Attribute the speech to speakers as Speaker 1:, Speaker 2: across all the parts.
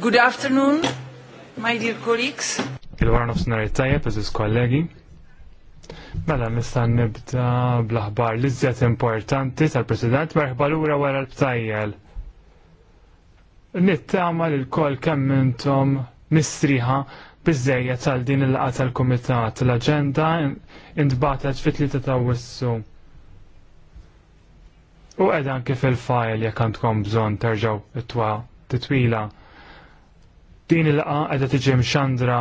Speaker 1: Good afternoon, my dear colleagues.
Speaker 2: Il-warna it tajjeb, eżis kollegi. Mela, nista' nibda bl-aħbar li żjed importanti tal-President merħba lura wara l-btajjel. Nittama li l-kol kemm intom mistriħa bizzejja tal din il-laqa tal-Kumitat. L-aġenda intbatet fit-3 ta' wissu. U għedan kif il-fajl jek għandkom bżon terġaw it-twa titwila. Din il-qa għedha tiġi mxandra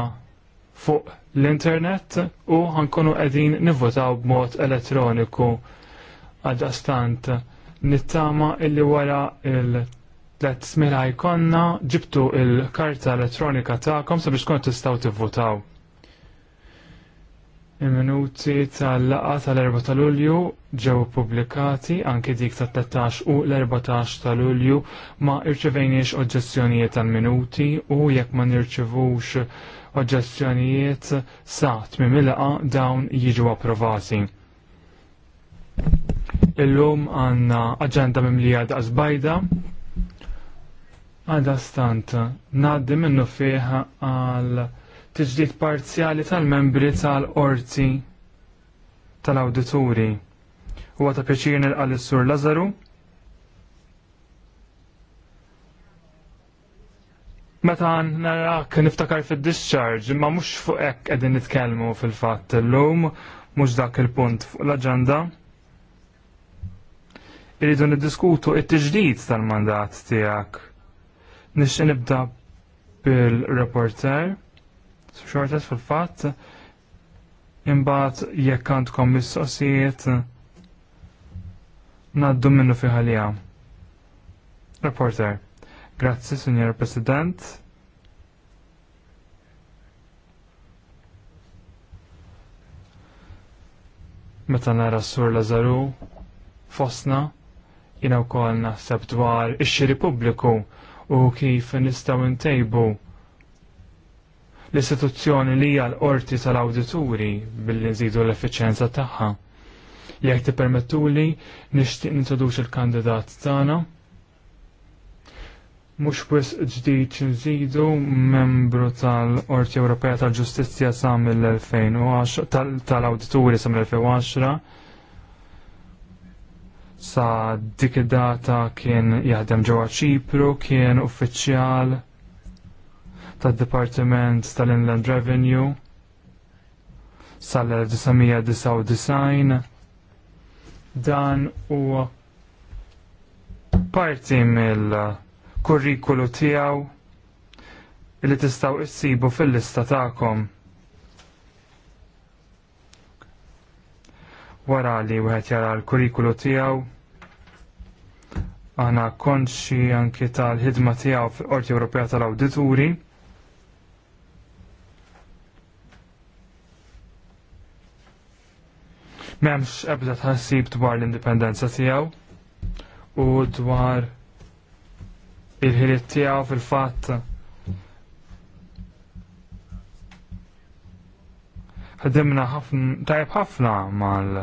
Speaker 2: fuq l-internet u ħankunu għedin nivvotaw b'mod elettroniku għadastant nittama illi wara il Let smilaj konna ġibtu il-karta elettronika ta'kom sabiex kont tistaw tivvotaw. Il-minuti tal-laqa tal-4 ta' Lulju ġew publikati anke dik ta' 13 u l-14 ta' Lulju ma irċevejniex oġġezzjonijiet tal-minuti u jekk ma nirċevux oġġezzjonijiet sa' tmim il-laqa dawn jiġu approvati. Illum għanna aġenda mimlija da' għada stant naddim minnu fieħ għal tiġdid parzjali tal-membri tal-orti tal-awdituri. Huwa ta' pjaċir nilqa' sur Lazaru. Meta narak niftakar fid-discharge, ma mhux fuq hekk qegħdin nitkellmu fil-fatt illum, mhux dak il-punt fuq l-aġenda. Iridu niddiskutu it-tiġdid tal-mandat tiegħek. Nixtieq nibda bil-reporter xortet fil-fatt imbagħad jekk għandkom mistoqsijiet ngħaddu minnu fi ħalija. Reporter, grazzi signor President. Meta nara s-sur Lazaru fosna jina wkoll naħseb dwar ix-xiri pubbliku u kif nistgħu ntejbu l-istituzzjoni li hija l-qorti tal-awdituri billi nżidu l-effiċenza tagħha. Jekk tippermettuli nixtieq nintroduċi il-kandidat tagħna mhux wis ġdid nżidu membru tal-Qorti Ewropea tal-Ġustizzja sa mill-2010 tal-Awdituri sa mill-2010 sa dik id-data kien jaħdem ġewwa Ċipru, kien uffiċjal tad-Dipartiment tal-Inland Revenue sal-1999 dan u parti mill-kurrikulu tiegħu li tistaw issibu fil-lista tagħkom. Wara li wieħed jara l-kurrikulu tiegħu aħna konċi anki tal-ħidma tiegħu fil-Qorti Ewropea tal-Awdituri M'hemmx ebda tħassib dwar l-indipendenza tiegħu u dwar il-ħiliet tiegħu fil-fatt Ħadimna ħafna tajb ħafna mal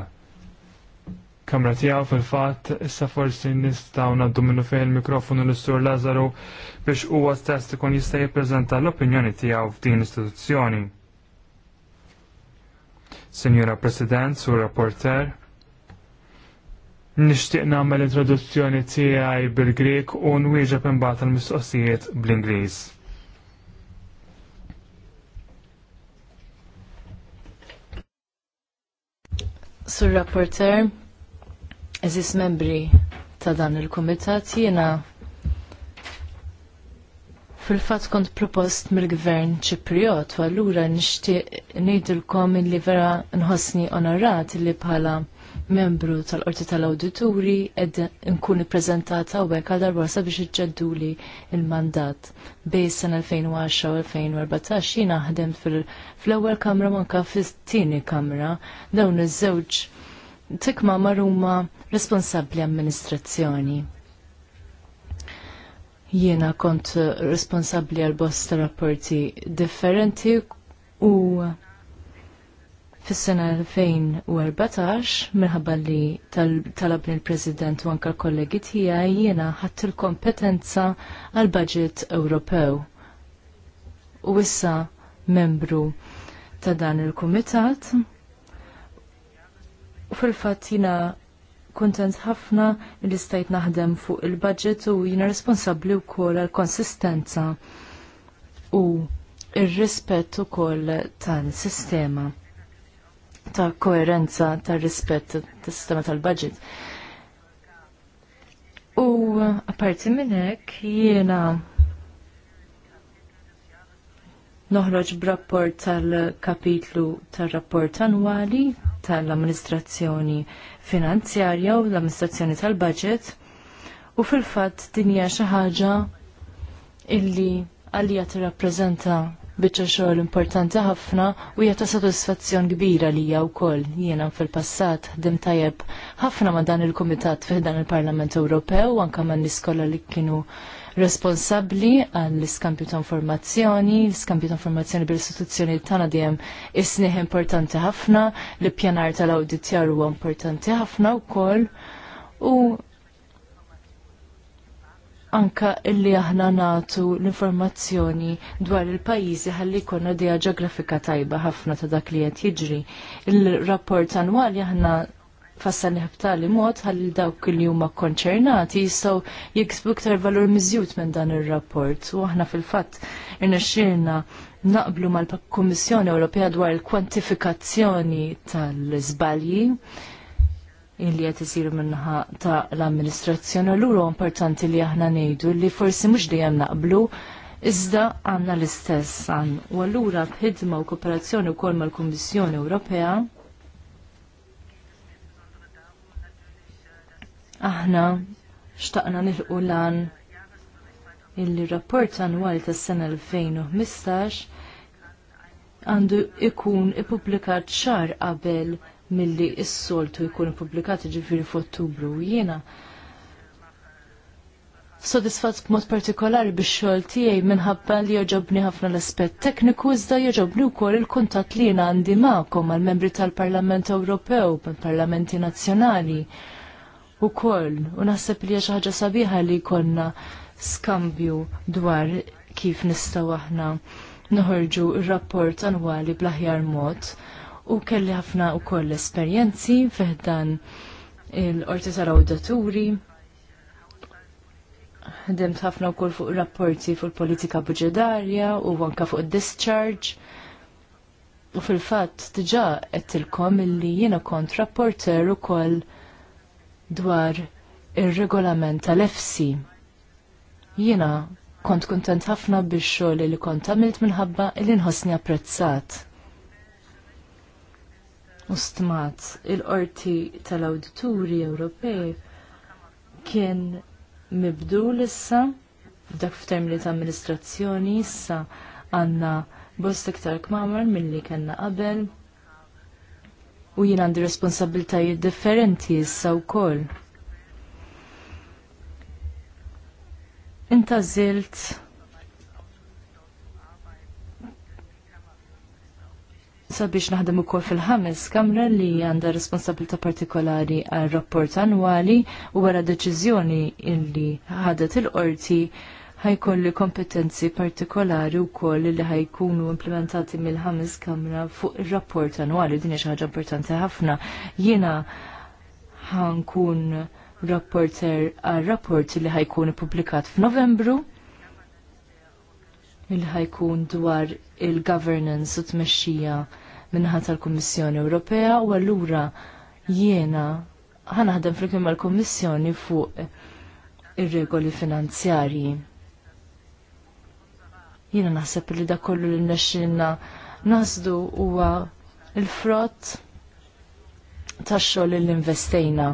Speaker 2: kamra tiegħu fil-fatt issa forsi nistgħu ngħaddu minnu fejn il-mikrofonu l-Istur Lazaru biex huwa stess ikun jista' jippreżenta l-opinjoni tiegħu f'din l-istituzzjoni. Signora President, Sur Rapporter. Nixtieq nagħmel introduzzjoni tiegħi bil-Grek u nwieġeb imbagħad il-mistoqsijiet bl-Ingliż.
Speaker 1: Sur rapporter, eżis membri ta' dan il-kumitat jiena fil-fatt kont propost mill-gvern ċipriot, u allura nixtieq ngħidilkom li vera nħossni onorat li bħala membru tal-qorti tal-awdituri ed nkun u hawnhekk għal darba sabiex iġġedduli il-mandat bej sena 2010 u 2014 jina ħdem fil ewwel kamra manka fit-tieni kamra dawn iż-żewġ tikma marruma responsabbli amministrazzjoni. Jiena kont eh, responsabbli għal bosta rapporti differenti u fis-sena 2014 minħabba li talab il president u anka l-kollegi tiegħi jiena ħadd il-kompetenza għal budget Ewropew. U issa membru ta' dan il-Kumitat u fil-fatt jiena kontent ħafna li stajt naħdem fuq il-budget u jina responsabli wkoll għal konsistenza u ir-rispett ukoll tal-sistema ta' koerenza tar-rispett tas-sistema tal-budget. U apparti minn hekk jiena noħroġ b'rapport tal-kapitlu tar-rapport annwali tal-amministrazzjoni tal finanzjarja u l-amministrazzjoni tal-budget u fil-fatt din hija xi ħaġa illi għalija tirrappreżenta biċċa xogħol importanti ħafna u hija ta' sodisfazzjon kbira lija wkoll jiena fil-passat dim tajjeb ħafna ma' dan il-kumitat fih dan il-Parlament Ewropew anke man nies kollha li kienu responsabbli għall-iskampju ta' informazzjoni, l-iskampju ta' informazzjoni bil-istituzzjoni tagħna is isniħ importanti ħafna, l-ippjanar tal-awditjar huwa importanti ħafna koll, u anka illi aħna natu l-informazzjoni dwar il-pajjiżi ħalli jkollna dija ġeografika tajba ħafna ta' dak li jiġri. Il-rapport annwali aħna fassan li mod għalli dawk li huma konċernati jistgħu jiksbu iktar valur miżjud minn dan ir-rapport. U aħna fil-fatt irnexxielna naqblu mal-Kummissjoni Ewropea dwar il-kwantifikazzjoni tal-żbalji illi qed isir minnaħa ta' l-amministrazzjoni l importanti li aħna ngħidu li forsi mhux dejjem naqblu Iżda għanna l-istess għan, u għallura bħidma u kooperazzjoni u kol mal-Kommissjoni Ewropea, Aħna xtaqna nilqu lan il-rapport annwali tas-sena 2015 għandu ikun ippubblikat xar qabel milli s-soltu jkun ippubblikat ġifiri f'Ottubru Sodisfat b b'mod partikolari biex xogħol tiegħi minħabba li joġobni ħafna l-aspett tekniku iżda joġobni wkoll il-kuntatt li jena għandi magħkom għall-membri tal-Parlament Ewropew, tal parlamenti Nazzjonali koll u naħseb li xi ħaġa sabiħa li jkollna skambju dwar kif nistgħu aħna noħorġu rapport annwali bl-aħjar mod u kelli ħafna koll esperjenzi fiħdan il-qorti tal-awdaturi ħdimt ħafna u koll fuq rapporti fuq politika budġetarja u anka fuq discharge. U fil-fat, tġa għettilkom il-li jiena kont rapporter u koll dwar ir-regolament tal-EFSI. Jiena kont kuntent ħafna biex xogħol li kont għamilt minħabba li nħossni apprezzat. U stmat il-qorti tal-Awdituri Ewropej kien mibdu issa dak f'termini ta' amministrazzjoni issa għandna bost iktar kmamar milli kellna qabel u jien għandi responsabiltajiet differenti issa wkoll. Inta zilt sabiex naħdem ukoll fil-ħames kamra li għandha responsabilità partikolari għal rapport annwali u wara deċiżjoni illi ħadet il-qorti il qorti ħajkolli kompetenzi partikolari u koll li ħajkunu implementati mill-ħames kamra fuq il-rapport annwali, din xi ħaġa importanti ħafna. Jiena ħankun rapporter għal rapport li ħajkun publikat f'Novembru il ħajkun dwar il-governance u tmexxija minħat tal-Kummissjoni Ewropea u allura jiena ħanaħdem fl-kien mal-Kummissjoni fuq ir-regoli finanzjarji. Jiena naħseb li da kollu li nexxinna nasdu huwa il-frott tax-xogħol li investejna.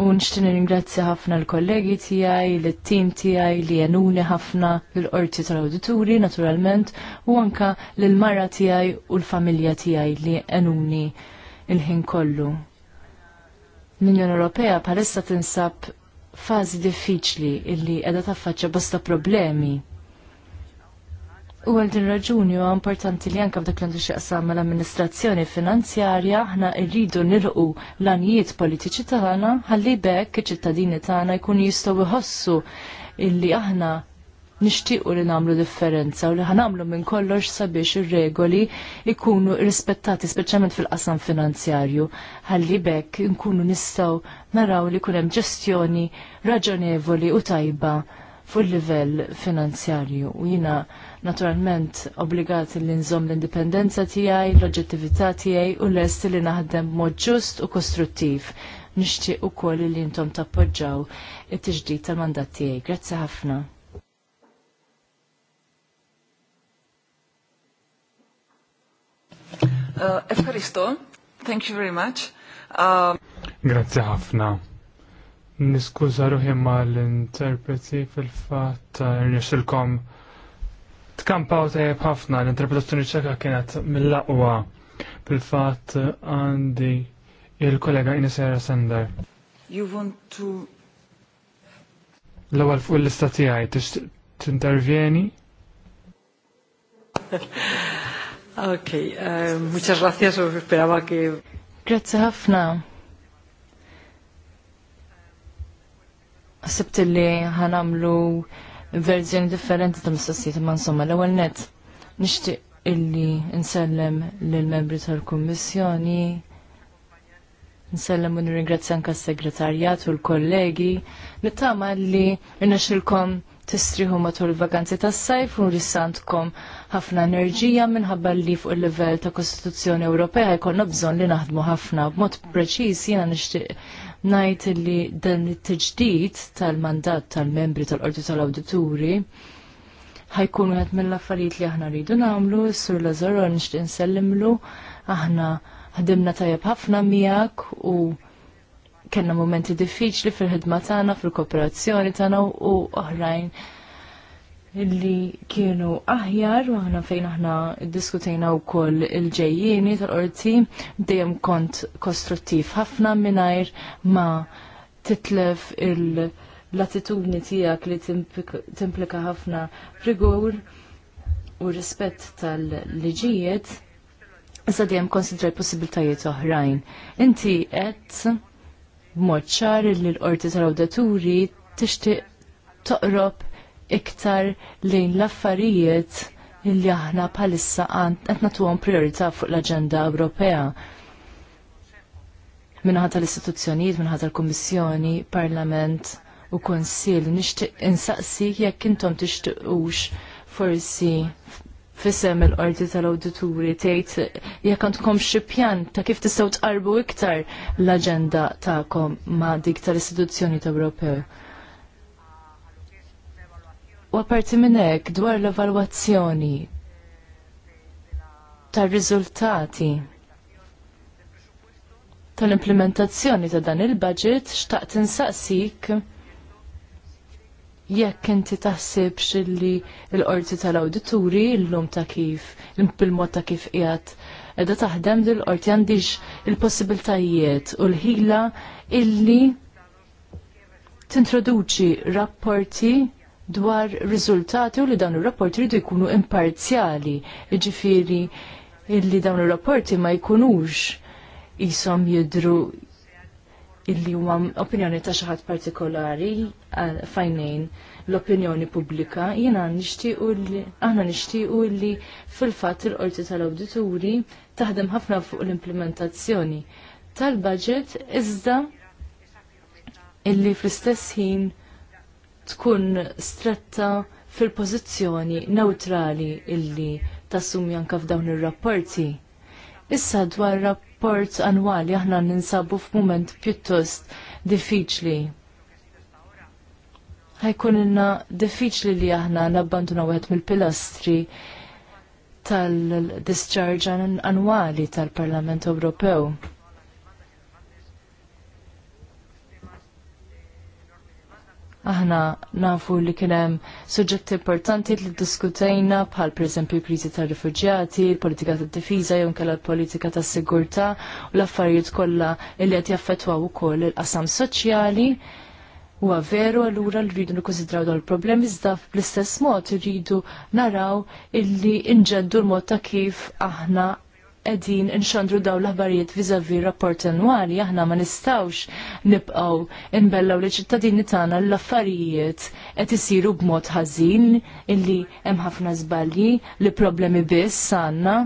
Speaker 1: U nixtieq ringrazzja ħafna l-kollegi tiegħi, lit-tim tiegħi li jenuni ħafna l-qorti tal-awdituri naturalment u anka lill-mara tiegħi u l-familja tiegħi li jenuni il-ħin kollu. L-Unjoni Ewropea bħalissa tinsab fażi diffiċli illi qiegħda taffaċċja bosta problemi U għal din raġuni u importanti li anke b'dak l-għandu xieqsam l amministrazzjoni finanzjarja aħna rridu nilqu l-anijiet politiċi tagħna ħalli bekk iċ-ċittadini tagħna jkunu jistgħu iħossu illi aħna nixtiequ li nagħmlu differenza u li ħanamlu minn kollox sabiex ir-regoli jkunu rispettati speċjalment fil-qasam finanzjarju ħalli bekk nkunu nistgħu naraw li jkun hemm ġestjoni raġonevoli u tajba fuq livell finanzjarju u jina naturalment obbligat li nżomm l-indipendenza tiegħi, l-oġġettività tiegħi u l-est li naħdem b'mod ġust u kostruttiv. Nixtieq ukoll li intom tappoġġaw it-tiġdid tal-mandat tijaj. Grazzi ħafna. Uh, Efkaristo, thank you very much. Uh...
Speaker 2: Grazzi ħafna. Niskuża ruħi l interpreti fil-fatt uh, nixilkom tkampaw tajab ħafna l-interpretazzjoni ċeka kienet mill-laqwa bil-fat għandi il-kollega Inisera Sender. You want to... L-ewwel fuq l-lista tiegħi tintervjeni?
Speaker 1: Ok, eh, muchas gracias, esperaba que... Grazie ħafna. Sibt li ħanamlu verżjoni differenti ta' mistoqsijiet ma' insomma l-ewwel net nixtieq illi nsellem lill-membri tal-Kummissjoni nsellem u nirringrazzja anke s-segretarjat u l-kollegi. Nittama li rnexxilkom tistriħu matul il-vakanzi tas sajf u rissantkom ħafna enerġija minħabba li fuq il-livell ta' Kostituzzjoni Ewropea jkollna bżonn li naħdmu ħafna b'mod preċiż jiena nixtieq ngħid li dan it-tiġdid tal-mandat tal-membri tal-Qorti tal-Awdituri ħajkun għed mill-affarijiet li aħna rridu nagħmlu, s sur Lazaro nixtieq insellimlu, aħna ħdimna tajjeb ħafna miegħek u kellna momenti diffiċli fil-ħidma tagħna, fil-kooperazzjoni tagħna u oħrajn. Uh Illi kienu aħjar u aħna fejn aħna diskutejna u koll il-ġejjini tal-qorti dejjem kont kostruttiv ħafna minnajr ma titlef il-latitudni tijak li timplika ħafna rigur u rispett tal-liġijiet Issa dejjem konsidra possibiltajiet oħrajn. Inti qed mod ċar li l-qorti tal-awdaturi tixtieq toqrob iktar lejn l-affarijiet illi aħna bħalissa qed nagħtuhom priorità fuq l-aġenda Ewropea. Minħata l-istituzzjonijiet, minħata l-Kummissjoni, Parlament u Konsil, nixtieq insaqsi jekk intom tixtiqux forsi fissem il-qorti tal-awdituri tgħid jekk għandkom xipjan pjan ta' kif tistaw tqarbu iktar l-aġenda tagħkom ma' dik tal-istituzzjoni ta' Ewropew. U apparti minn hekk dwar l-evalwazzjoni tar-riżultati tal-implementazzjoni ta' dan il-budget xtaqt insaqsik jekk inti taħsibx xilli l-qorti tal-awdituri l-lum ta' kif, bil-mod ta' kif qiegħed edha taħdem dil qorti għandix il-possibiltajiet u l-ħila illi tintroduċi rapporti dwar riżultati u li dan ir-rapport iridu jkunu imparzjali, ġifiri illi dawn ir-rapporti ma jkunux jisom jidru illi huma opinjoni ta' xi ħadd partikolari fajnejn l-opinjoni pubblika, jiena nixtiequ li aħna nixtiequ li fil-fatt il-qorti tal-awdituri taħdem ħafna fuq l-implementazzjoni tal-budget iżda illi fl-istess ħin tkun stretta fil-pożizzjoni neutrali illi tassumi anka f'dawn ir-rapporti. Issa dwar rapport annwali aħna ninsabu f'mument pjuttost diffiċli. Ħajkun inna diffiċli li aħna nabbantuna wieħed mill-pilastri tal-discharge annwali tal-Parlament Ewropew. Aħna nafu li kienem suġġetti importanti li diskutejna bħal per eżempju kriżi ta' rifugjati, il-politika ta' difiża jew kella l-politika ta' sigurtà u l-affarijiet kollha li qed jaffettwaw ukoll il-qasam soċjali. Huwa veru allura li rridu nikkonsidraw dawn il-problemi iżda bl-istess mod irridu naraw illi inġeddu l-mod ta' kif aħna edin inxandru daw l vizavi rapport annwali, aħna ma nistawx nibqaw inbellaw li ċittadini tagħna l-affarijiet qed isiru b'mod ħażin illi hemm ħafna żbalji li problemi biss għandna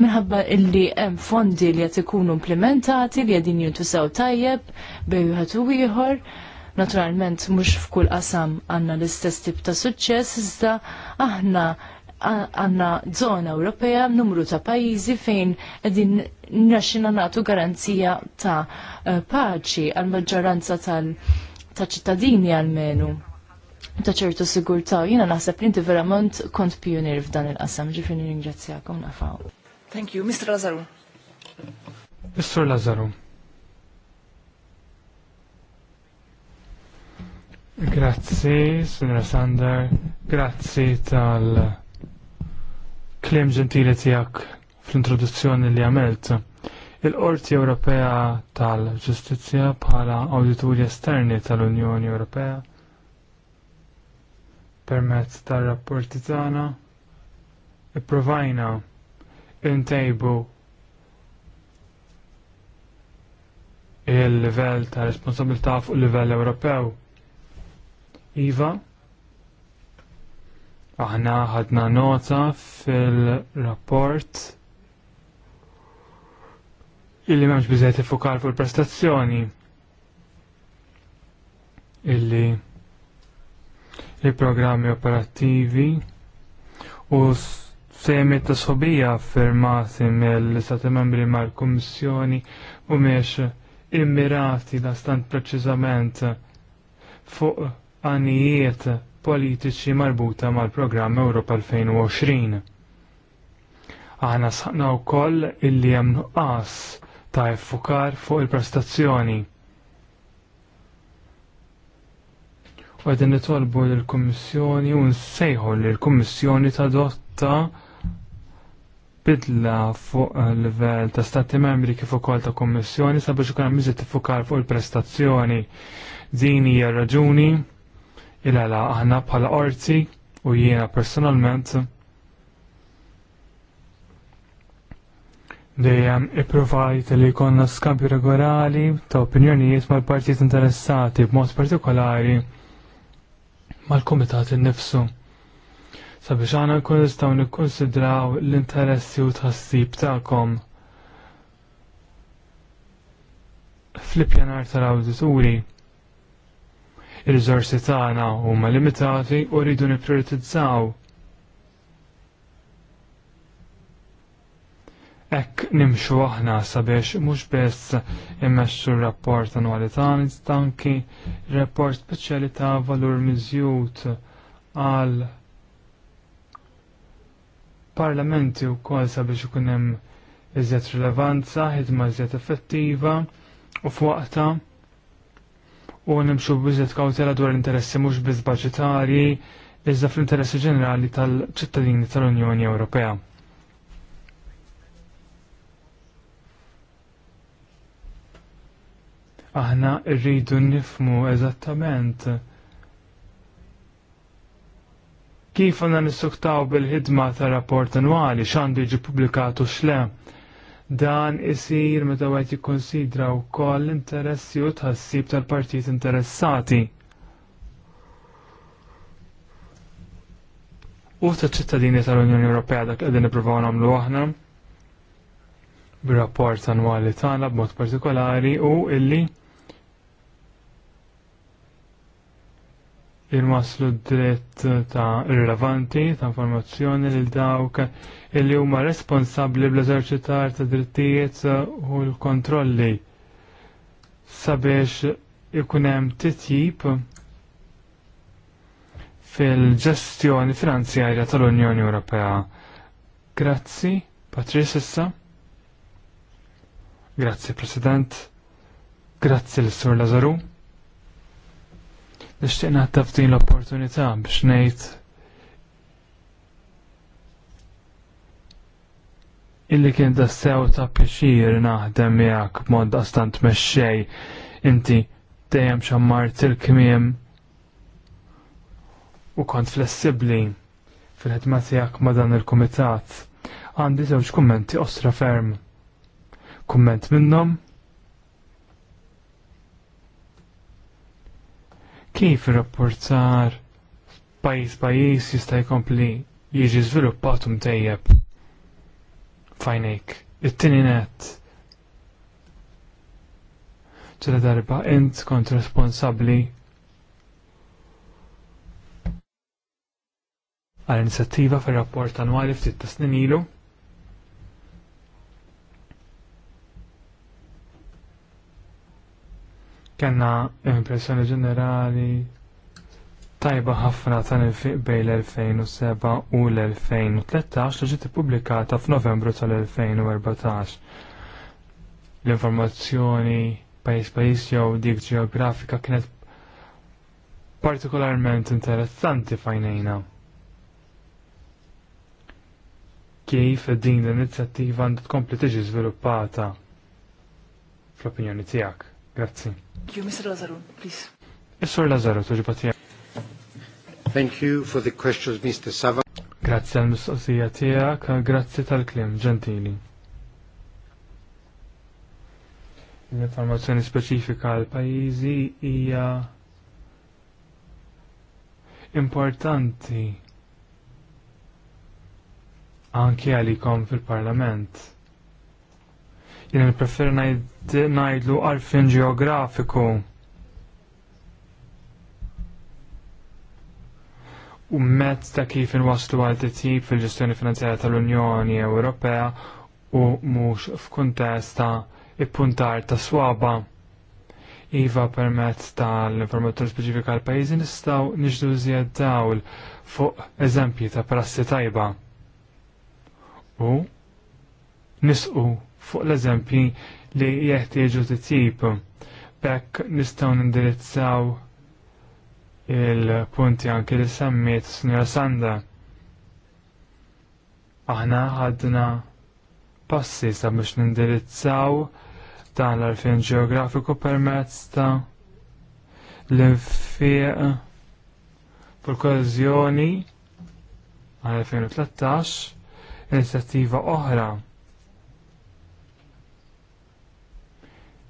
Speaker 1: minħabba illi hemm fondi li qed ikunu implementati li qegħdin jintusaw tajjeb bejn wieħed ieħor. Naturalment mhux f'kull qasam għandna l-istess tip ta' suċċess iżda aħna għanna zona Ewropea numru ta' pajizi fejn din naxina natu garanzija ta' eh, paċi għal maġġoranza tal ta' ċittadini għalmenu ta' ċertu sigurta' jina naħseb li inti verament kont pionier f'dan il-qasam ġifini ringrazzjakom nafaw. Thank you, Mr. Lazaru.
Speaker 2: Mr. Lazaru. Grazzi, Sinra Sander, grazzi tal- klim ġentili tijak fl-introduzzjoni li għamilt. Il-Qorti Ewropea tal-Ġustizzja bħala Awdituri Esterni tal-Unjoni Ewropea permezz tar-rapporti tagħna ipprovajna intejbu il-livell ta' responsabilità fuq il-livell Ewropew. Iva, Aħna ħadna nota fil-rapport illi memx bizzejt ifukar fuq il-prestazzjoni illi il-programmi operattivi u semmi ta' sobija firmati mill-Stati membri mal-Kommissjoni u miex immirati da' stant preċizament fuq għanijiet politiċi marbuta mal-programm Europa 2020. Aħna sħaqna wkoll illi hemm nuqqas ta' effukar fuq il-prestazzjoni. U għedin nitolbu l-Kommissjoni u nsejħu l-Kommissjoni ta' dotta bidla fuq livell ta' stati membri kif ukoll ta' Kommissjoni sabiex ukoll miżet tiffukar fuq il-prestazzjoni. Din hija raġuni il-għala aħna bħala orti u jiena personalment dejjem ipprovajt li jkollna skambju regolari ta' opinjonijiet mal-partijiet interessati b'mod partikolari mal-kumitat innifsu. Sabiex għana nkun nistgħu nikkonsidraw l-interessi u tħassib tagħkom fl-ippjanar tal-awdituri il-rizorsi tagħna huma limitati u rridu nipprioritizzaw. Ekk nimxu aħna sabiex mhux biss immexxu r-rapport annwali tagħna stanki rapport speċjali ta' valur miżjud għal parlamenti u kol sabiex ikun hemm iżjed rilevanza, ħidma iżjed effettiva u f'waqta' u nimxu biżet kawtela dwar interessi mhux biż baġitarji iżda fl-interessi ġenerali tal-ċittadini tal-Unjoni Ewropea. Aħna rridu nifmu eżattament kif għanna nissuktaw bil-ħidma tal rapport annwali xandu jiġi publikatu xle Dan isir meta wieħed jikkonsidra wkoll l-interessi u tħassib tal-partijiet interessati. U taċ ċittadini tal-Unjoni Ewropea dak qegħdin nippruvaw nagħmlu aħna bir-rapport annwali tagħna b'mod partikolari u illi il-maslu dritt ta' irrelevanti ta' informazzjoni lil dawk li huma responsabbli bl-eżerċitar ta' drittijiet u l-kontrolli sabiex ikun hemm titjib fil-ġestjoni finanzjarja tal-Unjoni Ewropea. Grazzi, Patrice issa. Grazzi, President. Grazzi l-Sur Lazaru. Nixtieq naħtaf din l-opportunità biex ngħid illi kien da sew ta' pixir naħdem miegħek b'mod astant mexxej inti dejjem xammar til kmiem u kont flessibbli fil ħedma tiegħek ma' dan il-kumitat. Għandi żewġ kummenti osra ferm. Kumment minnhom kif rapportar pajis pajis jista' jkompli jiġi żviluppat u mtejjeb fajnejk. It-tieni net ċela darba int kont responsabbli għal inizjattiva fir rapport annwali ftit ta' snin ilu kena impressjoni ġenerali tajba ħafna ta' fiq bej l-2007 u l-2013 li ġiet ippubblikata f'Novembru tal-2014. L-informazzjoni pajjiż pajjiż jew dik ġeografika kienet partikolarment interessanti fajnejna. Kif din l-inizjattiva għandu tkompli tiġi żviluppata fl-opinjoni tiegħek? Grazzi.
Speaker 1: You, Mr. Lazzaro, please.
Speaker 2: Mr. Lazaru, tuġbatija. Thank you for the questions, Mr. Sava. Grazie għal mistoqsija tiegħek, grazie tal-klim, gentili. L-informazzjoni speċifika għal pajjiżi hija importanti anke għalikom fil-Parlament Jien il-prefer najdlu għalfin ġeografiku. U mezz ta' kif inwaslu għal titjib fil-ġestjoni finanzjarja tal-Unjoni Ewropea u mhux f'kuntest ta' ippuntar ta' swaba. Iva permezz tal informatur speċifika għal pajjiżi nistgħu niġdu żjed dawl fuq eżempji ta' prassi tajba. U nisqu fuq l-eżempji li jeħtieġu t-tip. Bekk nistgħu nindirizzaw il-punti anki li semmiet Sinjora Sanda. Aħna ħadna passi sabiex nindirizzaw dan l-arfin ġeografiku permezz ta' l infiq fil-koezjoni għal 2013 inizjattiva oħra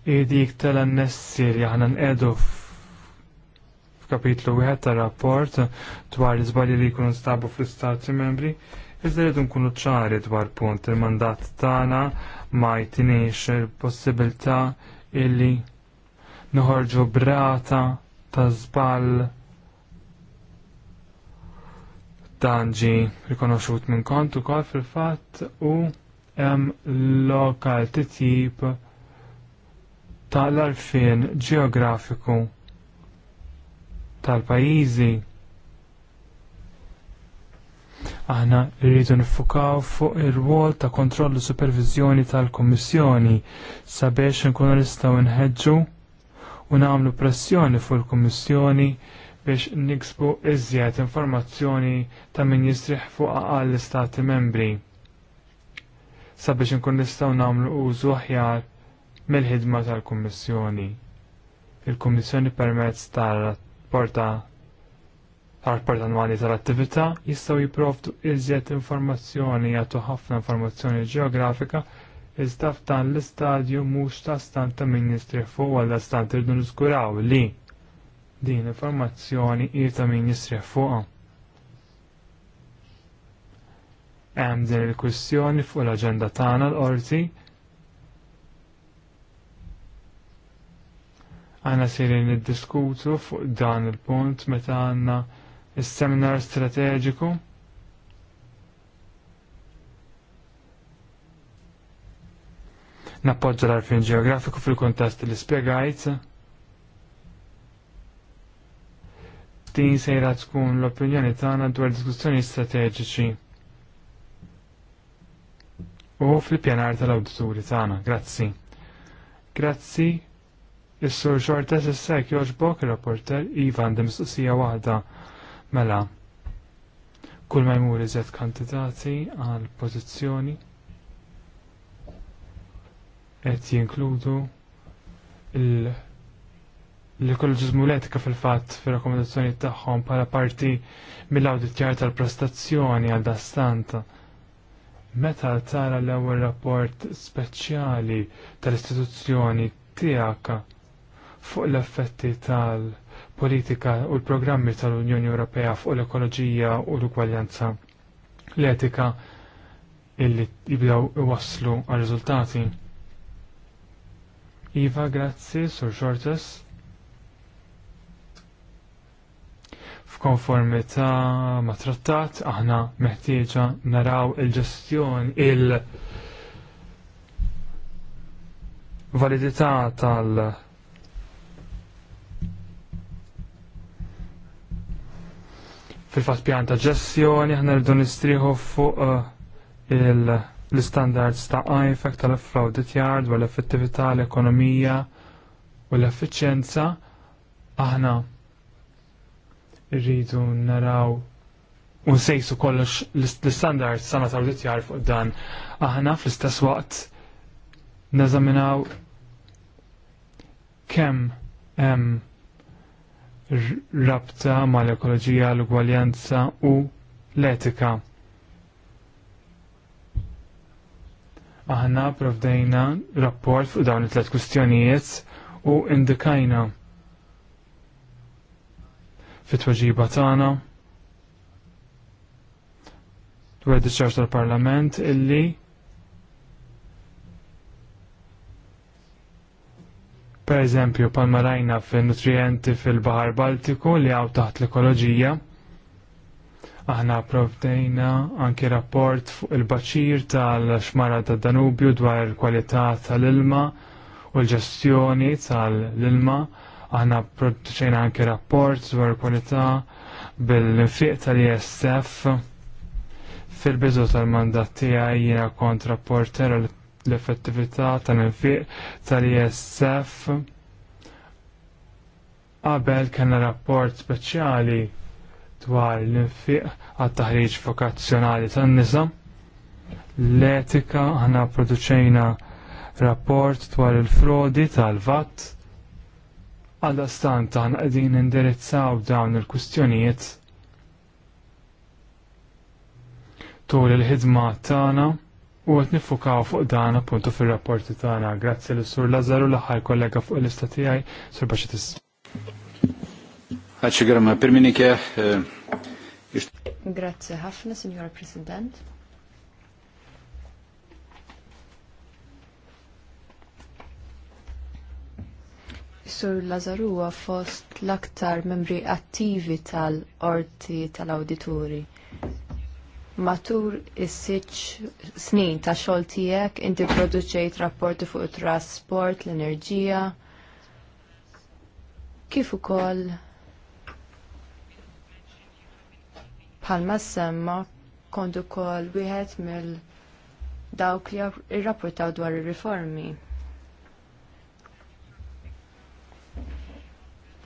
Speaker 2: dik tal-annessir jaħna n-edu f'kapitlu wieħed tar rapport dwar l li jkunu stabu fl-istati membri, iżda rridu nkunu ċari dwar punt il-mandat tagħna ma jtinix il-possibilità illi nħorġu brata ta' żball dan ġi rikonoxut minn kont ukoll fil-fatt u hemm lokal tip ta' l-arfien ġeografiku tal-pajizi. Aħna rridu nifukaw fuq ir-rwol ta' kontrollu supervizjoni tal-Kummissjoni sabiex nkunu nistgħu nħeġġu u nagħmlu pressjoni fuq il-Kummissjoni biex niksbu iżjed informazzjoni ta' min jisriħ fuq għall istati membri sabiex nkun nistgħu nagħmlu użu aħjar mill-ħidma tal-Kummissjoni. Il-Kummissjoni permezz tal-rapporta tal rapporta annwali tal-attività jistgħu jipprovdu iżjed informazzjoni jagħtu ħafna informazzjoni ġeografika iżda f'dan l-istadju mhux ta' stant ta' ministri fuq għal stant irdu niżguraw li din informazzjoni hi ta' ministri fuqha. Hemm din il-kwistjoni fuq l-aġenda tagħna l-qorti Għana sirin niddiskutu fuq dan il-punt meta għanna il-seminar strategiku. Nappoġġa l-arfin ġeografiku fil-kontest li spiegajt. Din sejra tkun l-opinjoni tagħna dwar diskussjoni strateġiċi u fil-pjanar tal-awdituri tagħna. Grazzi. Grazzi Is-sur xorta s-sek joġbok rapporter Iva għandem mistoqsija waħda mela. Kull ma jmur iżet kandidati għal pożizzjoni qed jinkludu l ġizmu l-etika fil-fatt fil-rakkomandazzjoni tagħhom bħala parti mill-awditjar tal-prestazzjoni għal dastanta. Meta tara l-ewwel rapport speċjali tal-istituzzjoni tiegħek fuq l-effetti tal-politika u l-programmi tal-Unjoni Ewropea fuq l-ekoloġija u l-ugwaljanza l-etika illi jibdaw iwasslu għal riżultati. Iva, grazzi, Sur Xortes. F'konformità ma' trattat aħna meħtieġa naraw il-ġestjoni il-validità tal- fil-fat pjan ta' ġestjoni, ħna rridu nistriħu fuq uh, l-standards ta' IFEC tal-fraudit yard u l-effettività, l-ekonomija u l-effiċenza. Aħna rridu naraw u nsejsu kollox l-standards sana ta' fraudit yard fuq dan. Aħna fl-istess waqt neżaminaw kemm hemm rabta mal-ekoloġija, l-ugwaljanza u l-etika. Aħna provdejna rapport fuq dawn it-tlet kustjonijiet u indikajna fit-tweġiba tagħna dwar discharge tal-Parlament illi Per eżempju, palma rajna fil-nutrienti fil-Bahar Baltiku li għaw taħt l-ekoloġija. Aħna provdejna anki rapport fuq il-baċir tal-xmara ta' Danubju dwar il-kwalità tal-ilma u l-ġestjoni tal-ilma. Aħna produċejna anki rapport dwar il-kwalità bil-infiq tal-ISF fil bizu tal-mandat tiegħi jiena kontrapporter l l-effettività tal-infiq tal-ISF qabel kena rapport speċjali dwar l-infiq għat-taħriġ vokazzjonali tan-nisa l-etika ħana produċejna rapport dwar il-frodi tal-vat Għalda stanta ħana qegħdin indirizzaw dawn il-kustjonijiet tul il-ħidma tagħna U għet nifukaw fuq dan appuntu fil-rapporti tagħna. Grazzi l-Sur Lazzaru l-aħħar kollega fuq l-lista tiegħi, Sur Baxetis.
Speaker 1: Għadċi għarma, perminike. Eh,
Speaker 3: Grazzi ħafna, Signor President. Sur Lazaru fost l-aktar membri attivi tal-orti tal-awdituri. tal orti tal auditori tal orti tal awdituri matur is sitx snin ta' xogħol tiegħek inti produċejt rapporti fuq it trasport, l-enerġija, kif ukoll bħalma semma kont ukoll wieħed mill dawk li rrapportaw dwar ir-riformi.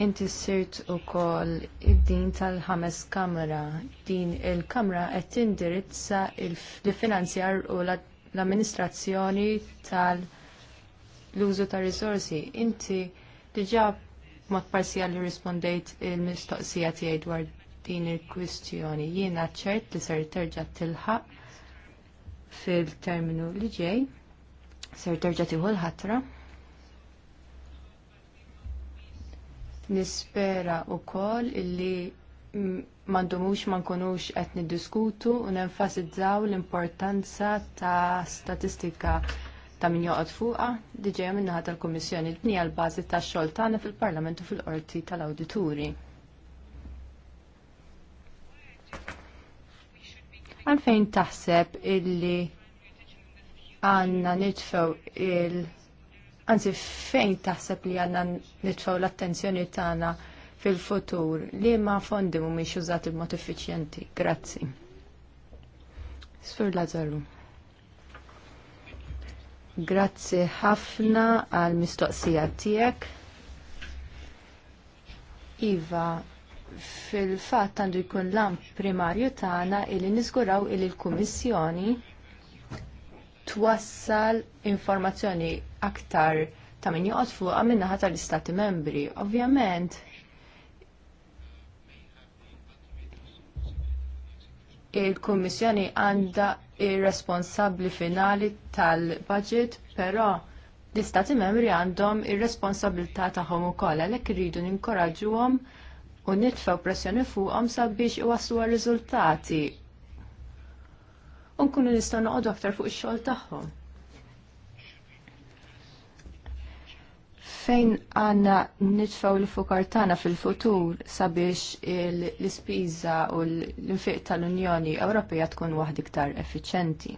Speaker 3: Inti sirt ukoll id-din tal-ħames kamra. Din il-kamra qed tindirizza l-finanzjar u l-amministrazzjoni tal-użu ta' risorsi. Inti diġà mod parzjali rispondejt il-mistoqsija tiegħi dwar din il-kwistjoni. Jiena ċert li ser terġa' tilħaq fil-terminu li ġej, ser terġa' tieħu l-ħatra. Nispera u kol illi mandumux ma nkunux qed niddiskutu u nenfasizzaw l-importanza ta' statistika ta' min joqgħod fuqha diġej minnaħa tal-Kummissjoni dni għal bażi tax-xogħol tagħna fil parlamentu fil-Qorti tal-Awdituri. Għalfejn taħseb illi għanna nitfew il- Anzi, fejn taħseb li għanna nitfaw l-attenzjoni tagħna fil-futur li ma fondi mhumiex il b'mod effiċjenti. Grazzi. Sfur Lazzaru. Grazzi ħafna għal mistoqsija tiegħek. Iva, fil-fatt għandu jkun l-am primarju tagħna illi niżguraw il il-Kummissjoni twassal informazzjoni aktar ta' min joqgħod fuqha min-naħa tal-Istati Membri. Ovvjament, il-Kummissjoni għandha ir-responsabbli finali tal-budget, però l-Istati Membri għandhom ir-responsabilità tagħhom ukoll għalhekk iridu ninkoraġġuhom u nitfgħu pressjoni fuqhom sabiex iwasslu riżultati. U nkunu nistgħu noqogħdu aktar fuq ix-xogħol tagħhom. fejn għanna nitfaw l-fukar fil-futur sabiex l-ispiża u l-infiq tal-Unjoni Ewropea tkun waħd iktar effiċenti.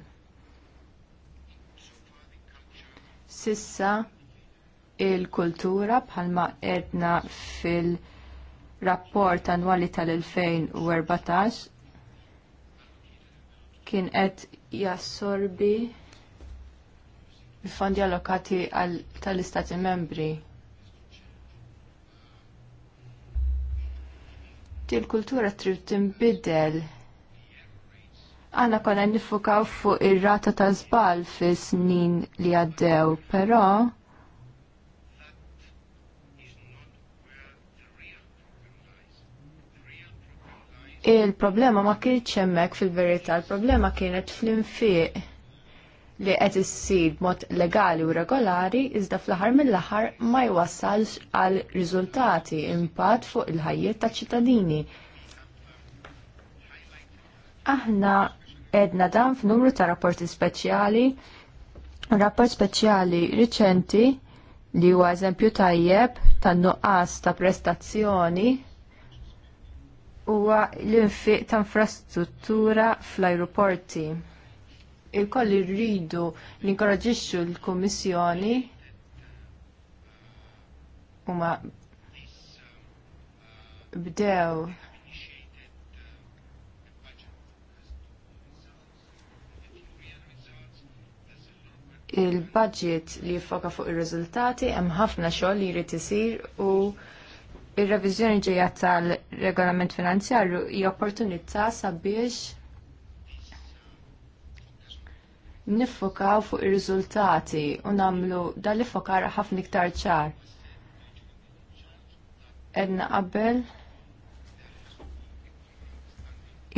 Speaker 3: Sissa il-kultura bħalma edna fil-rapport annwali tal-2014 kien qed jassorbi il-fondi allokati tal-Istati membri. Til kultura trid tinbidel. Aħna konna nifukaw fuq ir-rata ta' żball fis-snin li għaddew, però il-problema ma kienx hemmhekk fil-verità, il-problema kienet fl-infiq li qed issir b'mod legali u regolari iżda fl-aħħar mill-aħħar ma jwassalx għal riżultati impatt fuq il-ħajjiet taċ-ċittadini. Aħna edna dan f'numru ta' rapporti speċjali, rapport speċjali riċenti li huwa eżempju tajjeb tan-nuqqas ta' prestazzjoni huwa l-infiq ta' infrastruttura fl-ajruporti il-kolli rridu ninkoraġixxu l-Kummissjoni huma bdew il-budget li jiffoka fuq ir-riżultati hemm ħafna xogħol li jrid isir u ir-reviżjoni ġejja tal-regolament finanzjarju hija opportunità sabiex niffokaw fuq ir-riżultati u nagħmlu dan li fokar ħafna iktar ċar. Edna qabel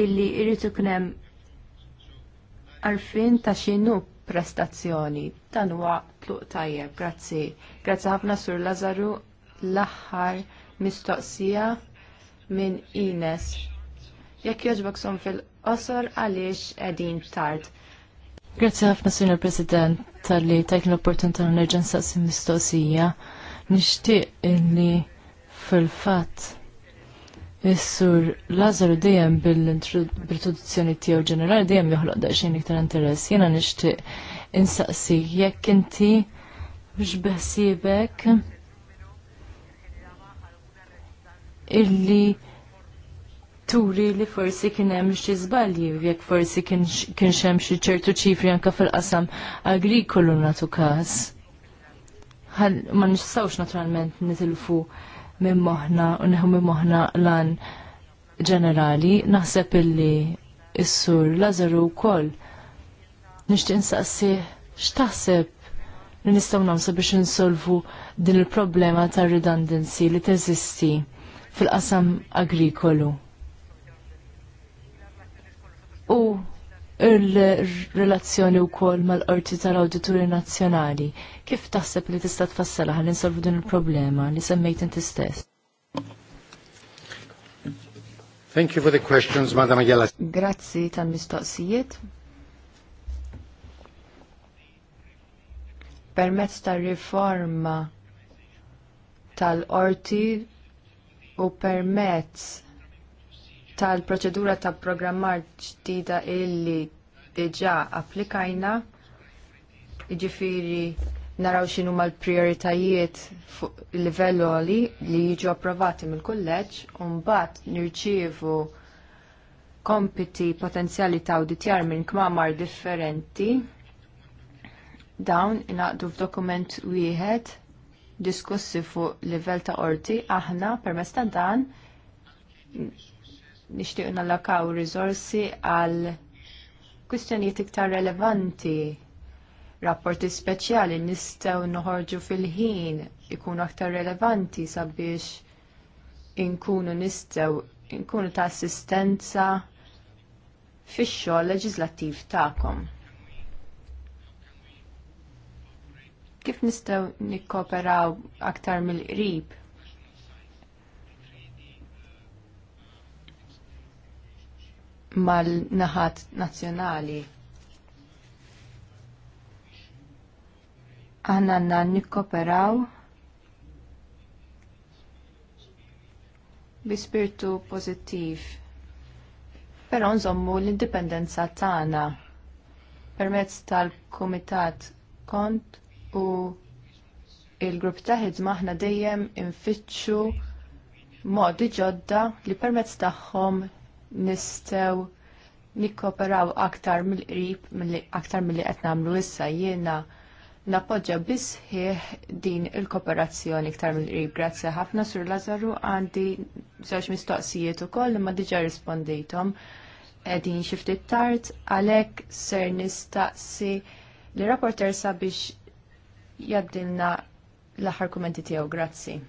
Speaker 3: illi irrid ikun hemm għarfien ta' xinu prestazzjoni. Dan huwa tluq tajjeb, grazzi. Grazzi ħafna sur Lazaru l-aħħar mistoqsija minn Ines. Jekk jogħġbok son fil-qosor għaliex qegħdin
Speaker 1: tard. Grazie ħafna, Signor President, tal-li tajt l-opportunità nerġan saqsi mistoqsija. Nishtiq illi fil-fat Is-sur Lazaru dejjem bil-introduzzjoni tiegħu ġenerali dejjem joħloq daqsxejn iktar interess. Jiena nixtieq insaqsi jekk inti x'beħsiebek illi turi li forsi kien hemm xi żbalji jekk forsi kien hemm xi ċertu ċifri anke fil-qasam agrikolu nagħtu każ. Ma nistgħux naturalment nitilfu minn moħħna u neħu minn moħħna lan ġenerali, naħseb illi s-sur Lazaru wkoll nixtieq insaqsi x'taħseb li nistgħu nagħmlu biex insolvu din il-problema tar-redundancy li teżisti fil-qasam agrikolu u il-relazzjoni wkoll mal-qorti tal-Awdituri Nazzjonali. Kif taħseb li tista' tfassala għal insolvu din il-problema li semmejt inti stess?
Speaker 3: Thank you for the questions, Madam Ayala.
Speaker 1: Grazzi tal-mistoqsijiet.
Speaker 3: Permezz tal-riforma tal-orti u permezz tal-proċedura ta' programmar ġdida illi diġà applikajna, iġifiri naraw xinu l prioritajiet fuq il-livellu li li jiġu approvati mill-kulleġġ, un-bat nirċivu kompiti potenzjali ta' auditjar minn kmamar differenti, dawn inaqdu f'dokument wieħed diskussi fuq livell ta' orti, aħna permezz ta' dan nishtiq nallakaw risorsi għal kwistjonijiet iktar relevanti, rapporti speċjali nistgħu noħorġu fil-ħin ikunu aktar relevanti sabiex inkunu nistgħu inkunu ta' assistenza fix-xogħol leġislattiv tagħkom. Kif nistgħu nikkooperaw aktar mill-qrib mal-naħat nazzjonali. Aħna għanna nikkoperaw bi spiritu pożittiv. Però nżommu l-indipendenza tagħna permezz tal-Kumitat Kont u il-grupp ta' ħidma dejjem infittxu modi ġodda li permezz tagħhom nistgħu nikkoperaw aktar mill-qrib aktar milli qed nagħmlu issa jiena biss bisħieħ din il-kooperazzjoni iktar mill-qrib. Grazzi ħafna sur Lazaru għandi żewġ mistoqsijiet ukoll imma diġà rispondejthom qegħdin xi ftit tard għalhekk ser nistaqsi li rapporter sabiex jaddilna l-aħħar kumenti tiegħu. Grazzi.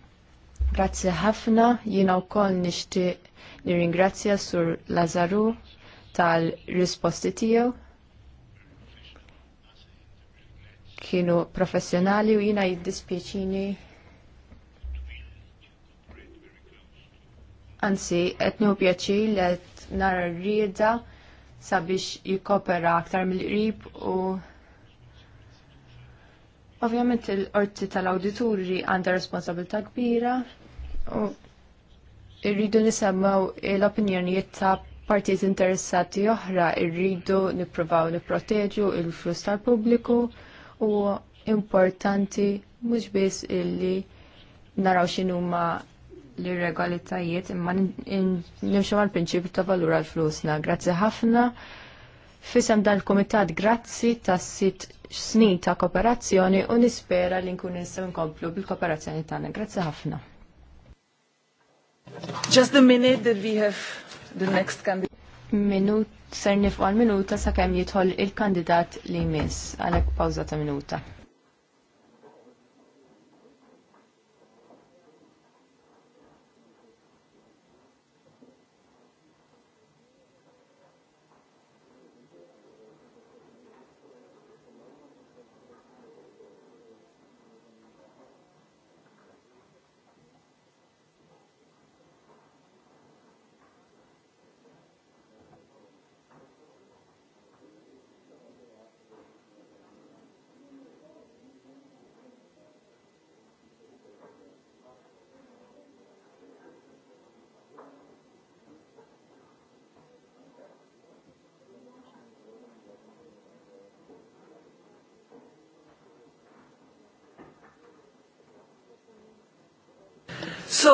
Speaker 3: Grazzi ħafna, jina u koll nishti nir sur Lazaru tal-risposti tijew. Kienu professjonali u jina jiddispieċini Anzi, etnu pjaċi li et nara rrieda sabiex jikopera aktar mill-qrib u Ovvjament il qorti tal-awdituri għandha responsabilità kbira irridu nisemmaw l-opinjonijiet ta' partijiet interessati oħra, irridu nippruvaw nipproteġu il-flus tal-pubbliku u importanti mhux biss illi naraw x'inhuma l-irregalitajiet imma nimxu mal prinċipju ta' valura l flusna. Grazzi ħafna. Fisem dan il-komitat grazzi ta' sit snin ta' kooperazzjoni u nispera li nkun nistgħu nkomplu bil-kooperazzjoni tagħna. Grazzi ħafna. Just the minute that we have the next candidate. Minut, ser nifqa minuta sa' kem jitħol il-kandidat li jmiss, għalek pawza ta' minuta.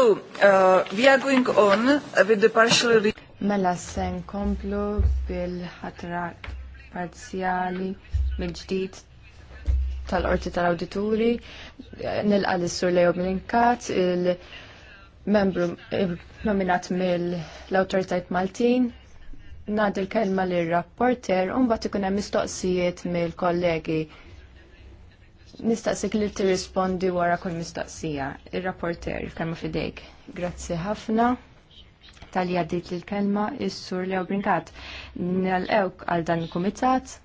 Speaker 1: Uh, we are going on
Speaker 3: with the partial... Mela sen komplu bil-ħatra parzjali mill-ġdid tal-orti tal-awdituri, nilqa l-sur Leo Milinkat, il-membru nominat mill-autoritajt Maltin, nad il-kelma l-rapporter, un bat ikun hemm mistoqsijiet mill-kollegi nistaqsik li tirrispondi wara kull mistaqsija. Ir-rapporter, kelma fidejk. Grazzi ħafna tal-li għaddit l-kelma is-sur Leo Brinkat. Nal-ewk għal dan il-komitat.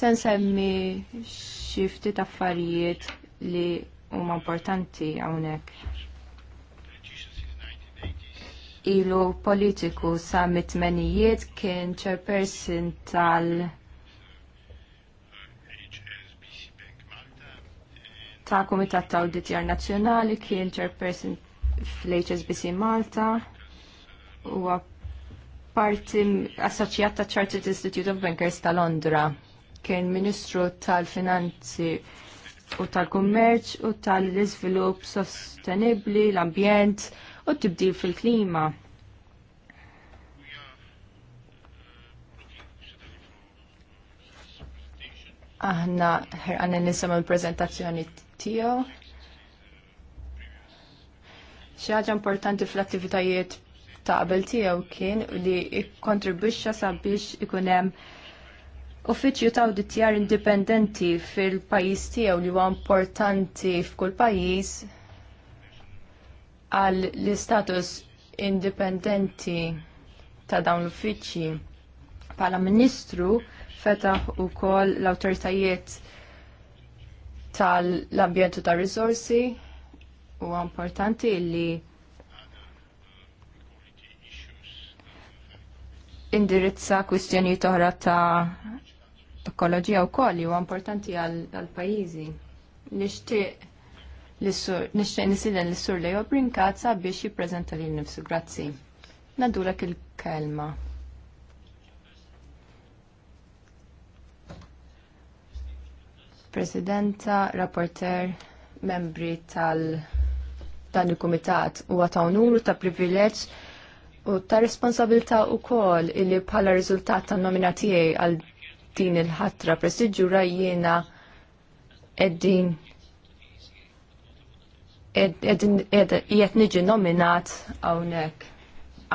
Speaker 3: Sen semmi xifti affarijiet li huma importanti hawnhekk. Ilu politiku sa mitmenijiet kien chairperson tal- ta' Komitat ta' Auditjar Nazzjonali kien chairperson fl-HSBC Malta u parti assoċjat ta' Chartered Institute of Bankers ta' Londra. Kien Ministru tal-Finanzi u tal-Kummerċ u tal-Iżvilupp Sostenibli, l-Ambjent u t-tibdil fil-klima. aħna għanna nisimaw il-prezentazzjoni tiegħu. Xi ħaġa importanti fl-attivitajiet ta' qabel tiegħu kien li jikkontribwixxa sabiex ikun hemm uffiċċju ta' awditjar indipendenti fil-pajjiż tiegħu li huwa importanti f'kull pajjiż għal l-istatus indipendenti ta' dawn l-uffiċċji. Pala Ministru fetaħ ukoll l-awtoritajiet tal-ambjent ta' tar-risorsi huwa importanti li indirizza kwistjonijiet oħra ta' ekoloġija wkoll li huwa importanti għal pajjiżi. Nixtieq nixtieq l-sur jobrin kazza biex jippreżenta li nifsu. Grazzi. Nadulek il-kelma. Presidenta, rapporter, membri tal- dan il-Kumitat u ta' onuru ta' privileġġ u ta' responsabilta' u kol illi bħala riżultat ta' nominatijie għal din il-ħatra prestiġura jiena eddin eddin ed, niġi nominat għawnek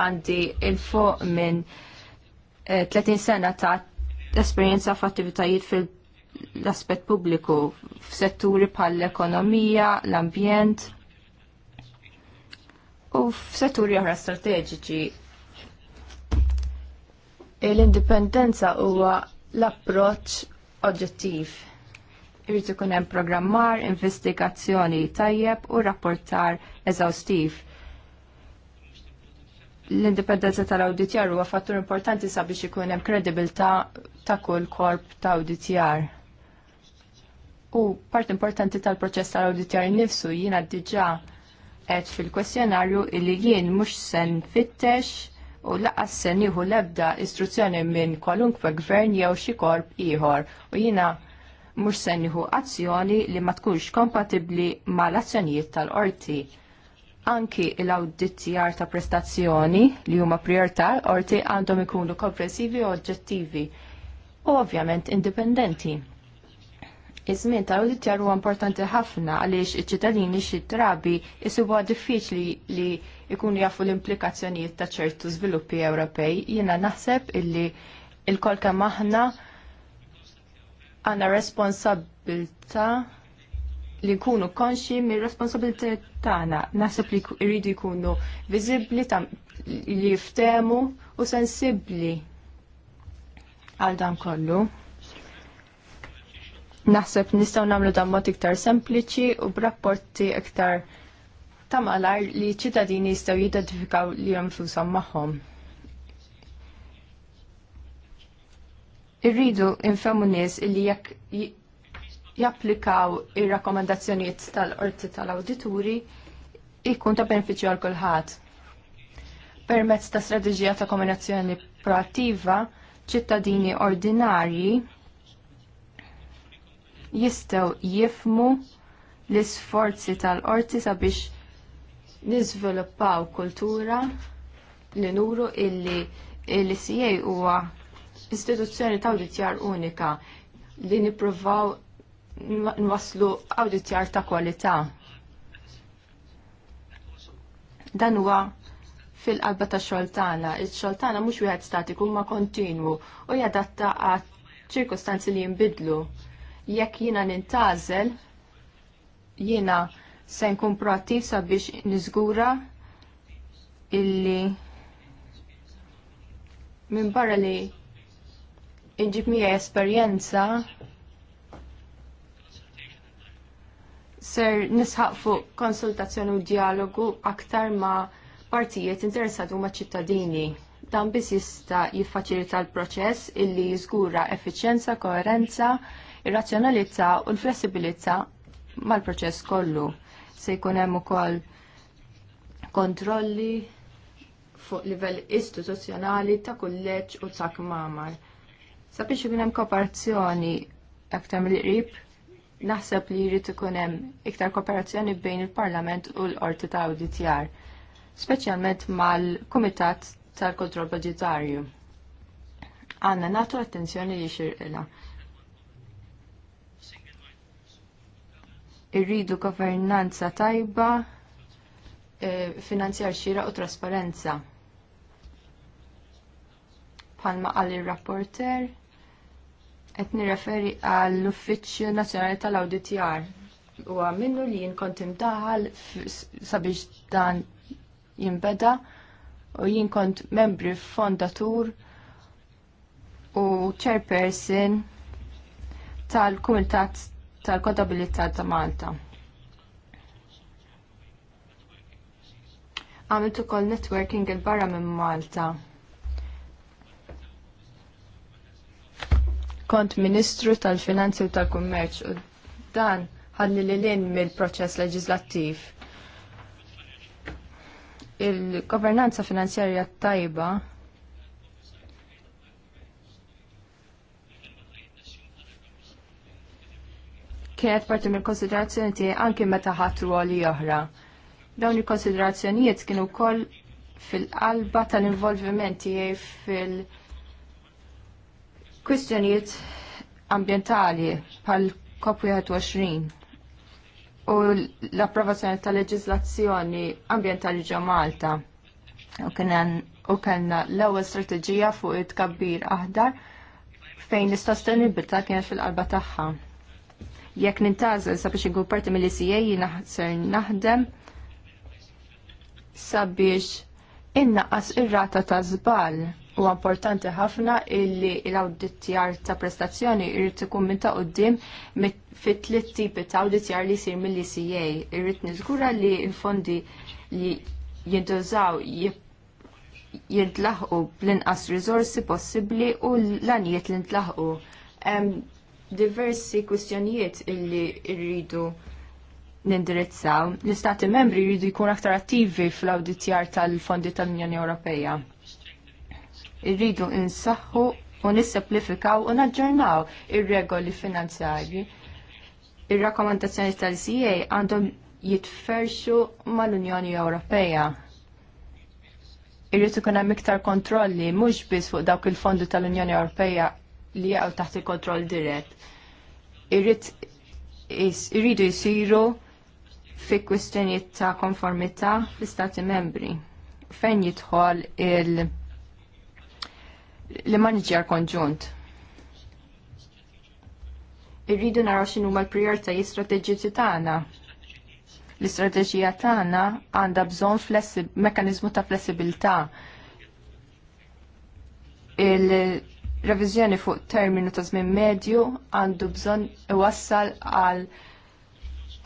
Speaker 3: għandi il-fuq minn 30 eh, sena ta' esperienza f'attivitajiet fil l-aspett pubbliku f'setturi bħal l-ekonomija, l-ambjent u f'setturi oħra strateġiċi. E l-indipendenza huwa l-approċċ oġġettiv irrid ikun hemm programmar, investigazzjoni tajjeb u rapportar eżawstiv. L-indipendenza tal-awditjar huwa fattur importanti sabiex ikun hemm kredibilità ta' kull korp ta' awditjar u part importanti tal-proċess tal-auditjar nifsu jiena diġà qed fil-kwestjonarju illi jien mhux se nfittex u laqqas se nieħu l-ebda istruzzjoni minn kwalunkwe gvern jew xi korp ieħor u jiena mhux se nieħu azzjoni li ma tkunx kompatibbli mal-azzjonijiet tal-qorti. Anki l-auditjar ta' prestazzjoni li huma priorità qorti għandhom ikunu komprensivi u oġġettivi u ovvjament indipendenti. Iż-żmien ta' awditjar huwa importanti ħafna għaliex iċ-ċittadini xi drabi isibuha diffiċli li jkunu jafu l-implikazzjonijiet ta' ċertu żviluppi Ewropej. Jiena naħseb illi il-kol kemm aħna għandna responsabilta li nkunu konxi mir responsabilità tagħna. Naħseb li jridu jkunu viżibbli li jiftemu u sensibbli għal dan kollu. Naħseb nistgħu nagħmlu dan mod iktar sempliċi u b'rapporti iktar ta' malar li ċittadini jistgħu jidentifikaw li hemm flushom magħhom. Irridu infemmu nies li jekk japplikaw ir-rakkomandazzjonijiet tal-qorti tal-awdituri ikun ta' benefiċċju għal kulħadd. Permezz ta' strateġija ta' kombinazzjoni proattiva, ċittadini ordinarji jistgħu jifmu l-isforzi tal-qorti sabiex niżviluppaw kultura li nuru illi l-CA huwa istituzzjoni ta' awditjar unika li nippruvaw nwaslu awditjar ta' kwalità. Dan huwa fil-qalba ta' xoltana. Il-xoltana mhux wieħed statiku ma kontinwu u jadatta għat ċirkostanzi li jinbidlu jekk jiena nintazel, jiena se nkun proattiv sabiex niżgura illi minn barra li inġib mija esperjenza ser nisħaq fuq konsultazzjoni u dialogu aktar ma' partijiet interessati u ma' ċittadini. Dan biss jista' jiffaċilita l-proċess illi jiżgura effiċjenza, koerenza, ir-razzjonalizza u l-flessibilizza mal-proċess kollu. Se jkun hemm ukoll kontrolli fuq livell istituzzjonali ta' kulleġġ u ta' mamar. Sabiex ikun hemm kooperazzjoni aktar mill-qrib naħseb li jrid ikun hemm iktar kooperazzjoni bejn il-Parlament u l-Qorti ta' Awditjar, speċjalment mal-Kumitat tal-Kontroll Budgetarju. Għanna nagħtu attenzjoni li xirqila. irridu governanza tajba, e, finanzjar xira u trasparenza. Palma għal il-rapporter, qed nirreferi għall uffiċċju Nazzjonali tal-Awditjar. U minnu li jien kont imdaħal sabiex dan jinbeda u jien kont membri fondatur u chairperson tal-Kumitat tal-kodabilità ta' Malta. Għamiltu kol networking il-barra minn Malta. Kont Ministru tal-Finanzi u tal-Kummerċ u dan ħalli li l-in mill-proċess leġislattiv. Il-governanza finanzjarja tajba kienet parti mill konsiderazzjoni tiegħi anke meta ħadd ruoli oħra. Dawn il-konsiderazzjonijiet kienu wkoll fil-qalba tal-involviment tiegħi fil-kwistjonijiet ambjentali bħal COP21 u l-approvazzjoni tal-leġislazzjoni ambjentali ġo Malta u kellna l-ewwel strateġija fuq it-tkabbir aħdar fejn is-sostenibilità kienet fil-qalba tagħha jekk nintażel sabiex inkun parti mill-ICA naħser naħdem sabiex innaqas ir-rata ta' żball u importanti ħafna illi l-awditjar ta' prestazzjoni irrid ikun minn ta' qudiem fit tliet tipi ta' awditjar li jsir mill-ICA. Irrid niżgura li l-fondi li jintużaw jintlaħqu bl-inqas riżorsi possibbli u l-anijiet li ntlaħqu diversi kwistjonijiet illi rridu nindirizzaw. L-Istati membri jridu jkun aktar attivi fl-auditjar tal-fondi tal-Unjoni Ewropea. Irridu insaħħu u nissemplifikaw u naġġornaw ir-regoli finanzjarji. Ir-rakkomandazzjoni tal-CA għandhom jitferxu mal-Unjoni Ewropea. Irritu kuna hemm iktar kontrolli mhux biss fuq dawk il-fondi tal-Unjoni Ewropea li jaqgħu taħt il-kontroll dirett. irridu jsiru fi kwistjonijiet ta' konformità fl-Stati membri. Fejn jidħol il- l-manager konġunt. Irridu naraw ma' l-prijoritajiet strateġiċi tagħna. L-istrateġija tagħna għandha bżonn mekkaniżmu ta' flessibilità. Reviżjoni fuq terminu ta' żmien medju għandu bżonn iwassal għal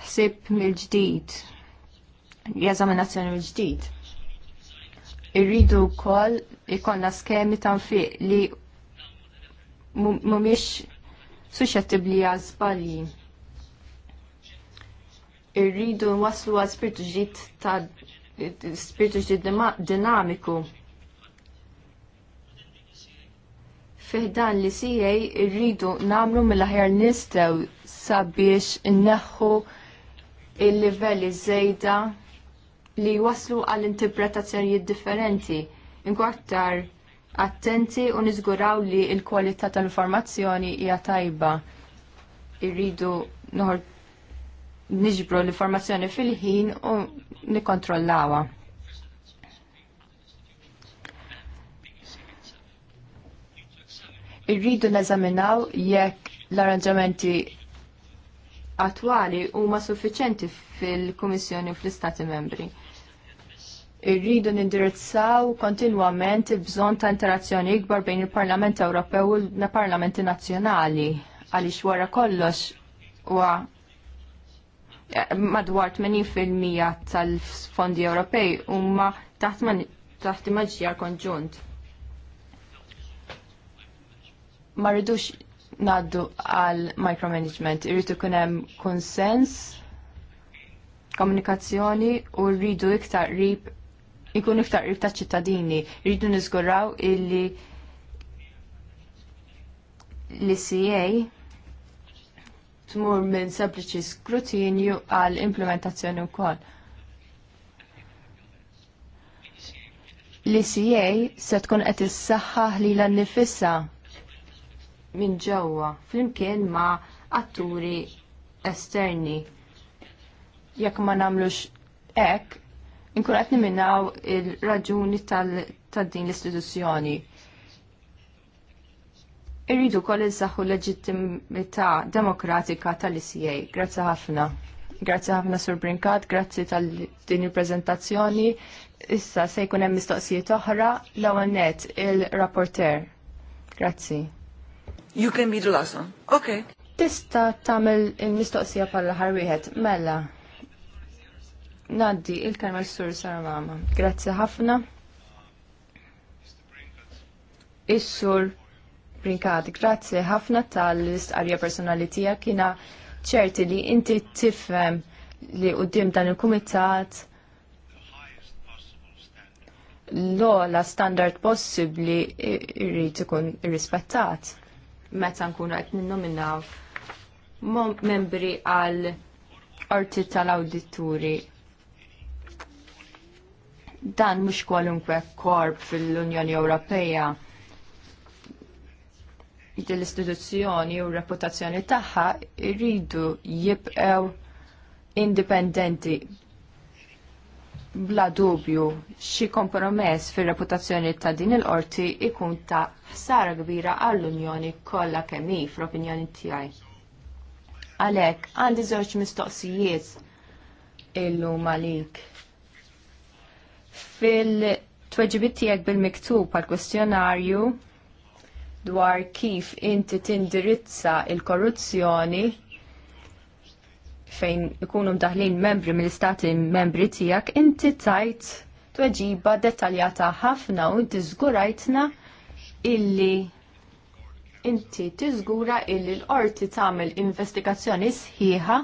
Speaker 3: ħsib mill-ġdid, jeżaminazzjoni mill-ġdid. Irridu wkoll ikollna skemi ta' fiq li mhumiex suċċettibbli għal żbalji. Irridu nwasslu għal spiritu ġdid ta' spiritu ġdid dinamiku. fiħdan li CA rridu namlu mill-aħjar nistew sabiex neħu il-livelli żejda li waslu għall interpretazzjonijiet differenti. Inkwartar attenti u niżguraw li l-kwalità tal-informazzjoni hija tajba. Irridu noħor niġbru l-informazzjoni fil-ħin u nikkontrollawha. irridu neżaminaw jekk l-arranġamenti attwali huma suffiċenti fil-Kummissjoni u fl-Istati membri. Irridu nindirizzaw kontinwament il-bżon ta' interazzjoni ikbar bejn il-Parlament Ewropew u l-Parlamenti Nazzjonali għaliex wara kollox huwa eh, madwar 80% tal-fondi Ewropej huma taħt taħt maġġjar konġunt ma rridux naddu għal micromanagement, irridu kun hemm konsens, komunikazzjoni u rridu iktar rib ikun iktar qrib ta' ċittadini, rridu niżguraw illi l-CA tmur minn sempliċi skrutinju għal implementazzjoni wkoll. l ica se tkun qed issaħħaħ li l-nifissa minn ġewwa flimkien ma' atturi esterni. Jekk ma nagħmlux hekk, inkun qed niminaw il-raġuni tal-din l-istituzzjoni. Irridu koll insaħħu leġittimità demokratika tal-ICA. Grazzi ħafna. Grazzi ħafna Sur Brinkat, grazzi tal-din il-prezentazzjoni. Issa se jkun hemm mistoqsijiet oħra l-ewwel nett il-rapporter. Grazzi.
Speaker 2: You can be the last one. Okay.
Speaker 3: Tista tamel il-mistoqsija palla ħarriħet, mela. Naddi il-kelma s-sur Saramama. Grazzi ħafna. Is-sur Brinkat, grazzi ħafna tal-istqarja personali kina ċerti li inti tifhem li qudiem dan il-kumitat l-ola standard possibli irrid ikun irrispettat meta nkunu qed ninnominaw membri għal orti tal-awdituri. Dan mhux kwalunkwe korp fil-Unjoni Ewropea l-istituzzjoni u reputazzjoni tagħha jridu jibqgħu indipendenti bla dubju xi kompromess fir-reputazzjoni ta' din il-qorti ikun ta' ħsara kbira għall-Unjoni kollha kemm hi fl-opinjoni tiegħi. Għalhekk għandi żewġ mistoqsijiet illum għalik. Fil-tweġibit tiegħek bil-miktub għal kwestjonarju dwar kif inti tindirizza il-korruzzjoni fejn ikunu mdaħlin membri mill-istati membri tiegħek, inti tajt tweġiba dettaljata ħafna u inti zgurajtna illi inti tiżgura illi l-qorti tagħmel investigazzjoni sħiħa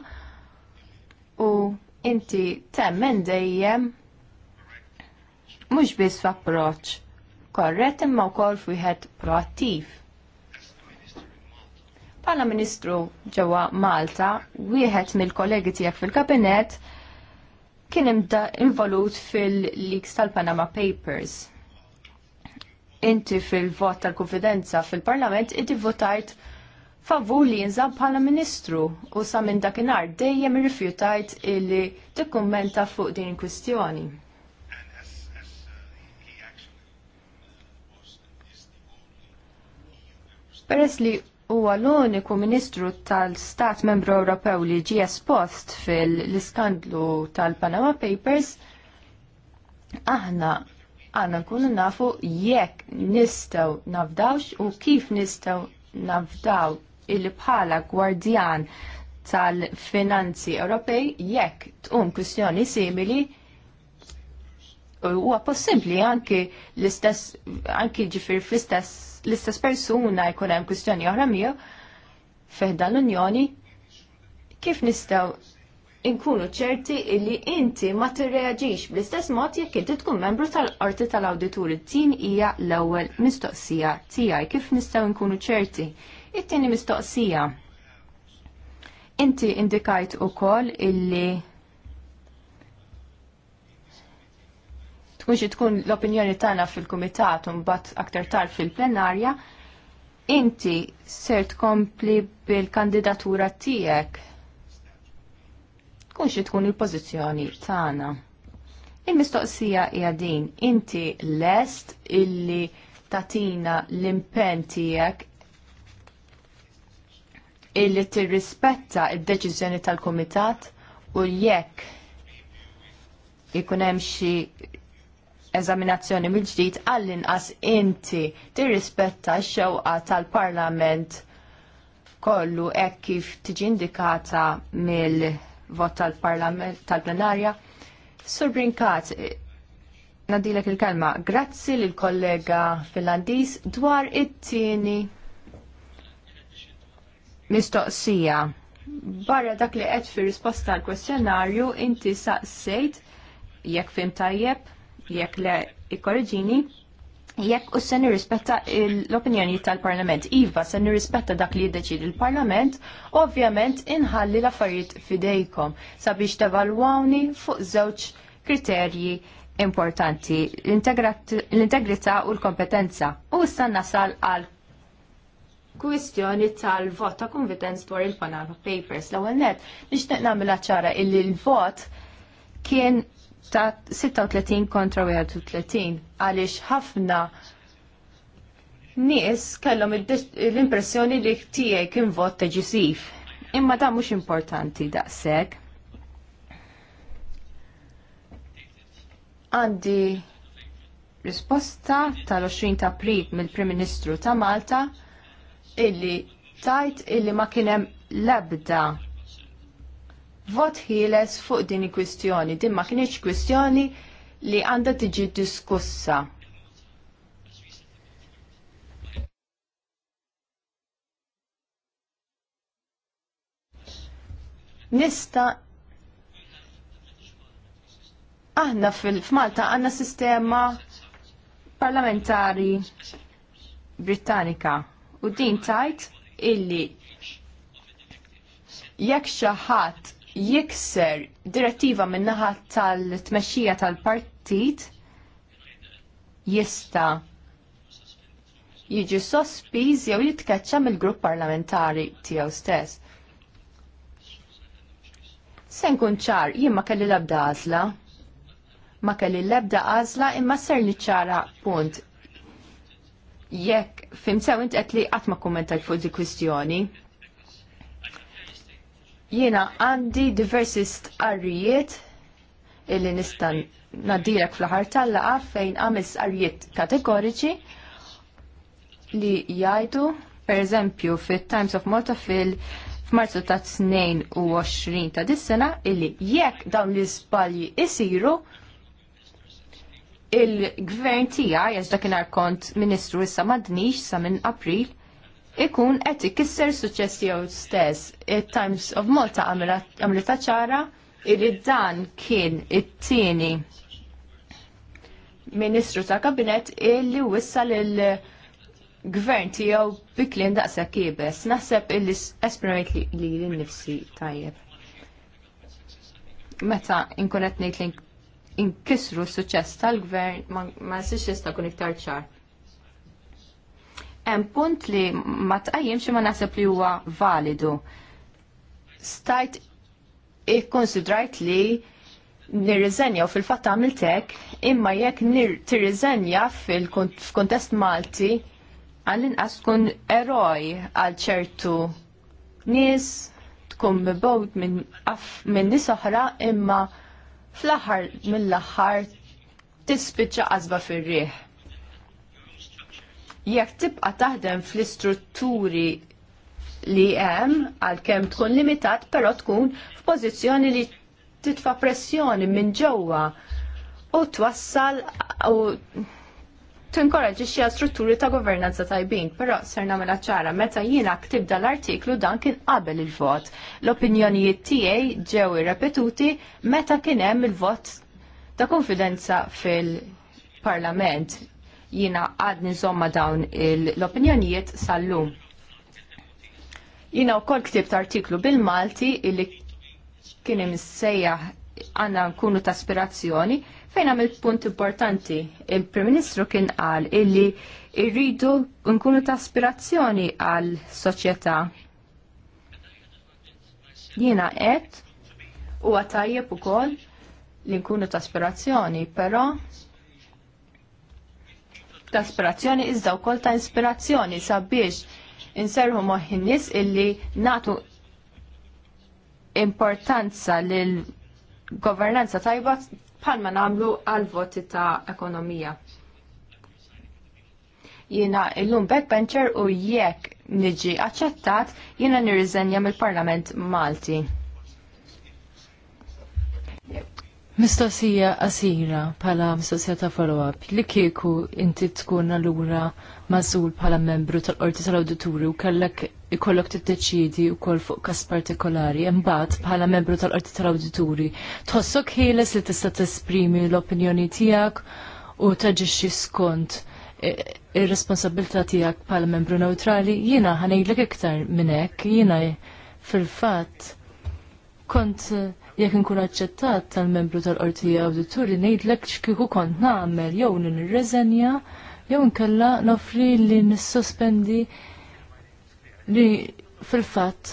Speaker 3: u inti temmen dejjem mhux biss f'approċċ korrett imma wkoll fujħet proattiv. Pana Ministru ġewwa Malta, wieħed mill-kollegi tiegħek fil-kabinet kien involut fil-leaks tal-Panama Papers. Inti fil-vot tal-konfidenza fil-Parlament inti votajt favur li jinżab bħala Ministru u sa minn dakinhar dejjem irrifjutajt illi tikkummenta fuq din il-kwistjoni. Peress li U l-uniku ministru tal-Stat Membru Ewropew li ġie espost fil-iskandlu tal-Panama Papers, aħna għanna nkunu nafu jekk nistaw nafdawx u kif nistaw nafdaw il bħala gwardjan tal-finanzi Ewropej jekk tqum kwistjoni simili huwa possibbli anki l-istess anki ġifir fl-istess l-istess persuna jkun hemm kwistjoni oħra miegħu feħda l-Unjoni, kif nistgħu inkunu ċerti li inti ma tirreaġix bl-istess mod jekk inti tkun membru tal-qorti tal-awdituri tin hija l-ewwel mistoqsija tiegħi kif nistgħu nkunu ċerti. It-tieni mistoqsija. Inti indikajt ukoll illi tkunx tkun l-opinjoni tagħna fil-kumitat u mbagħad aktar tard fil-plenarja, inti ser tkompli bil-kandidatura tiegħek. Tkunx tkun il-pożizzjoni tagħna. Il-mistoqsija hija din, inti lest illi tatina l-impen tiegħek illi tirrispetta id-deċiżjoni tal-Kumitat u jekk ikun hemm xi eżaminazzjoni mill-ġdid għall-inqas inti tirrispetta x-xewqa tal-Parlament kollu hekk kif tiġi indikata mill-vot tal-Parlament tal-plenarja. Sur Brinkat, nadilek il kelma grazzi lill kollega Finlandis, dwar it-tieni mistoqsija. Barra dak li qed fir risposta għal kwestjonarju inti saqsejt jekk fim tajjeb jekk le ikkorġini, jekk u se nirrispetta l-opinjoni tal-Parlament. Iva, se nirrispetta dak li jiddeċid il-Parlament, ovvjament inħalli l-affarijiet fidejkom sabiex tevalwawni fuq żewġ kriterji importanti, l-integrità u l-kompetenza. U issa nasal għal kwistjoni tal-vot ta' konfidenz dwar il-Panama Papers. L-ewwel net, nixtieq nagħmilha ċara illi l-vot kien ta' 36 kontra 31 għaliex ħafna nies kellhom l-impressjoni li tiegħi kien vot deċisiv. Imma da mhux importanti daqshekk. Għandi risposta tal-20 ta' April mill-Prim Ministru ta' Malta illi tajt illi ma kien hemm l-ebda vot ħieles fuq din il-kwistjoni. Din ma kienx kwistjoni li għandha tiġi diskussa. Nista aħna f'Malta għandna għanna sistema parlamentari Britannika u din tajt illi jekk xi ħadd jikser direttiva min-naħa tal-tmexxija tal-partit jista jiġi sospiż jew jitkeċċa mill-grupp parlamentari tiegħu stess. Se nkun ċar, jien ma kelli l-ebda għażla. Ma kelli l-ebda għażla imma ser li ċara punt. Jekk fimsew int qed li qatt ma kummentajt fuq di kwistjoni. Jiena għandi diversi stqarrijiet illi nista' nadilek fl aħħar tal-laqa fejn għamil stqarrijiet kategoriċi li jgħidu, per eżempju, fit-Times of Malta fil- f'Marzu ta' 22 ta' dis-sena illi jekk dawn l-isbalji isiru il-gvern tiegħi għax dakinhar kont Ministru issa m'għandniex sa minn April ikun qed ikisser suċċess jew stess. Times of Malta għamlet ċara li dan kien it-tieni Ministru ta' Kabinet illi wissal il-gvern tiegħu biklin daqshekk kibes. Naħseb illi esprimajt li l-nifsi tajjeb. Meta nkun qed ngħid li inkisru s-suċċess tal-gvern ma sirx jista' jkun iktar ċar hemm punt li ma tqajjimx ma naħseb li huwa validu. Stajt ikkonsidrajt li nirriżenja u fil-fatt għamilt hekk imma jekk tirriżenja fil-kontest Malti għall-inqas tkun eroj għal ċertu nies tkun mibgħud minn nies oħra imma fl-aħħar mill-aħħar tispiċċa qasba fir-rieħ jekk tibqa taħdem fl-istrutturi li hemm għalkemm tkun limitat però tkun f'pożizzjoni li titfa' pressjoni minn ġewwa u twassal u tinkoraġixxi għal strutturi ta' governanza tajbin, però ser nagħmilha ċara meta jiena ktib dal-artiklu dan kien qabel il-vot. L-opinjonijiet tiegħi ġew irrepetuti meta kien hemm il-vot ta' konfidenza fil-Parlament jina għadni zomma dawn l-opinjonijiet sal-lum. Jina u kol ktibt artiklu bil-Malti illi kien imsejja għanna nkunu ta' aspirazzjoni fejn għamil punt importanti. Il-Prim Ministru kien għal illi irridu nkunu ta' aspirazzjoni għal soċjetà. Jina qed u għatajjeb ukoll li nkunu ta' aspirazzjoni, pero ta' aspirazzjoni iżda wkoll ta' inspirazzjoni sabiex inserħu moħħin nies illi natu importanza lil governanza tajba bħalma nagħmlu għal voti ta' ekonomija. Jiena illum backbencher u jekk niġi aċċettat jiena nirriżenja mill-Parlament Malti.
Speaker 1: Mistoqsija qasira bħala mistoqsija ta' follow-up li kieku inti tkun allura mażul bħala membru tal-qorti tal-awdituri u kellek ikollok tiddeċidi wkoll fuq każ partikolari imbagħad bħala membru tal-qorti tal-awdituri tħossok ħieles li tista' tesprimi l-opinjoni tiegħek u taġixxi skont e, ir-responsabilità tiegħek bħala membru neutrali jiena ħanejlek iktar minn hekk jiena fil-fatt kont jekk nkun aċċettat tal-membru tal-qorti awdituri ngħidlek x'kieku kont nagħmel jew nirreżenja jew nkella nofri li nissospendi li fil-fatt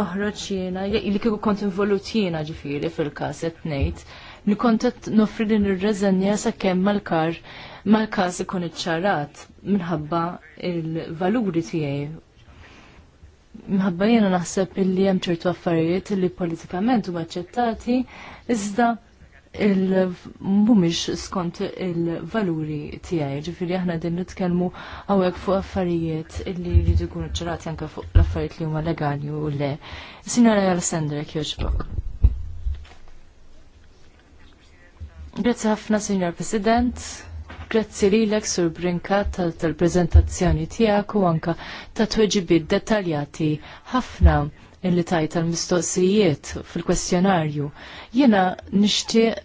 Speaker 1: noħroġ jiena li kieku kont involut jiena ġifieri fil-każ qed ngħid li kont qed nofri li nirreżenja sakemm mal-kar mal-każ ikun iċċarat minħabba il-valuri tiegħi mħabba jena naħseb illi hemm ċertu affarijiet li politikament huma aċċettati iżda mhumiex skont il-valuri tiegħi. Ġifieri aħna din nitkellmu għawek fuq affarijiet illi jridu jkunu ċerati anke fuq l-affarijiet li huma legali u le. Sinjora Alessandra jogħġbok. Grazzi ħafna, Sinjor President. Grazzi lilek sur Brinka tal-prezentazzjoni tiegħek u anka ta' tweġibiet dettaljati ħafna illi taj tal-mistoqsijiet fil-kwestjonarju. Jiena nixtieq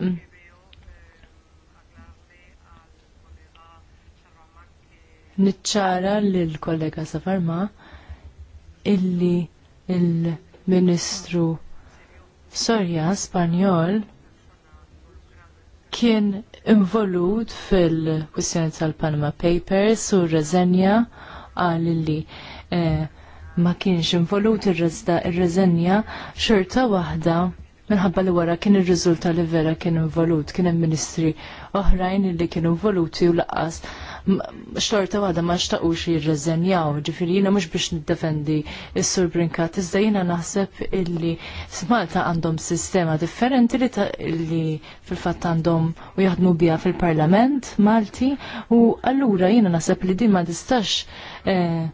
Speaker 1: nitċara l-kollega Safarma illi il-Ministru Sorja Spanjol kien involut fil-kwistjoni tal-Panama Papers u r-reżenja għal li eh, ma kienx involut ir-reżenja xorta waħda minħabba li wara kien ir-riżulta li vera kien involut kien hemm ministri oħrajn li kienu involuti u laqas xorta għada ma xtaqux jirreżenjaw, ġifiri jina mux biex niddefendi il-sur Brinkat, iżda jina naħseb illi smalta għandhom sistema differenti li, illi fil-fat għandhom u jaħdmu bija fil-parlament Malti u allura jina naħseb li din ma tistax eh,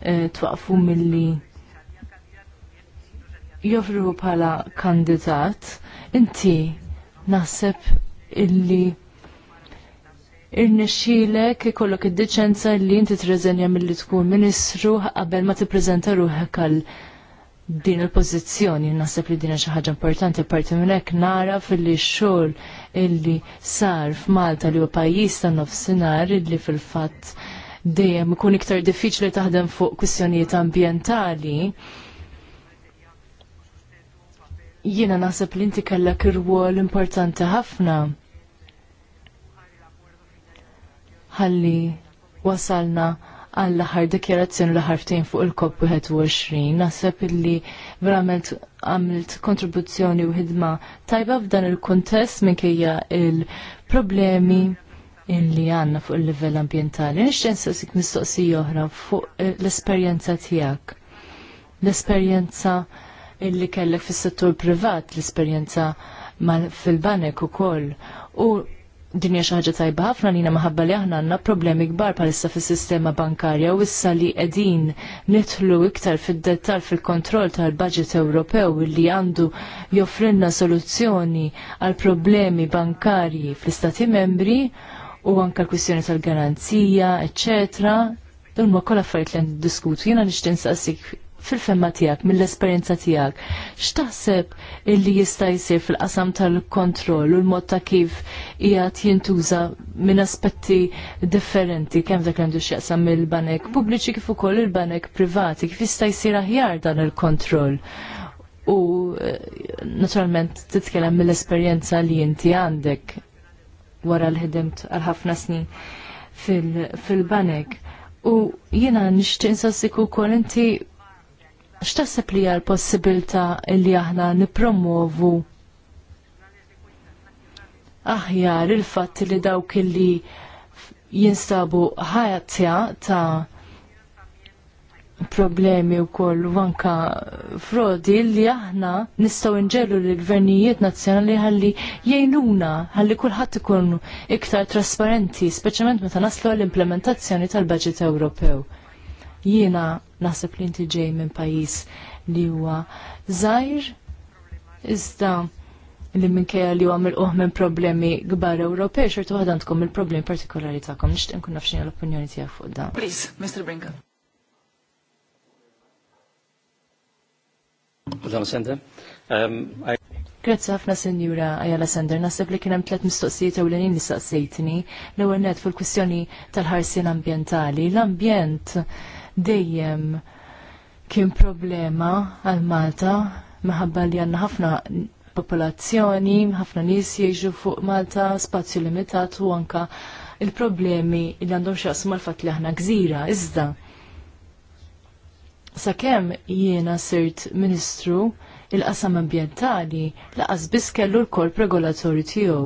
Speaker 1: eh, twaqfu mill-li jovru bħala kandidat, inti naħseb illi irnexxielek ikollok id-deċenza li inti mill milli tkun ministru qabel ma tippreżenta ruħek għal din il-pożizzjoni. Naħseb li din xi ħaġa importanti parti minn hekk nara fil-li xogħol illi sar f'Malta li huwa pajjiż ta' nofsinhar illi fil-fatt dejjem ikun iktar diffiċli taħdem fuq kwistjonijiet ambjentali. Jiena naħseb li inti kellek ir wol importanti ħafna ħalli wasalna għall aħħar dikjerazzjoni l ħarftin fuq il-COP 21. Naħseb illi verament għamilt kontribuzzjoni u ħidma tajba f'dan il-kontest minkejja il-problemi illi għanna fuq il-livell ambientali. Nixtieq nsaqsik mistoqsija oħra fuq eh, l-esperjenza tiegħek. L-esperjenza illi kellek fis-settur privat, l-esperjenza fil-banek ukoll. U dinja xaħġa tajba ħafna li maħabba li aħna għanna problemi kbar palissa fis sistema bankarja u issa li edin nitlu iktar fid dettal fil-kontroll tal-budget Ewropew li għandu joffrinna soluzzjoni għal problemi bankarji fl-istati membri u anka l-kwistjoni tal-garanzija, eccetera. Dun ma kollha affarijiet li diskutu jena nixtieq saqsik fil-femma tiegħek, mill-esperjenza tiegħek, x'taħseb illi jista' jsir fil-qasam tal-kontroll u l-mod ta' kif jgħat jintuża minn aspetti differenti kemm dak għandu x'jaqsam mill-banek pubbliċi kif ukoll il-banek privati, kif jista' jsir aħjar dan il-kontroll u eh, naturalment titkellem mill-esperjenza li inti għandek wara l ħedemt għal ħafna snin fil-banek. U jiena nixtieq insassiku wkoll inti X'taħseb li hija l-possibilità li aħna nippromovu aħjar il-fatt li dawk li jinstabu ħajatja ta' problemi u koll wanka frodi li aħna nistaw nġellu l-gvernijiet nazzjonali ħalli jgħinuna ħalli kullħat ikun iktar trasparenti, speċjalment meta naslu għall implementazzjoni tal-budget Ewropew. Jiena naħseb li inti ġej minn pajjiż li huwa żgħir iżda li minkejja li għamil uħ minn problemi gbar Ewropej, xertu tkun mill problemi partikolari ta'kom, nishtiq nkun nafxin l-opinjoni tijak fuq dan. Please, Mr. Brinker. Um, Grazie ħafna Sinjura Ajala Sender, nasib li kienem tlet mistoqsijiet u l li l ewwel fuq fil-kwistjoni tal-ħarsin ambientali. L-ambjent dejjem kien problema għal Malta minħabba li għandna ħafna popolazzjoni, ħafna nies jiexu fuq Malta, spazju limitat u anka il-problemi li għandhom xaqsmu mal-fatt li aħna gżira, iżda. Sakemm jiena sirt Ministru il-qasam ambjentali laqas biss kellu l-korp regolatorju tiegħu.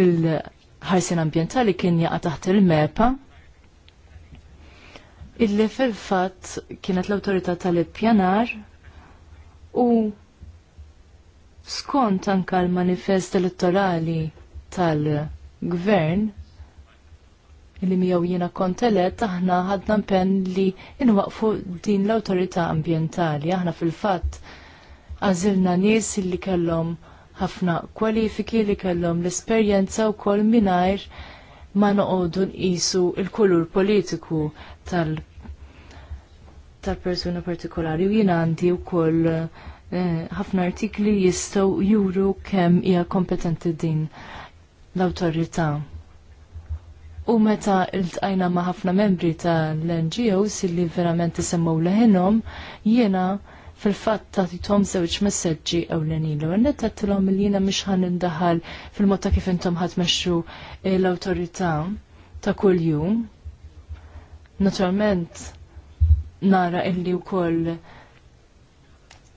Speaker 1: Il-ħarsien ambjentali kien jaqa' taħt il-MEPA illi fil-fatt kienet l-autorità tal-ippjanar u skont anka l-manifest elettorali tal-gvern li miegħu jiena kont aħna ħadna mpenn li inwaqfu din l-awtorità ambjentali. Aħna fil-fatt għażilna nies illi kellhom ħafna kwalifiki li kellhom l-esperjenza wkoll mingħajr ma noqogħdu nqisu l-kulur politiku tal ta' persuna partikolari u jina għandi u koll eh, ħafna artikli jistaw juru kem hija kompetenti din l-autorità. U meta iltqajna ma' ħafna membri ta' l-NGOs illi verament isemmaw leħinhom, jiena fil-fatt tagħtithom żewġ messagġi ewlenin. L-ewwel tattilhom li jiena mhix indaħal fil-mod kif intom ħadmexxu eh, l-awtorità ta' kuljum. Naturalment, nara illi wkoll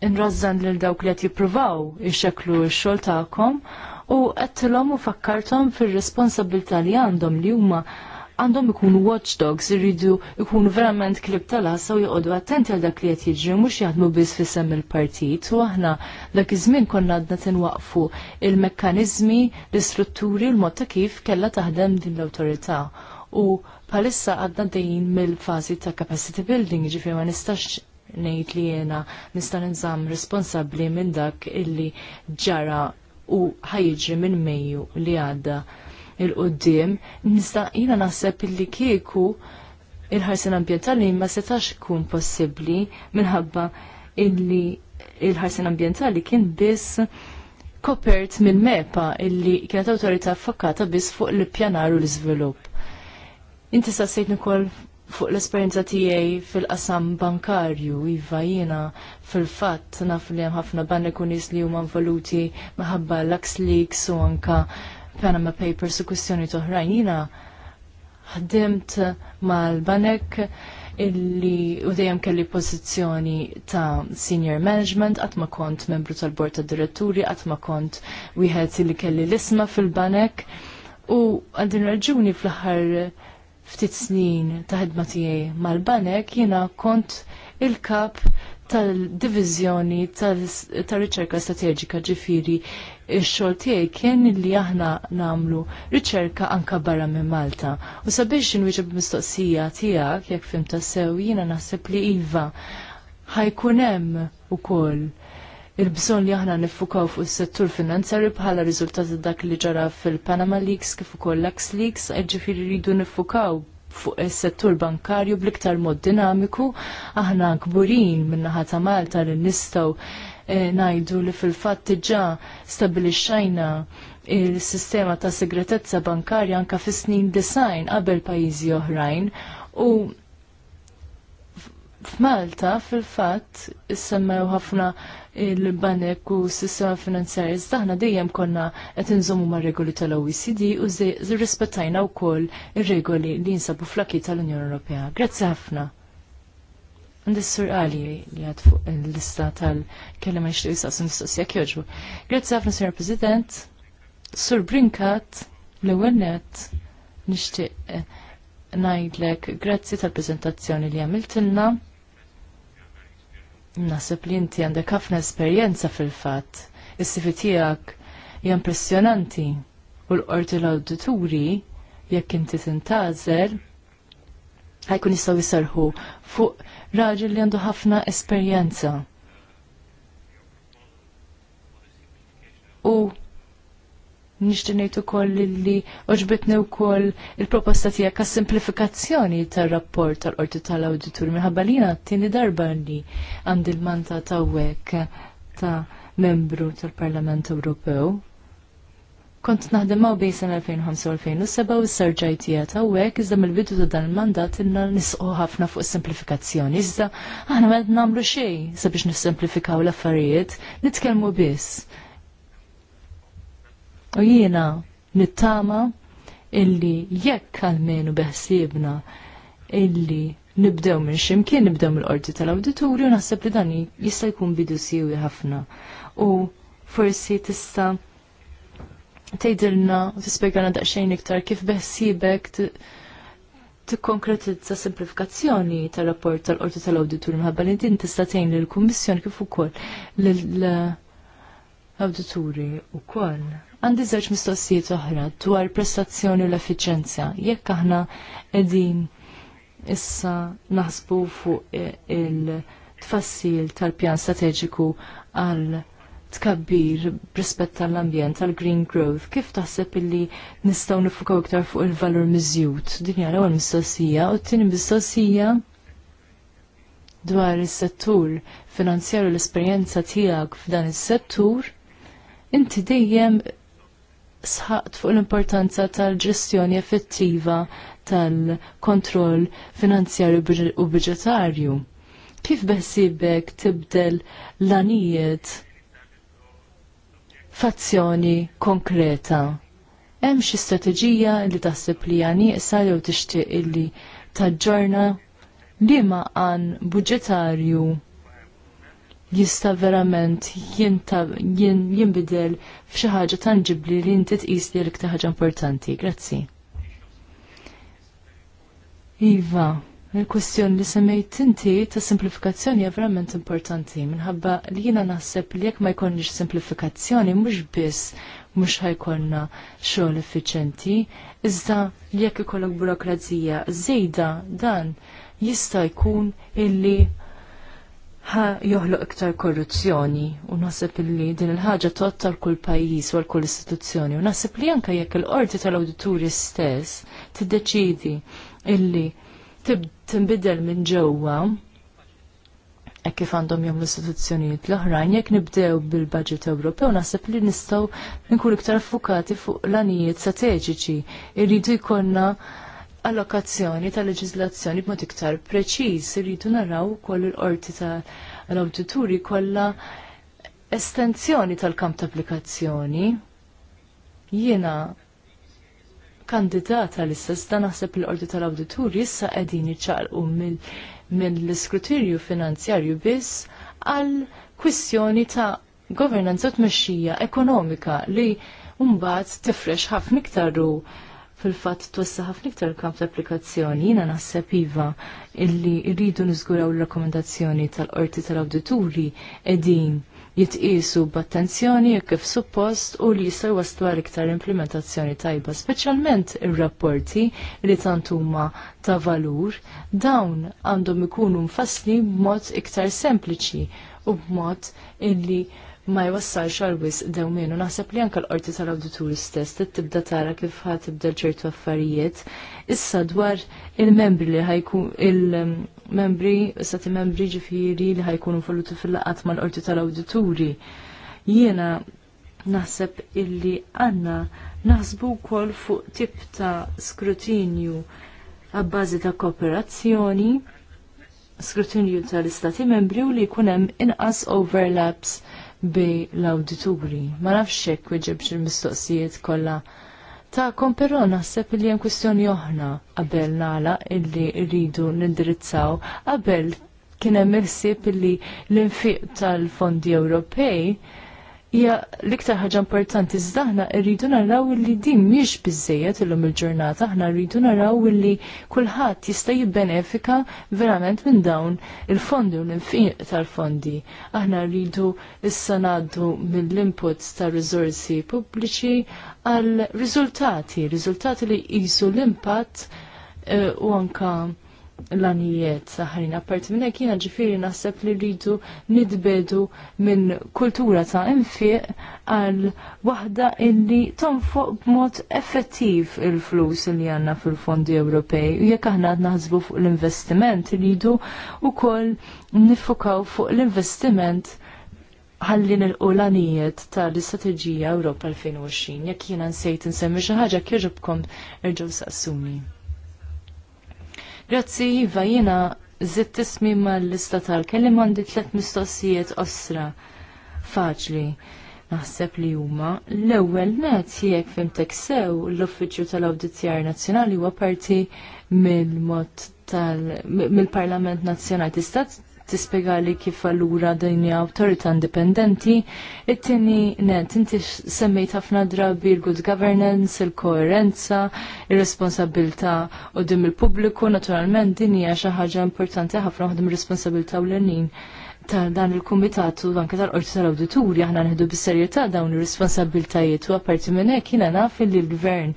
Speaker 1: inrazzan lil dawk li qed jippruvaw ixxeklu x-xogħol tagħkom u għattilom u fakkartom fir-responsabilità li għandhom li huma għandhom ikunu watchdogs irridu ikun verament klib tal-ħassa u jgħodu attenti għal dak li qed jiġri mhux jaħdmu biss fisem il-partit u aħna dak iż-żmien konna għadna tinwaqfu il-mekkaniżmi, l-istrutturi, l-mod kif kellha taħdem din l-awtorità. U palissa għadda dejjin mill-fazi ta' capacity building, ġifir ma nistax nejt li jena nista' nżamm responsabbli minn dak illi ġara u ħajġri minn Mejju li għadda il-qoddim, nista' jina naħseb illi kieku il-ħarsin ambientali ma setax kun possibli minħabba illi il-ħarsin ambientali kien biss kopert minn MEPA illi kienet autorita affakata biss fuq l-pjanar u l-iżvilupp. Inti sassejt nikol fuq l-esperienza tiegħi fil-qasam bankarju, iva jiena fil-fatt naf li hemm ħafna banek u nies li huma involuti maħabba Lux Leaks u anka Panama Papers u kwistjoni toħrajn. Jiena ħdimt mal-banek illi u dejjem kelli pożizzjoni ta' senior management qatt ma kont membru tal-bord tad diretturi, qatt ma kont wieħed li kelli l-isma fil-banek u għandin raġuni fl-aħħar ftit snin ta' ħidma tiegħi mal-banek jiena kont il-kap tal-diviżjoni tal-riċerka strateġika ġifiri x xogħol tiegħi kien li aħna nagħmlu riċerka anka barra minn Malta. U sabiex inwieġeb mistoqsija tiegħek jekk fim sew jiena naħseb li iva ħajkun hemm ukoll il-bżonn li aħna niffukaw fuq is-settur finanzjarju bħala riżultat ta' dak li ġara fil-Panama Leaks kif ukoll Lux Leaks, ġifieri rridu niffukaw fuq is-settur bankarju bl-iktar mod dinamiku, aħna kburin min-naħa ta' Malta li nistgħu eh, ngħidu li fil-fatt diġà stabilixxajna il-sistema ta' segretezza bankarja anka fis snin design qabel pajjiżi oħrajn u f'Malta fil-fatt issemmew ħafna il-banek u s-sistema finanzjarja zdaħna dejjem konna qed inżommu ma' regoli tal-OECD u rispettajna wkoll ir-regoli li jinsabu fl tal-Unjoni Ewropea. Grazzi ħafna. Ndissur għali li għad fuq il-lista tal-kellem għax li jisaqsu mistoqsija kjoġu. Grazzi ħafna, Sr. President, Sur Brinkat, l-ewwel net, nixtieq eh, ngħidlek grazzi tal-preżentazzjoni li għamiltilna. Nasib li inti għandek ħafna esperjenza fil-fatt. Is-sifi tiegħek hija impressjonanti u l-qorti l-awdituri jekk inti tintażel ħajkun jistgħu jisarħu fuq raġel li għandu ħafna esperjenza. U Nixti ngħid ukoll li oġbitni wkoll il-proposta tiegħek għas simplifikazzjoni tar-rapport tal-qorti tal auditur minħabba li tieni darba li għandi l-manta tawwek ta' membru tal-Parlament Ewropew. Kont naħdem ma' bejsen 2005 u 2007 u s sarġaj tiegħek hawnhekk iżda mill-bidu ta' dan il-mandat inna nisqu ħafna fuq simplifikazzjoni. Iżda aħna ma nagħmlu xejn sabiex nis-simplifikaw l-affarijiet, nitkellmu biss U jiena nittama illi jekk għalmenu beħsiebna illi nibdew minn ximkien nibdew mill-qorti tal u naħseb li dan jista' jkun bidu siewi ħafna. U forsi tista' tgħidilna tispjegana daqsxejn iktar kif beħsibek tikkonkretizza simplifikazzjoni tar-rapport tal-qorti tal awdituri minħabba li din tista' tgħin lill-Kummissjoni kif ukoll l-awdituri ukoll. Għandi żewġ mistoqsijiet oħra dwar prestazzjoni u l-effiċenza. Jekk aħna qegħdin issa naħsbu fuq il-tfassil tal-pjan strateġiku għal tkabbir rispett tal-ambjent, tal-green growth, kif taħseb illi nistgħu nifukaw iktar fuq il-valur miżjud? Din hija l-ewwel mistoqsija u t-tieni mistoqsija dwar is-settur u l-esperjenza tiegħek f'dan is-settur, inti dejjem sħaqt fuq l-importanza tal-ġestjoni effettiva tal-kontroll finanzjarju u budġetarju. Kif beħsibek tibdel l-anijiet fazzjoni konkreta? Hemm xi strateġija li taħseb li għaniqsa jew tixtieq illi taġġorna liema għan budġetarju jista verament jinbidel f'xi ħaġa tanġibli li inti tqis li l ħaġa importanti. Grazzi. Iva, il-kwestjoni li semmejt inti ta' simplifikazzjoni hija verament importanti minħabba li jiena naħseb li jekk ma jkollniex simplifikazzjoni mhux biss mhux ħajkollna xogħol effiċenti, iżda jekk ikollok burokrazija żejda dan jista' jkun illi ħa joħloq iktar korruzzjoni u naħseb li din il-ħaġa tot kull pajjiż u l kull istituzzjoni u naħseb li anke jekk il-qorti tal-awdituri stess tiddeċidi illi tinbidel minn ġewwa hekk kif għandhom jom l-istituzzjonijiet l-oħrajn jekk nibdew bil-budget Ewropew naħseb li nistgħu nkunu iktar fukati fuq l-anijiet strateġiċi irridu jkollna allokazzjoni ta' leġislazzjoni b'mod iktar preċiż irridu naraw ukoll il-qorti tal-awdituri kollha estensjoni tal-kamp ta' applikazzjoni. Jiena kandidata l-istess dan naħseb l-qorti tal-awdituri issa qegħdin iċċaqlqu mill-iskrutinju finanzjarju biss għal kwistjoni ta' governanza u tmexxija ekonomika li mbagħad tifrex ħafna iktar u fil-fatt twessa ħafna iktar kamp ta' applikazzjoni. Jiena naħseb iva illi rridu niżguraw l-rakkomandazzjoni tal-qorti tal-awdituri qegħdin jitqisu b'attenzjoni jekk kif suppost u li jista' jwaslu għal iktar implementazzjoni tajba, speċjalment ir-rapporti li tant huma ta' valur, dawn għandhom ikunu mfassli b'mod iktar sempliċi u b'mod illi ma jwassalx għalwis dewmin naħseb li anke l-qorti tal-awdituri stess tibda tara kif ħad tibda ċertu affarijiet. Issa dwar il-membri li ħajkun il-membri, stati membri ġifieri li ħajkunu folluti fil-laqat mal-qorti tal-awdituri. Jiena naħseb illi għanna naħsbu kol fuq tip ta' skrutinju għabbażi ta' kooperazzjoni, skrutinju tal-istati membri u li kunem inqas overlaps bej l-awdituri. Ma nafx hekk weġibx il-mistoqsijiet kollha ta'kom, però naħseb li hemm kwistjoni oħra qabel nala illi rridu nindirizzaw qabel kien hemm il illi l-infiq tal-fondi Ewropej hija l-iktar ħaġa importanti iżda aħna rridu naraw li din mhix biżejjed illum il-ġurnata, aħna rridu naraw li kulħadd jista' jibbenefika verament minn dawn il-fondi u l infin tal-fondi. Aħna rridu issa ngħaddu mill-inputs ta' riżorsi pubbliċi għal riżultati, riżultati li jisu l-impatt eh, u anka l-anijiet saħrin. part minn hekk jiena ġifieri naħseb li rridu nidbedu minn kultura ta' infiq għal waħda illi tonfoq b'mod effettiv il-flus li għandna fil-fondi Ewropej. U jekk aħna naħsbu fuq l-investiment rridu wkoll nifokaw fuq l-investiment ħallin nilqu l ta' tal-Istrateġija Ewropa 2020. Jekk jiena nsejt insemmi xi ħaġa kieġobkom irġgħu saqsuni. Grazzi, Iva, jena zitt ismi mal-lista tal-kelli mandi tlet mistoqsijiet osra. Faċli. Naħseb li huma l-ewwel net jekk fimtek sew l-Uffiċċju tal-Awditjar Nazzjonali huwa parti mill-mod tal mill-Parlament Nazzjonali tista' tispjegali kif allura din autorita awtorità indipendenti. it tini net inti semmejt ħafna drabi l-good governance, il-koerenza, ir-responsabilità dim il-pubbliku, naturalment din hija xi ħaġa importanti ħafna waħda mir-responsabilità u l-għenin ta' dan il-komitatu anke tal-qorti tal-awdituri aħna nħedu bis-serjetà dawn ir-responsabiltajiet u apparti minn hekk jiena naf li l-gvern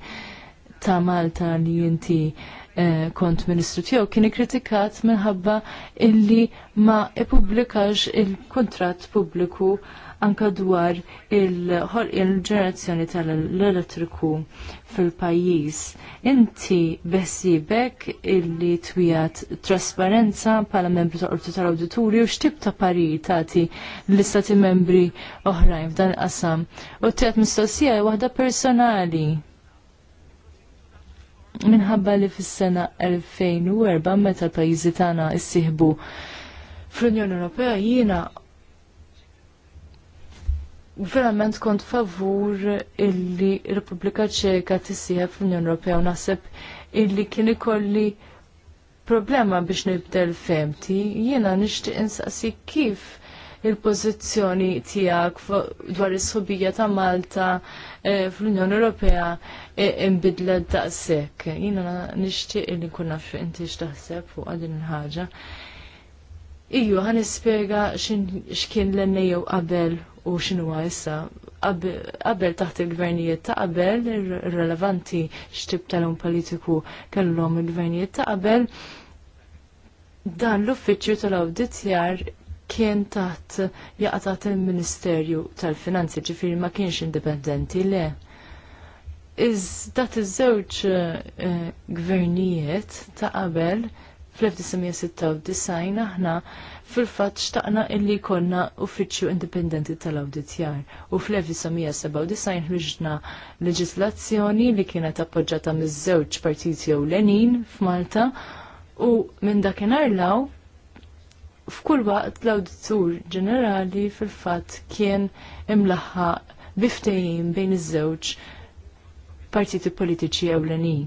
Speaker 1: ta' Malta li inti Eh, kont ministru tiegħu kien ikkritikat minħabba illi ma ippubblikax il-kuntratt pubbliku anka dwar il-ġenerazzjoni tal-elettriku fil-pajjiż. Inti beħsibek illi twijat trasparenza pala membri ta' qorti tal-awditurju x'tib ta' parir tagħti l-istati membri oħrajn f'dan qasam. U tiegħek mistoqsija waħda personali minħabba li fis-sena 2004 meta l-pajjiżi tagħna issieħbu fl-Unjoni Ewropea jiena verament kont favur illi Repubblika Ċeka tissieħeb fl-Unjoni Ewropea u naħseb illi kien ikolli problema biex nibdel femti, jiena nixtieq insaqsi kif il-pożizzjoni tiegħek dwar is subija ta' Malta eh, fl-Unjoni Ewropea E, imbidlet daqshekk. Jiena nixtieq li nkun naf inti x'taħseb fuq din il-ħaġa. Iju, għan ispiega xkien l-ennejew qabel u xinu issa. Qabel taħt il-gvernijiet ta' qabel, relevanti xtib tal-un politiku kellhom il-gvernijiet ta' qabel, dan l-uffiċju tal-awditjar kien taħt jaqta il-Ministerju tal-Finanzi ġifiri ma kienx indipendenti le. Iżda iż-żewġ eh, eh, gvernijiet ta' qabel fl-1996 aħna fil-fatt xtaqna illi konna uffiċċju indipendenti tal-awditjar. U fl-1997 ħriġna leġislazzjoni li kienet appoġġata miż-żewġ partiti ewlenin f'Malta u minn dakinhar law f'kull waqt l-awditur ġenerali fil-fatt kien imlaħħa biftejjin bejn iż-żewġ partiti politiċi ewlenin.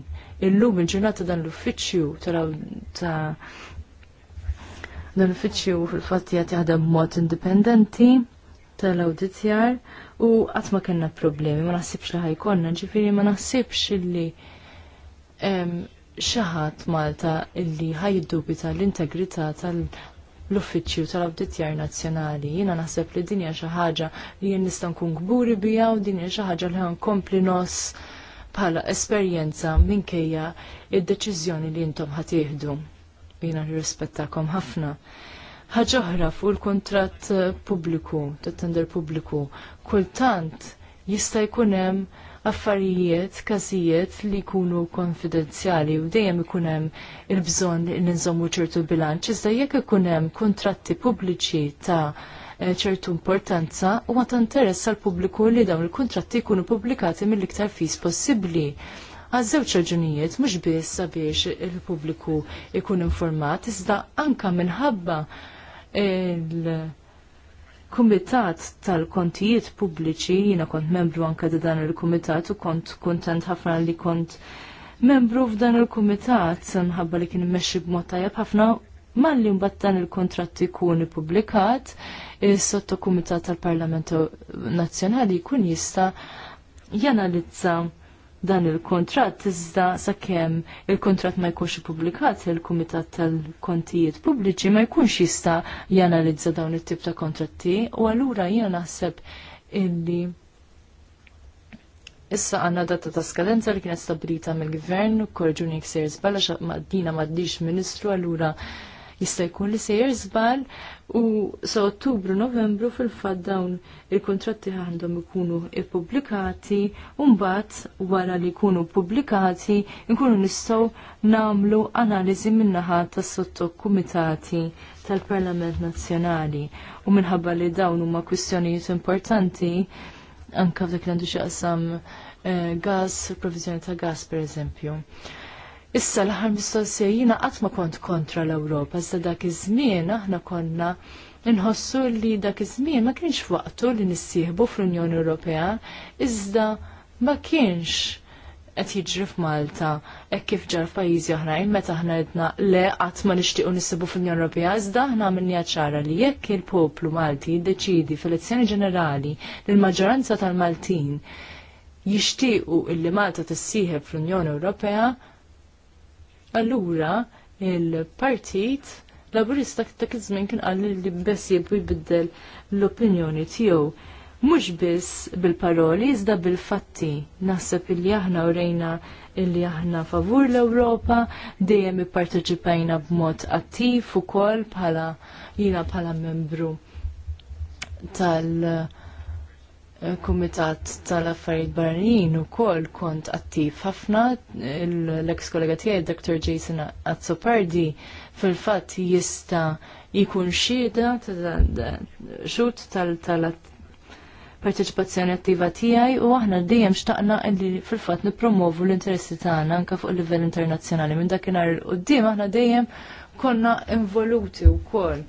Speaker 1: Illum il-ġurnata dan l-uffiċċju ta' dan l-uffiċċju fil-fatt jgħat jaħdem mod indipendenti tal-awditjar u qatt ma kellna problemi, ma naħsibx li ħajkonna, ġifiri ma naħsibx li xaħat Malta illi ħajdubita l-integrità tal- l-uffiċċju tal-Awditjar Nazzjonali. Jiena naħseb li dinja xi ħaġa li jien nista' nkun kburi biha u dinja xi ħaġa li kompli nos bħala esperjenza minkejja id-deċiżjoni li intom ħatieħdu. Jina nirrispettakom ħafna. Ħaġoħra fuq il-kontratt eh, pubbliku, tat-tender pubbliku, kultant jista' jkun hemm affarijiet, każijiet li jkunu konfidenzjali u dejjem ikun hemm il-bżonn li nżommu ċertu bilanċ, iżda jekk ikun hemm kuntratti pubbliċi ta' ċertu importanza u ma interess l pubbliku li dawn il kuntratti jkunu pubblikati mill-iktar fis possibbli. Għaż-żewġ raġunijiet mhux biss sabiex il-pubbliku jkun informat, iżda anka minħabba il- Kumitat tal-kontijiet pubbliċi, jina kont membru anka di dan il-kumitat u kont kontent ħafna li kont membru f'dan il-kumitat, minħabba li kien meċi b'mod tajab ħafna, malli mbagħad dan il kontrat ikun pubblikat il-sottokumitat tal-Parlamentu Nazzjonali jkun jista' janalizza dan il-kontrat iżda sakemm il-kontrat ma jkunx ippubblikat il-Kumitat tal-Kontijiet Pubbliċi ma jkunx jista' janalizza dawn it-tip ta' kontratti u allura jiena naħseb illi Issa għanna data ta' skadenza li kienet stabilita mill-gvern, korġuni ksers bala xa maddina maddix ministru għallura jista' jkun li sejjer żball u sa Ottubru Novembru fil-fatt dawn il-kontratti għandhom ikunu ippubblikati u mbagħad wara li jkunu pubblikati nkunu nistgħu nagħmlu analiżi min-naħa tas-sottokumitati tal-Parlament Nazzjonali u minħabba li dawn huma kwistjonijiet importanti anka dak li għandu qasam eh, gas, provizjoni ta' gas per eżempju. Issa l-ħar mistoqsija qatt ma kont kontra l-Ewropa, iżda dak iż-żmien aħna konna nħossu li dak iż-żmien ma kienx waqtu li nissieħbu fl-Unjoni Ewropea, iżda ma kienx qed jiġri f'Malta hekk kif ġar f'pajjiżi oħrajn meta aħna ridna le qatt ma nixtiequ nissibu fl-Unjoni Ewropea, iżda aħna minnija ċara li jekk il-poplu Malti jiddeċidi fil-elezzjoni ġenerali li l-maġġoranza tal-Maltin jixtiequ illi Malta tissieħeb fl-Unjoni Ewropea, allura il-partit laburista ta' iż-żmien kien qal li bess jibbu jbiddel l-opinjoni tiegħu. Mhux biss bil-paroli iżda bil-fatti. Naħseb il aħna urejna illi aħna favur l-Ewropa, dejjem ipparteċipajna b'mod attiv ukoll bħala jina bħala membru tal- kumitat tal-affarijiet barranin ukoll kont attiv ħafna l-eks kollega tiegħi Dr. Jason Azzopardi fil-fatt jista' jkun xieda xut tal parteċipazzjoni attiva tiegħi u aħna dejjem xtaqna li fil-fatt nippromovu l-interessi tagħna anke fuq il-livell internazzjonali. Minn dakinhar il-qudiem aħna dejjem konna involuti wkoll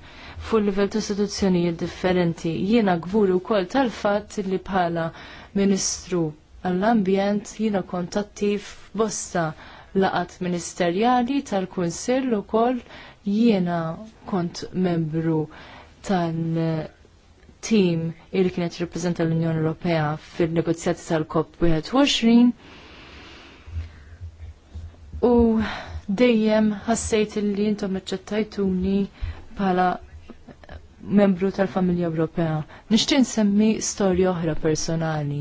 Speaker 1: fuq livell ta' istituzzjonijiet differenti. Jiena gburi wkoll tal-fatt li bħala Ministru għall-Ambjent jiena kontattiv bosta laqat ministerjali tal-Kunsill ukoll jiena kont membru tal- tim il kienet jirrappreżenta l-Unjoni Ewropea fil-negozjati tal-COP 21 u dejjem ħassejt li intom iċċettajtuni bħala membru tal-familja Ewropea. Nixtieq nsemmi storja oħra personali.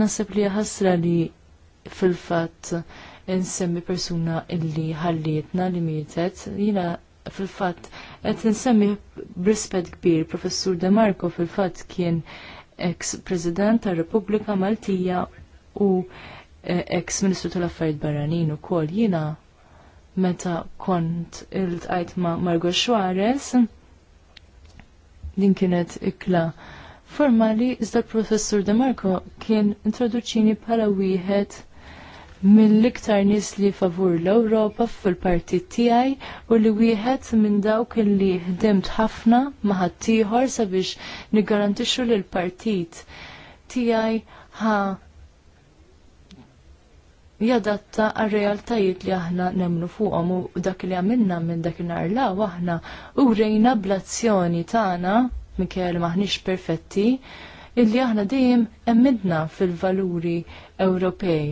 Speaker 1: Nasib li ħasra li fil-fatt nsemmi persuna illi ħallietna li mietet, jina fil-fatt qed nsemmi brispet kbir professur De Marco fil-fatt kien ex-president tar-Repubblika Maltija u eh, ex-ministru tal-affarijiet barranin ukoll jiena meta kont il tajt ma' Margo Suarez. Din kienet ikla formali iżda professur De Marco kien introduċini bħala wieħed mill-iktar nies li favur l-Ewropa fil-partit tiegħi u li wieħed minn dawk li ħdemt ħafna ma' ħaddieħor sabiex niggarantixxu l partit tiegħi ħa jadatta għal realtajiet li aħna nemnu fuqhom u dak li għamilna minn dak nar la aħna u rejna blazzjoni tagħna mikel maħniex perfetti illi aħna dejjem emmidna fil-valuri Ewropej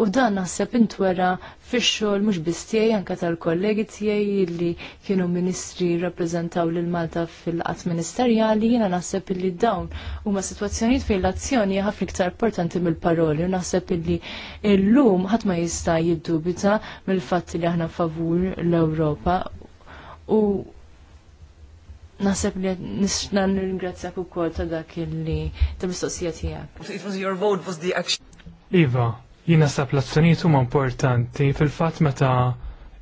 Speaker 1: U dan naħseb intwera fix-xogħol mhux biss tiegħi anke tal-kollegi tiegħi li kienu ministri rappreżentaw lil Malta fil-qatt ministerjali, jiena naħseb illi dawn huma sitwazzjonijiet fejn l-azzjoni ħafna iktar importanti mill-paroli u naħseb illi llum ħadd ma jista' jiddubita mill-fatt li aħna favur l-Ewropa u Naseb li nisna nirringrazzjak ukoll ta' dak li ta' mistoqsija tiegħek.
Speaker 2: It was your vote was the action. Iva, Jina sab l-azzjonijiet huma importanti fil-fatt meta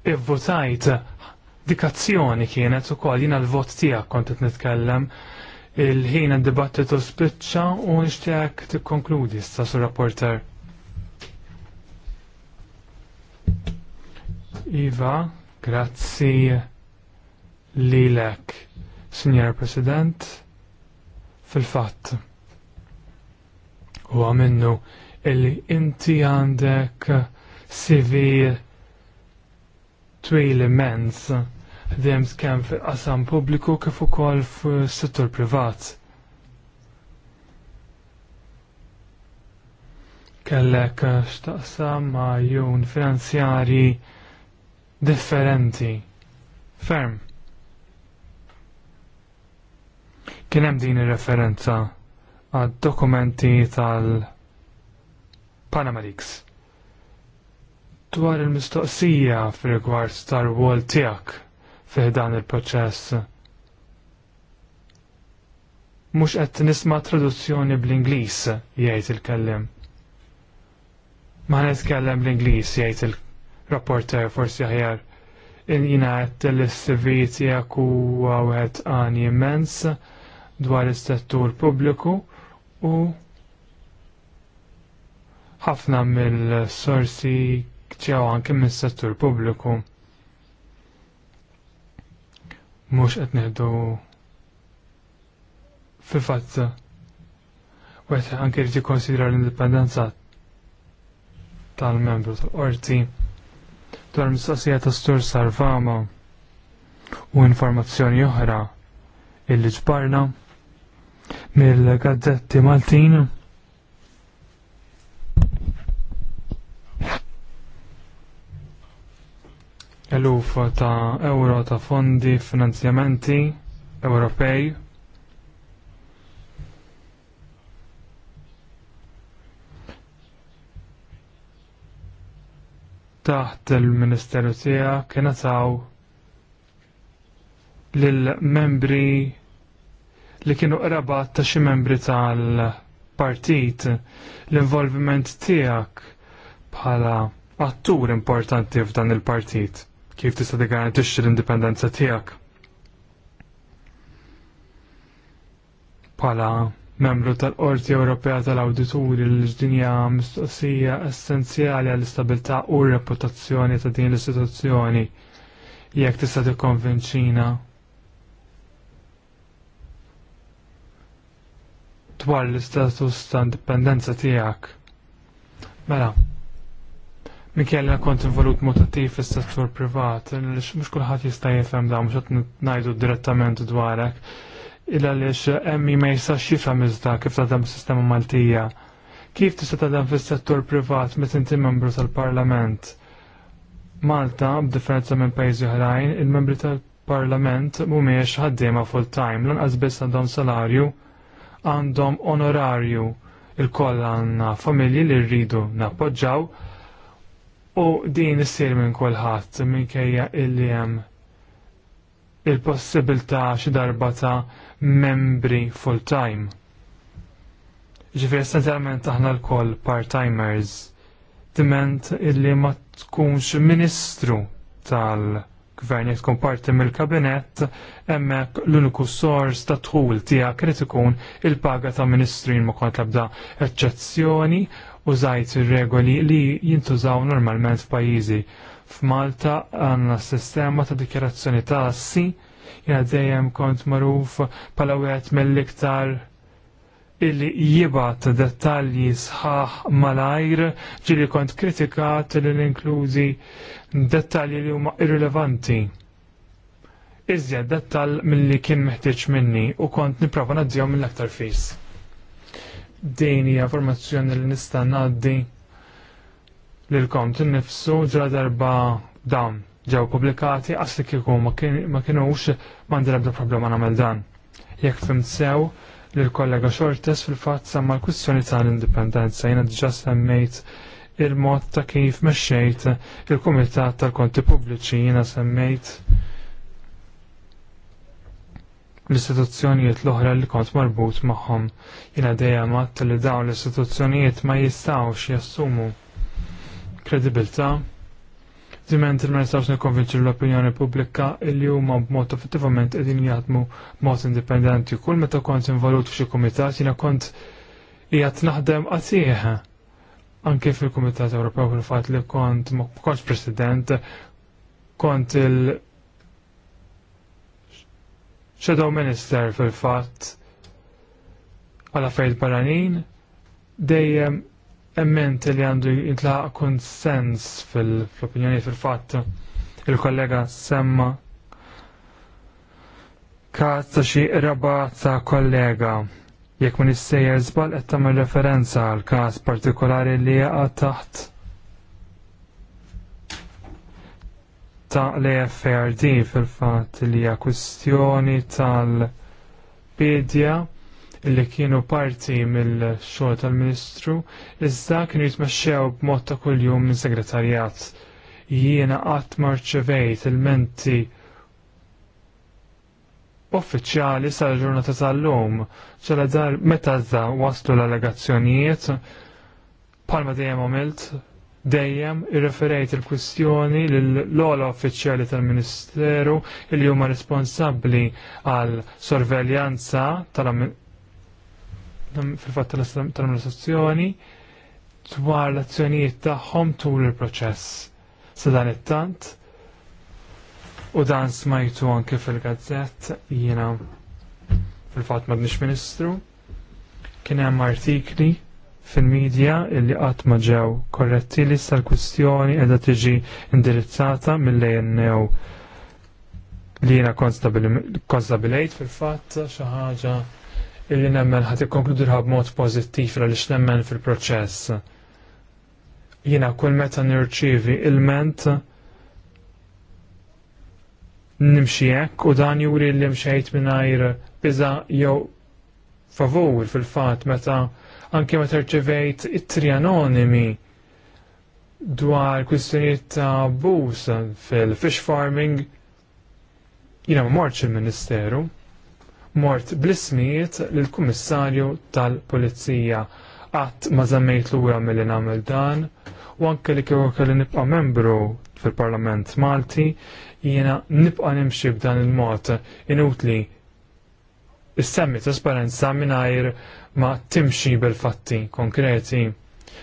Speaker 2: ivvutajt dikazzjoni kienet ukoll jina l-vot tiegħek kont qed nitkellem il-ħin għad-dibattitu spiċċa u nixtieq tikkonkludi issa sur rapporter. Iva, grazzi lilek, Signor President, fil-fatt. U għamennu illi inti għandek CV twil immens dejjem kemm fil-qasam pubbliku kif ukoll fis-settur privat. Kellek x'taqsam ma' jun finanzjari differenti. Ferm. Kien hemm din ir-referenza għad dokumenti tal- Panama Leaks. Dwar il-mistoqsija fil-rigward star wall tiegħek fih dan il-proċess. Mhux qed nisma traduzzjoni bl-Ingliż jgħid il-kellim. Ma nitkellem bl-Ingliż jgħid il-rapporter forsi aħjar jina qed l-CV tiegħek huwa wieħed għani immens dwar is-settur pubbliku u ħafna mill-sorsi ġew anke mis-settur pubbliku. Mhux qed neħdu fi fatt wieħed anke jrid jikkonsidra l-indipendenza tal-membru tal-qorti dwar mistoqsija ta' stur sarfama u informazzjoni oħra illi ġbarna mill-gazzetti Maltin eluf ta' euro ta' fondi finanzjamenti Ewropej taħt il-Ministeru tiegħek kien taw lill-membri li kienu qrabat ta' xi membri tal-partit l-involviment tiegħek bħala attur importanti f'dan il-partit kif tista' tigarantixxi l-indipendenza tiegħek. Pala membru tal-Qorti Ewropea tal-Awdituri l-ġdinja mistoqsija essenzjali għall-istabilità u reputazzjoni ta' din l-istituzzjoni jekk tista' tikkonvinċina dwar l-istatus ta' indipendenza tiegħek. Mela, Mikjella kont involut motattiv fis-settur privat, mhux kulħadd jista' jifhem da mhux qed ngħidu direttament dwarek. Illa għaliex emmi ma jistax jifhem iżda kif tadem sistema Maltija. Kif tista' tadem fis-settur privat meta inti membru tal-Parlament? Malta, b'differenza minn pajjiżi oħrajn, il-membri tal-Parlament mhumiex ħaddiema full-time, lanqas biss għandhom salarju, għandhom onorarju il-koll għandna familji li rridu nappoġġaw U din issir minn kulħadd minkejja illi hemm il-possibilità xi darba ta' membri full-time. Ġifier essenzjalment aħna lkoll part-timers diment illi ma tkunx ministru tal-gvern jek tkun parti mill-kabinet hemmhekk l-uniku sors ta' tħul tiegħek irid ikun il-paga ta' ministrin ma kont l-ebda eċċezzjoni użajt ir-regoli li jintużaw normalment f'pajjiżi. F'Malta għandna sistema ta' dikjerazzjoni ta' assi jiena dejjem kont magħruf bħala wieħed mill-iktar illi jibat dettalji sħaħ malajr ġili kont kritikat li l-inkluzi dettalji li huma irrilevanti. Iżjed dettal mill-li kien meħtieġ minni u kont niprofa nadzjaw mill-aktar fis din hija formazzjoni li nista' ngħaddi lilkom innifsu ġra darba dawn ġew pubblikati qasli kieku ma kinux m'għandi l-ebda problema nagħmel dan. Jekk fimt sew lill-kollega Xortes fil-fatt semma l-kwistjoni tal-indipendenza jiena diġà semmejt il-mod ta' kif mexxejt il-Kumitat tal-Konti Pubbliċi jiena semmejt l-istituzzjonijiet l-oħra li kont marbut magħhom. Jiena dejjem għadt li dawn l-istituzzjonijiet ma jistgħux jassumu kredibilità Diment il nistax nikkonvinċi l-opinjoni pubblika illi huma b'mod effettivament qegħdin jaħdmu b'mod indipendenti. Kull meta kont involut f'xi kumitat jiena kont qiegħed naħdem qasih. Anke fil-Kumitat Ewropew fil-fatt li kont ma kontx President, kont il- Shadow Minister fil-fatt għala affarijiet barranin dejjem emment li għandu jitlaq konsens fil-opinjoni fil-fatt il-kollega semma kazza xi raba ta' kollega. Jekk ma nissejjer żball qed tagħmel referenza għal każ partikolari li jaqa' taħt ta' l-EFRD fil-fat li hija kwistjoni tal-pedja illi kienu parti mill-xogħol tal-Ministru, iżda kienu jitmexxew b'mod ta' kuljum minn segretarjat. Jiena qatt marċevejt il-menti uffiċjali sal-ġurnata tal-lum, ċala dar meta waslu l-allegazzjonijiet, palma dejjem għamilt dejjem irreferejt il-kwistjoni l-ola uffiċjali tal-Ministeru li huma responsabbli għal sorveljanza fil-fatt tal-amministrazzjoni dwar l-azzjonijiet tagħhom tul il-proċess. Sa dan it-tant u dan smajtu anke fil-gazzett jiena fil-fatt ma' ministru kien hemm artikli fil-medja illi qatt ma ġew korretti li issa l-kwistjoni qiegħda tiġi indirizzata mill-ENEW li jiena konstabilejt fil-fatt xi ħaġa illi nemmen ħadd ikkonkludirha b'mod pożittiv għaliex nemmen fil-proċess. Jiena kull meta nirċievi ilment nimxijek u dan juri li mxejt mingħajr biza jew favur fil-fat meta anke ma terċevejt it-tri anonimi dwar kwistjonijiet ta' abbuż fil-fish farming jina ma mort il-Ministeru, mort bl-ismijiet lill-Kummissarju tal-Pulizija qatt ma żammejt lura milli nagħmel dan u anke li kieku kelli nibqa' membru fil-Parlament Malti jiena nibqa' nimxi b'dan il-mod inutli Is-semmi trasparenza mingħajr ma timxi bil-fatti konkreti.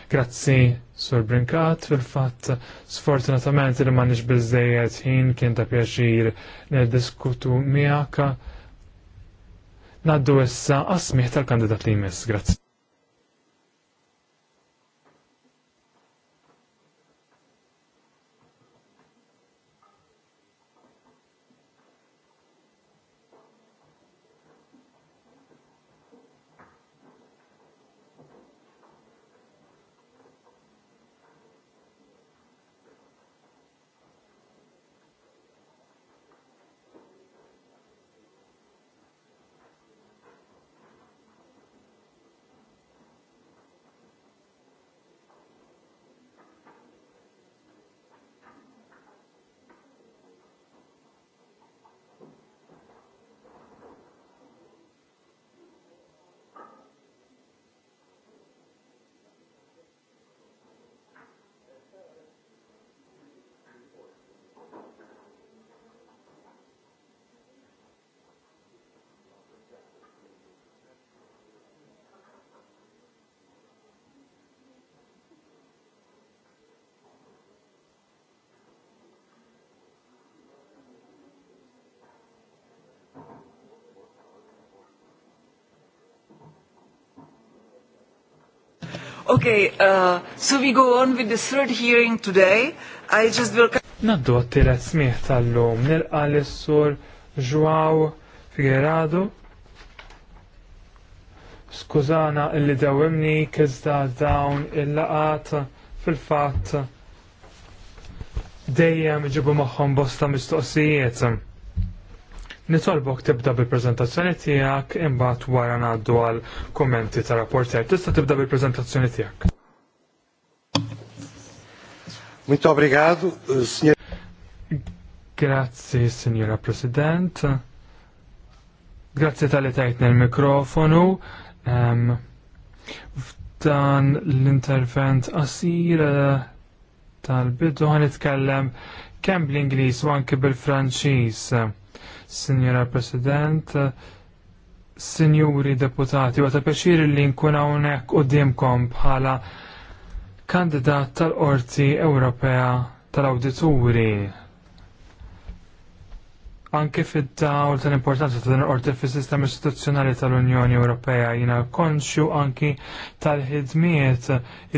Speaker 2: Grazzi Sur Brinkat fil-fatt sfortunatament li manix nix bizzejiet ħin kien ta' pjaċir diskutu miegħek. Naddu issa asmiħ tal-kandidat li jmiss. Grazzi.
Speaker 1: Okay, uh, so we go on with the third hearing today. I just will...
Speaker 2: Naddu għattira smieħ tal-lum, nilqa l-sur Joao Figuerado. Skużana illi dawimni kizda dawn il-laqat fil-fat dejjem ġibu maħħom bosta mistoqsijiet. Nitolbok tibda bil-prezentazzjoni tiegħek imbagħad wara ngħaddu għal kummenti ta' rapporter. Tista' tibda bil-prezentazzjoni tiegħek. Muito obrigado, eh, signor. Grazie, signora President. Grazie tali tajt nel mikrofonu Um, F'dan l-intervent asir eh, tal-bidu ħanitkellem kemm bl-Ingliż u anke bil-Franċiż Signora President, Signori Deputati, u ta' pjaċir li nkun hawnhekk dimkom bħala kandidat tal-Qorti Ewropea tal-Awdituri. Anke fid-dawl tal-importanza ta' din qorti fis-sistema istituzzjonali tal-Unjoni Ewropea jina konxju anki tal-ħidmiet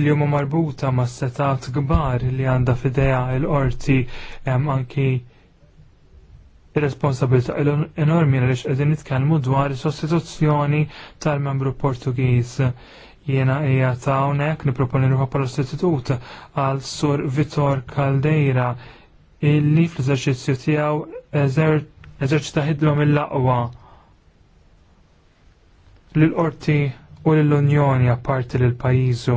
Speaker 2: li huma marbuta ma' setat kbar li għandha fidea l-qorti anki anki responsabilta enormi għaliex qegħdin nitkellmu dwar sostituzzjoni tal-membru Portugiż. Jiena hija ta' hawnhekk nipproponi ruħha bħala sostitut għal Sur Vitor Caldeira illi fl-eżerċizzju tiegħu eżerċita ħidma mill-aqwa lill qorti u lill unjoni apparti lill pajjiżu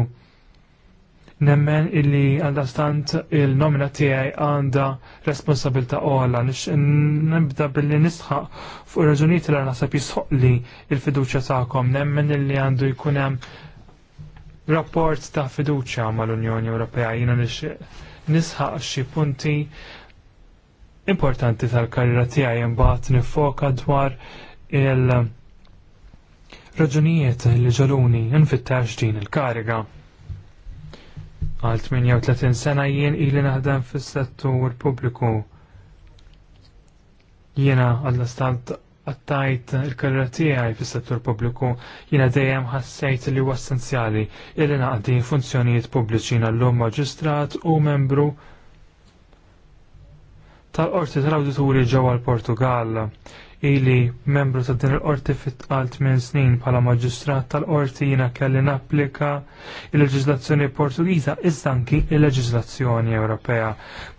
Speaker 2: Nemmen illi għaldastant il-nomina tiegħi għandha responsabilta ola. Nibda billi nisħaq fuq raġunijiet li naħseb jisħoqli il-fiduċja tagħkom. Nemmen illi għandu jkun hemm rapport ta' fiduċja mal-Unjoni Ewropea jiena nisħaq xi punti importanti tal-karriera tijaj imbagħad nifoka dwar il- raġunijiet li ġaluni nfittax din il-kariga. Għal 38 sena jien ili naħdem fis-settur pubbliku. Jiena għall stant għattajt il-karriera tiegħi fis-settur pubbliku, jiena dejjem ħassejt li huwa essenzjali illi naqdi funzjonijiet pubbliċi llum maġistrat u membru tal-qorti tal-awdituri ġewwa l-Portugal ili membru ta' din il-qorti fit-tqal minn snin bħala maġistrat tal-qorti jina kelli napplika il leġizlazzjoni Portugiża iżda anki il leġizlazzjoni Ewropea.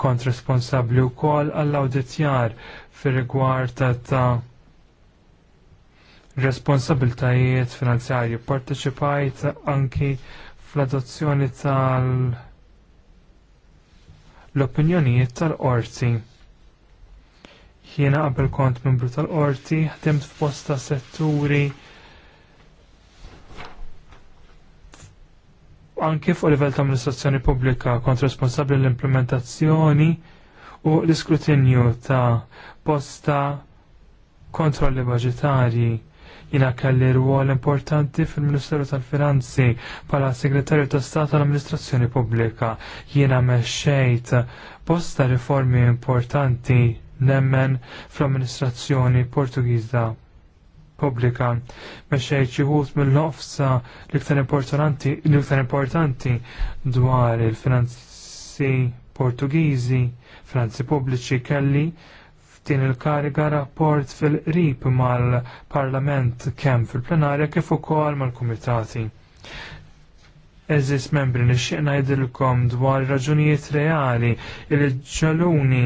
Speaker 2: Kont responsabbli wkoll għall-awditjar fir-rigward ta', ta responsabiltajiet finanzjarji parteċipajt anki fl-adozzjoni tal- l-opinjonijiet tal-qorti Jiena qabel kont membru tal-qorti, ħdimt f'posta setturi anke fuq livell ta' amministrazzjoni pubblika kont responsabbli l-implementazzjoni u l-iskrutinju ta' posta kontrolli budġetarji. Jiena kelli rwol importanti fil-Ministeru tal-Finanzi bħala Segretarju ta' Stat tal-Amministrazzjoni Pubblika. Jiena meċċejt posta riformi importanti nemmen fl-amministrazzjoni Portugiża pubblika. Meċċej ċiħut mill-ofsa l-iktar importanti, l-iktar importanti dwar il-finanzi Portugiżi, finanzi pubbliċi kelli f'din il-kariga rapport fil-qrib mal-Parlament kemm fil-plenarja kif ukoll mal-Kumitati Eżis membri nixtieq ngħidilkom dwar raġunijiet reali li ġaluni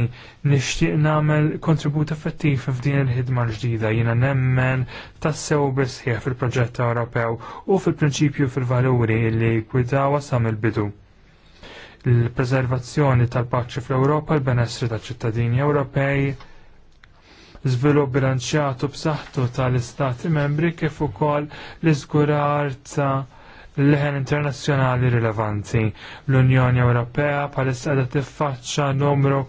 Speaker 2: nixtieq nagħmel kontribut effettiv f'din il-ħidma l-ġdida jiena nemmen tassew bisħieħ fil-proġett Ewropew u fil-prinċipju fil-valuri li kwidaw sa mill-bidu il preservazzjoni tal-paċi fl-Ewropa, l-benessri tal-ċittadini Ewropej, żvilupp bilanċjatu b'saħħtu tal-istati membri kif ukoll l-iżgurar ta' l leħen internazzjonali rilevanti. L-Unjoni Ewropea palissa qiegħda tiffaċċa numru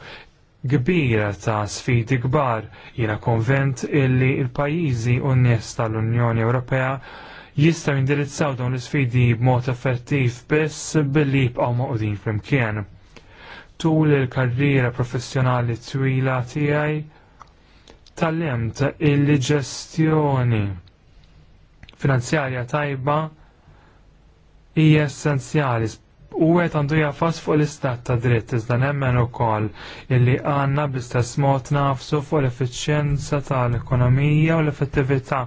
Speaker 2: kbira ta' sfidi kbar. Jiena konvent illi il-pajjiżi u nies tal-Unjoni Ewropea jista' jindirizzaw dawn l-sfidi b'mod effettiv biss billi jibqgħu maqdin flimkien. Tul il-karriera professjonali twila tiegħi tal-lemt illi ġestjoni finanzjarja tajba hija essenzjali u għet għandu jaffas fuq l-istat ta' dritt iżda nemmen ukoll illi għanna bl-istess mod nafsu fuq l-effiċjenza tal-ekonomija u l-effettività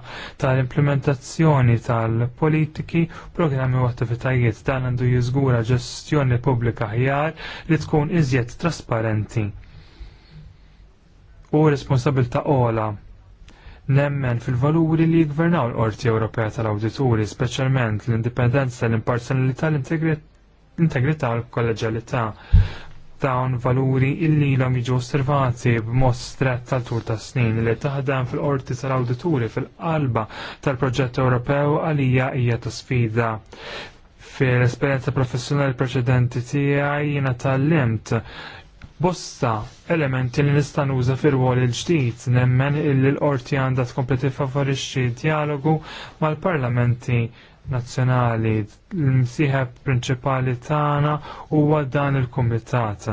Speaker 2: tal-implementazzjoni tal-politiki, programmi u attivitajiet dan għandu jiżgura ġestjoni pubblika ħjar li tkun iżjed trasparenti u responsabilta' ola Nemmen fil-valuri li jgvernaw l-Qorti Ewropea tal-Awdituri, speċjalment l-indipendenza, l-imparzjonalità, l-integrità u l-kolleġjalità dawn valuri illi l jiġu osservati b'mod strett tal tur ta' snin li taħdem fil-qorti tal-awdituri fil-qalba tal-proġett Ewropew għalija hija ta' sfida. Fil-esperjenza professjonali preċedenti tiegħi jiena tallimt bosta elementi li nista' nuża fir-rwol il-ġdid nemmen illi l-qorti għandha tkompli favorixxi dialogu mal-parlamenti nazzjonali. L-msieħeb prinċipali tagħna huwa dan il-kumitat.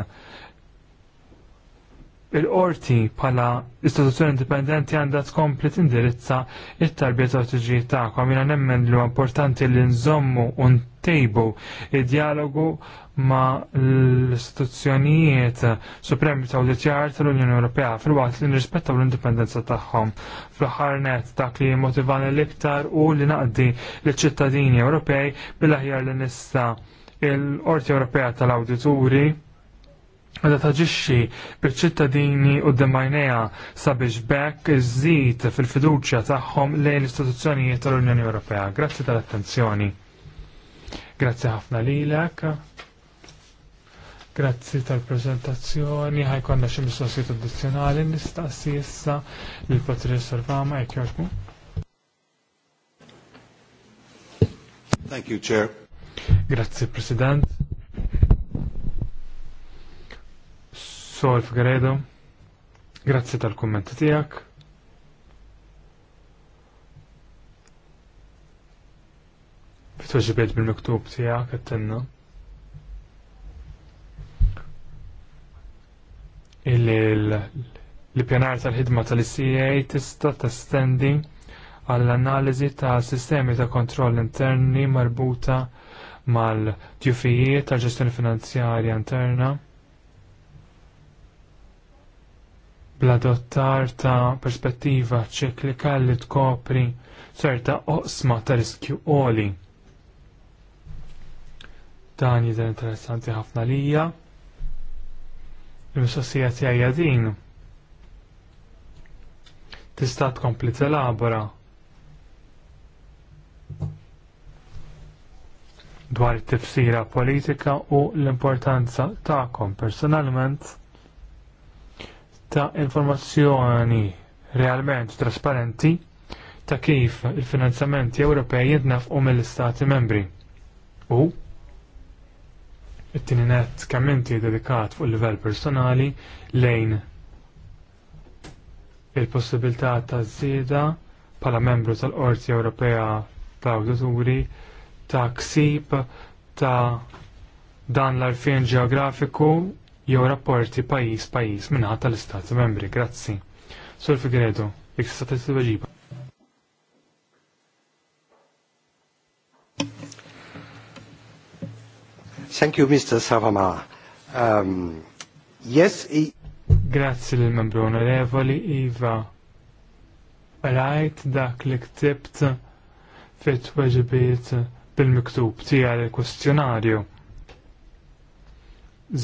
Speaker 2: Il-qorti bħala istituzzjoni indipendenti għandha tkompli tindirizza it-tarbiet u t-tġijiet tagħkom. Jiena nemmen li huwa importanti li nżommu un table, id-dialogu ma l-istituzzjonijiet supremi ta' l-ċar tal-Unjoni Ewropea fil-waqt li nirrispettaw l-indipendenza tagħhom. Fl-aħħar net dak li jimmotivani l-iktar u li naqdi l-ċittadini Ewropej bil-aħjar li nista' il-Qorti Ewropea tal-Awdituri Għada taġixxi bil-ċittadini u d demajneja sabiex bekk iż-żid fil-fiduċja tagħhom lejn l-istituzzjonijiet tal-Unjoni Ewropea. Grazzi tal-attenzjoni. Grazzi ħafna lilek. Grazzi tal-prezentazzjoni, ħajkonna xi mistoqsijiet addizzjonali nistaqsi issa lil professor Sarvama, jekk jogħġbu. Thank you, Chair. Grazzi, President. Solf Gredo. grazzi tal-kummenti tiegħek. fit-tweġibiet bil-miktub tiegħek qed il-pjanar tal-ħidma tal-ICA tista' testendi għall-analiżi ta' sistemi ta' kontroll interni marbuta mal-tjufijiet tal-ġestjoni finanzjarja interna bl-adottar ta' perspettiva ċiklika li tkopri ċerta oqsma ta' riskju oli. Dan jidher interessanti ħafna lija. Il-mistoqsija tiegħi din. Tista' tkompli telabora dwar it-tifsira politika u l-importanza tagħkom personalment ta' informazzjoni realment trasparenti ta' kif il-finanzamenti Ewropej u mill-Istati membri. U It-tieni net kemm inti dedikat fuq livell personali lejn il-possibilità ta' żieda bħala membru tal-Qorti Ewropea ta' Awdituri ta' ksib ta' dan l-arfien ġeografiku jew rapporti pajjiż pajjiż minħat tal-Istati membri. Grazzi. Sur Figredo, jek s-satet
Speaker 3: Thank you, Mr. Savama. Um,
Speaker 2: yes, i... Grazzi l-membru onorevoli, Iva. Rajt dak li ktibt fit weġibiet bil-miktub tija il kwestjonarju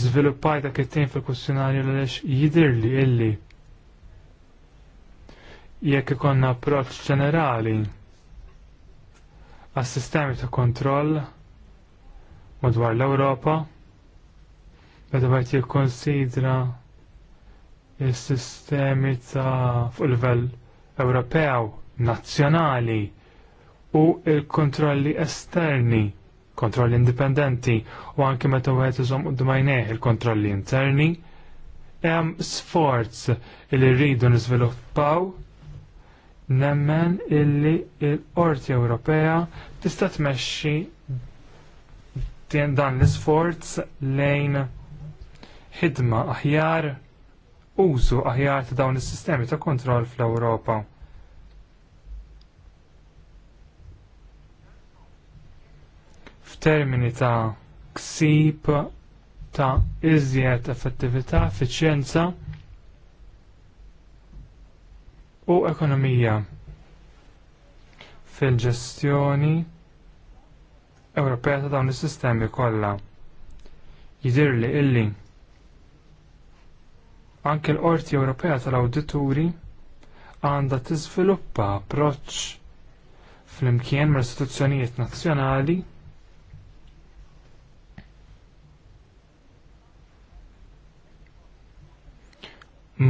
Speaker 2: Zviluppaj dak it-tejn fil-kwestjonarju l-għalix jidirli illi. Jekk ikonna approċ ġenerali għas-sistemi ta' kontroll madwar l-Ewropa meta bħajt jikkonsidra il-sistemi ta' fuq livell Ewropew, nazzjonali u il-kontrolli esterni, kontrolli indipendenti u anke meta wieħed iżomm qudmajnejh il-kontrolli interni, hemm sforz li rridu nizviluppaw nemmen illi l-Qorti Ewropea tista' tmexxi dan l-isforz lejn ħidma aħjar użu aħjar ta' dawn is-sistemi ta' kontroll fl-Ewropa. F'termini ta' ksib ta' iżjed effettività, effiċjenza u ekonomija fil-ġestjoni Ewropea ta' dawn is-sistemi kollha. Jidhirli illi anke l-Qorti Ewropea tal-Awdituri għandha tiżviluppa approċċ flimkien mal istituzzjonijiet nazzjonali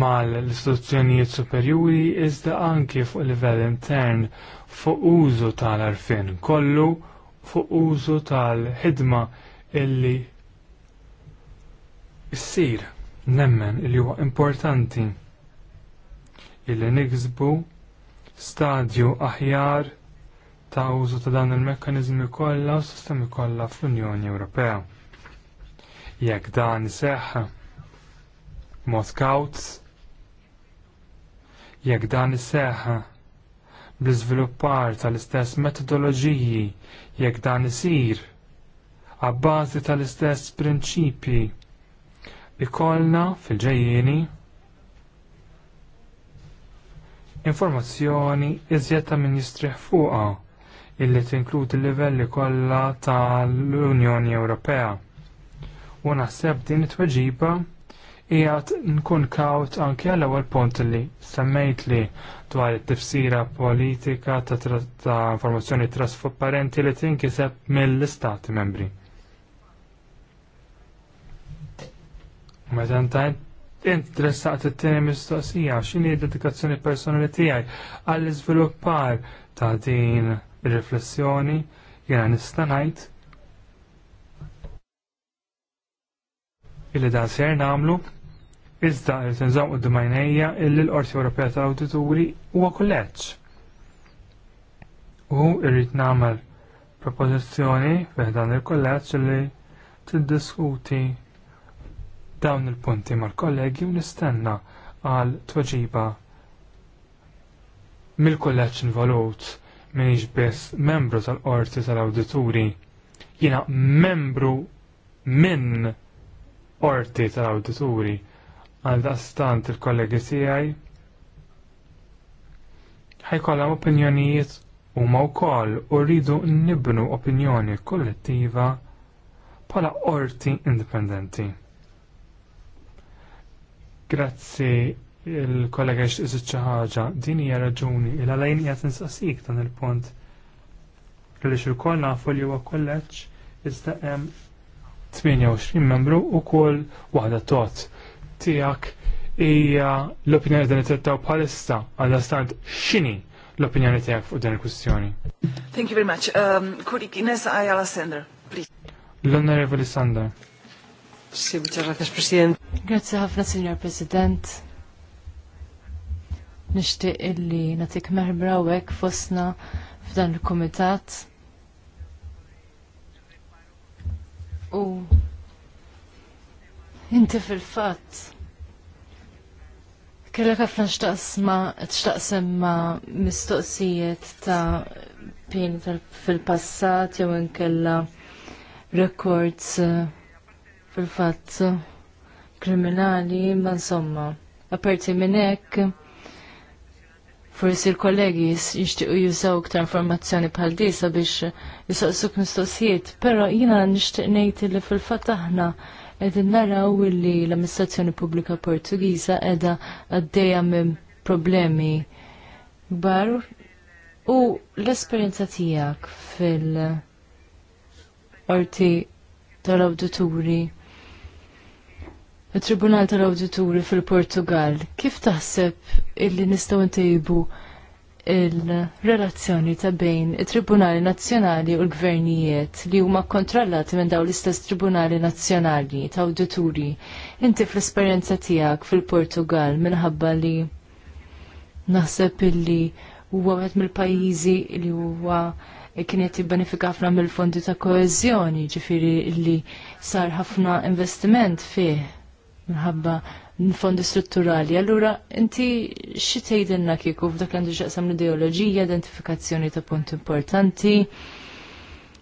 Speaker 2: mal l-istituzzjonijiet superjuri iżda anke fuq livell intern fuq użu tal-arfin kollu fuq użu tal-ħidma illi issir nemmen illi huwa importanti illi niksbu stadju aħjar ta' użu ta' dan il-mekkanizmi kollha u sistemi kollha fl-Unjoni Ewropea. Jekk dan seħħ mod kawz, jekk dan seħħ bl-iżviluppar tal-istess metodoloġiji jekk dan isir għabbażi tal-istess prinċipji ikollna fil-ġejjieni informazzjoni iżjed ta' min fuqa fuqha illi tinkludi l-livelli kollha tal-Unjoni Ewropea. U naħseb din it-tweġiba Ijat nkun kaut anki għal ewwel punt li semmejt li dwar it-tifsira politika ta', ta informazzjoni trasparenti li tinkiseb mill-istati membri. Meta ntajt interessat it-tieni mistoqsija x'inhi d-dedikazzjoni personali tiegħi għall-iżviluppar ta' din ir-riflessjoni jiena nista' ngħid illi dan ser namlu Iżda irrid nżamm u d-dimajnejja illi l-Qorti Ewropea tal-Awdituri huwa kulleġġ. U irrid nagħmel propożizzjoni dan il-kulleġġ li tiddiskuti dawn il-punti mal-kollegi u nistenna għal tweġiba mill-kulleġġ involut minn biss membru tal-qorti tal-awdituri, jiena membru minn qorti tal-awdituri għal daqstant il-kollegi tiegħi ħajkollam opinjonijiet huma wkoll u rridu nibnu opinjoni kollettiva bħala qorti indipendenti. Grazzi il-kollega xtiqsit xi ħaġa, din hija raġuni il għalajn qiegħed nistaqsik dan il-punt li xilkoll nafu li huwa kolleġġ iżda hemm 28 membru u kol waħda tot tijak ija l-opinjoni dan it-trattaw palista għal-stant xini l-opinjoni tijak fuq din il kustjoni
Speaker 1: Thank you very much. Um, Kurik Ines Ayala Sender, please.
Speaker 2: L-Onorevoli Sander.
Speaker 1: Sì, President. Grazie ħafna, Signor President. Nishtiq illi natik merbra għek fosna f'dan il-komitat. U inti fil fat Kellek ħafna xtaqsma, xtaqsem ma' mistoqsijiet ta' pin fil-passat jew inkella records eh, fil-fatt eh, kriminali, ma' insomma. Aperti minn hekk, forsi l-kollegi jixtiequ jużaw iktar informazzjoni bħal disa biex jisoqsuk mistoqsijiet, però jiena nixtieq ngħid li fil-fatt aħna Edin naraw illi l-amministrazzjoni pubblika Portugiża edha għaddejja minn problemi kbar u l-esperjenza tiegħek fil qorti tal-awdituri il-Tribunal tal-Awdituri fil-Portugal, kif taħseb illi nistgħu ntejbu il-relazzjoni ta' bejn it-Tribunali Nazzjonali u l-Gvernijiet li huma kontrollati minn daw l-istess Tribunali Nazzjonali ta' awdituri. Inti fl-esperjenza tiegħek fil-Portugal minħabba li naħseb illi huwa wieħed mill-pajjiżi li huwa kien qed jibbenefika ħafna mill-fondi ta' koeżjoni, ġifieri li sar ħafna investiment fih minħabba fondi strutturali. allora inti xi tgħidilna kieku f'dak l għandu xaqsam l-ideoloġija, identifikazzjoni ta' punt importanti,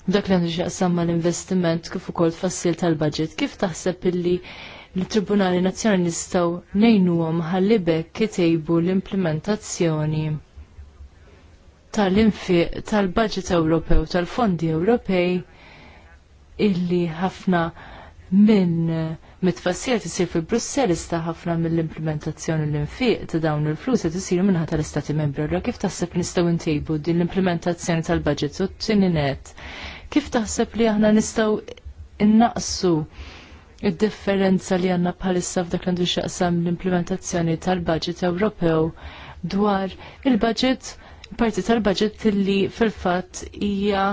Speaker 1: f'dak l għandu xaqsam mal-investiment kif ukoll tfassil tal-budget, kif taħseb illi l-Tribunali Nazzjonali nejnu ngħinuhom ħallibek kitejbu l-implementazzjoni tal-infiq tal-budget Ewropew tal-fondi Ewropej illi ħafna minn mitfassir tisir fi Brussel iżda ħafna mill-implementazzjoni l-infiq ta' dawn il-flus qed isiru minnaħat tal istati Membri. Ora kif taħseb nistgħu ntejbu din l-implementazzjoni tal-budget u t tininet Kif taħseb li aħna nistgħu innaqsu id-differenza li għandna bħalissa f'dak l-għandu xaqsam l-implementazzjoni tal-budget Ewropew dwar il-budget parti tal-budget li fil-fatt hija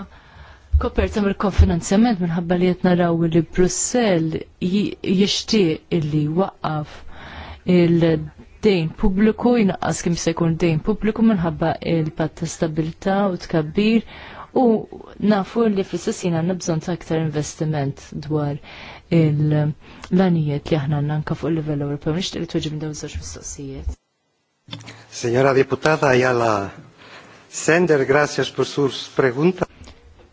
Speaker 1: koperta mill konfinanzjament minħabba li qed naraw li Brussell jixtieq illi waqqaf il-dejn pubbliku jnaqqas kemm se jkun dejn pubbliku minħabba il-patt ta' stabilità u tkabbir u nafu li fl-istess jien għandna bżonn ta' aktar investiment dwar il-lanijiet li aħna għanna anke fuq il-livell Ewropew Nix li minn dawn żewġ mistoqsijiet.
Speaker 2: Senjora Deputata Jala Sender, grazie per sus pregunta.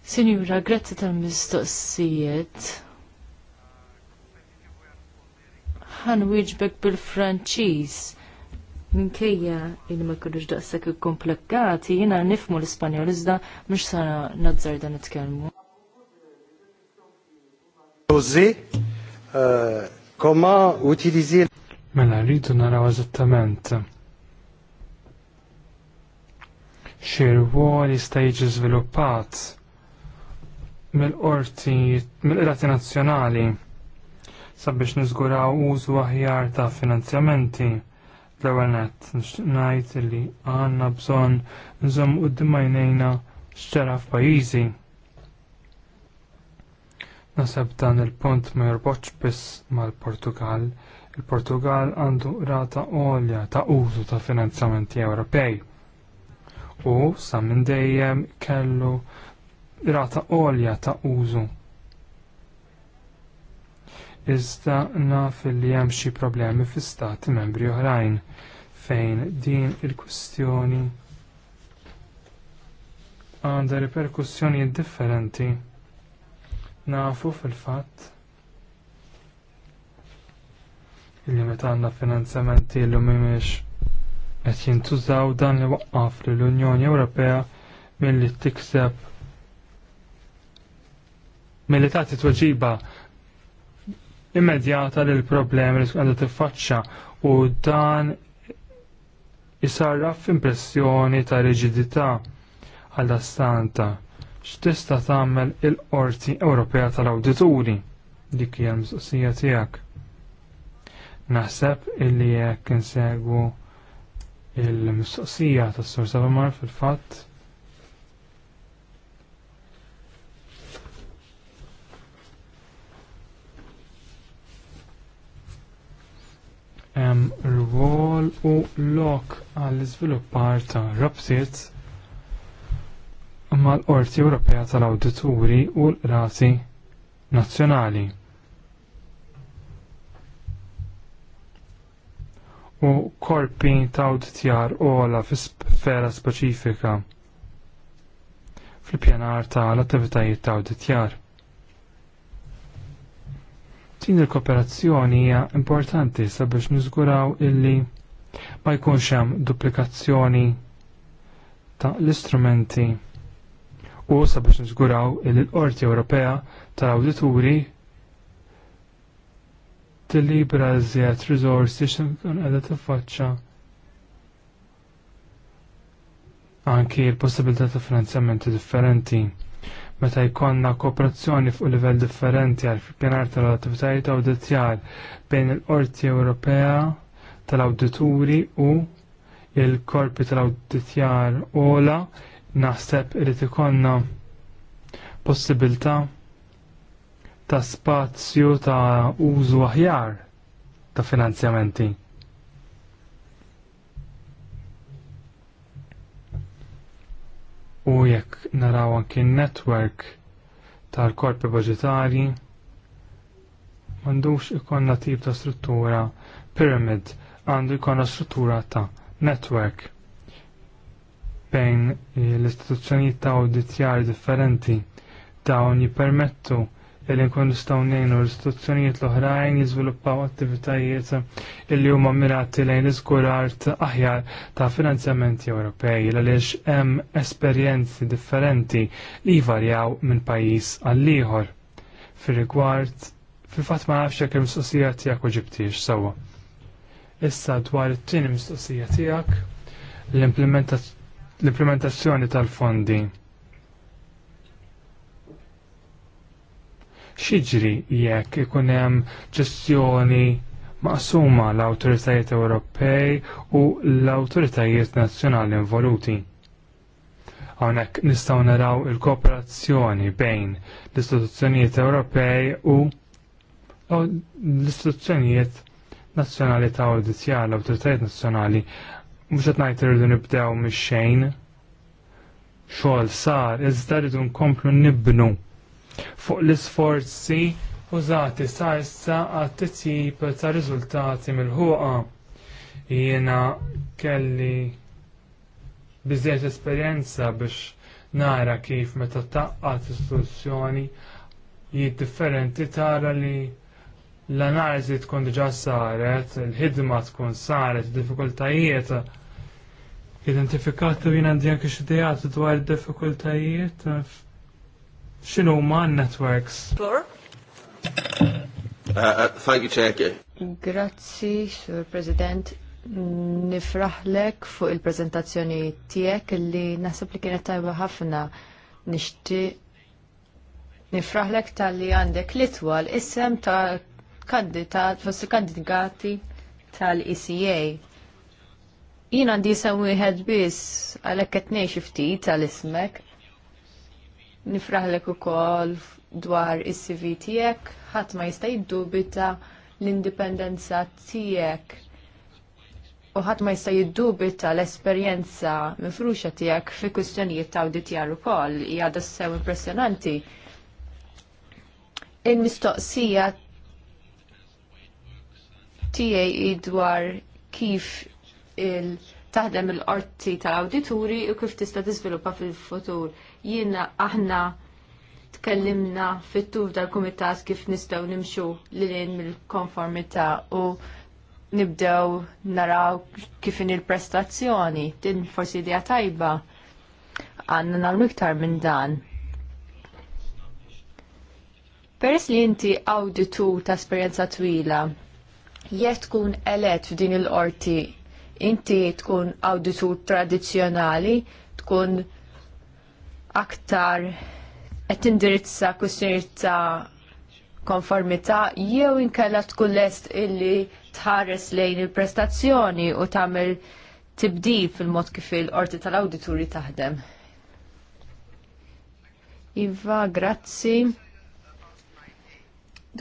Speaker 1: Signora, grazie tal-mistoqsijiet. Ħan wieġbek bil-Franċiż minkejja il ma kellux daqshekk ikkomplikati jiena nifmu l-Ispanjol iżda mhux sana nazzar dan nitkellmu.
Speaker 2: Jose, eh, koma utilizi. Mela, rridu naraw eżattament. Xirwol jista' jiġi żviluppat mill-qorti, mill-qrati nazzjonali sabiex niżguraw użu aħjar ta' finanzjamenti l-ewwel nett ngħid li għandna bżonn nżomm quddiem għajnejna x'ċera f'pajjiżi. Naseb dan il-punt ma jorbotx biss mal-Portugal, il-Portugal għandu rata għolja ta' użu ta' finanzjamenti Ewropej. U sa minn dejjem kellu rata għolja ta' użu. Iżda naf li hemm xi problemi fi stati membri oħrajn fejn din il-kwistjoni għandha riperkussjonijiet differenti nafu fil-fatt illi meta għandna finanzjamenti l mhumiex qed jintużaw dan li waqqaf lill unjoni Ewropea milli tikseb
Speaker 1: militati tuġiba
Speaker 2: tagħti tweġiba immedjata lil problemi li t tiffaċċa u dan jisarraf impressjoni ta' riġidità għal stanta x'tista' tagħmel il-Qorti Ewropea tal-Awdituri dik hija l-mistoqsija tiegħek. Naħseb illi jekk insegwu il-mistoqsija tas-Sur Savamar fil-fatt hemm rwol u lok għall iżviluppar ta' rabtiet mal-Qorti Ewropea tal-Awdituri u l-Rati Nazzjonali. U korpi ta' awditjar għala fi sfera speċifika fil-pjanar tal-attivitajiet ta' awditjar. Din il-kooperazzjoni hija importanti sabiex niżguraw illi ma jkunx hemm duplikazzjoni ta' l-istrumenti u sabiex niżguraw illi l-Qorti Ewropea tal-Awdituri tillibra żjed riżorsi x'inkun qiegħda tiffaċċa anki l-possibilità ta' finanzjamenti differenti meta jkollna kooperazzjoni fuq livell differenti għal pjanar tal-attivitajiet awditjar bejn il-Qorti Ewropea tal-Awdituri u il-Korpi tal-Awditjar Ola naħseb irid ikollna possibilità ta' spazju ta' użu aħjar ta' finanzjamenti. u jekk naraw anki network tal-korpi budgetari mandux ikonna tip ta' struttura pyramid għandu ikonna struttura ta' network bejn l-istituzzjonijiet ta' auditjar differenti dawn jippermettu illi nkun nistgħu ngħinu l-istituzzjonijiet l-oħrajn jiżviluppaw attivitajiet illi huma mirati lejn iżgurart aħjar ta' finanzjamenti Ewropej għaliex hemm esperjenzi differenti li jvarjaw minn pajjiż għal ieħor. Fir-rigward fil-fatt ma nafx jekk il-mistoqsija tiegħek u ġibtiex sewwa. Issa dwar it-tieni mistoqsija tiegħek l-implementazzjoni tal-fondi xieġri jekk ikun hemm ġestjoni maqsuma l-awtoritajiet Ewropej u l-awtoritajiet nazzjonali involuti. Hawnhekk nistgħu naraw il-kooperazzjoni bejn l-istituzzjonijiet Ewropej u l-istituzzjonijiet nazzjonali ta' awdizja l-awtoritajiet nazzjonali mhux qed ngħid irridu nibdew mix-xejn xogħol sar iżda rridu nkomplu nibnu fuq l-isforzi użati sa issa għat-titjib ta' riżultati mill-ħuqa. Jiena kelli biżejt esperjenza biex nara kif meta taqqat istituzzjoni jiddifferenti tara li l-analiżi tkun diġà saret, il-ħidma tkun saret, diffikultajiet identifikatu jina għandi anke xi ideat dwar id-diffikultajiet xinu ma networks. Uh,
Speaker 1: uh, thank you, Chair.
Speaker 3: Grazzi, Sur President. Nifraħlek fuq il-prezentazzjoni tiegħek li naħseb li kienet tajba ħafna nixti nifraħlek tal-li għandek litwal isem ta' kandidat fossi kandidati tal-ECA. Jien għandi jisem wieħed biss għalhekk qed ngħix ftit tal-ismek nifraħlek ukoll dwar is-CV tiegħek, ħadd ma jista' jiddubita l-indipendenza tiegħek. U ħadd ma jista' jiddubita l-esperjenza mifruxa tiegħek fi kwistjonijiet ta' awditjar ukoll hija sew impressjonanti. Il-mistoqsija tiegħi dwar kif il- taħdem il-qorti tal-awdituri u kif tista' tiżviluppa fil-futur. Jiena aħna tkellimna fit-tuf dal-kumitat kif nistgħu nimxu lilin mill-konformità u nibdew naraw kif in il-prestazzjoni, din forsi idea tajba. għandna nagħmlu iktar minn dan. Peress li inti awditu ta' esperjenza twila, jekk tkun elet f'din il-qorti, inti tkun awditu tradizzjonali, tkun aktar qed tindirizza kwistjonijiet ta' konformità jew inkella tkun lest illi tħares lejn il-prestazzjoni u tagħmel tibdil fil-mod kif il-qorti tal-awdituri taħdem. Iva, grazzi.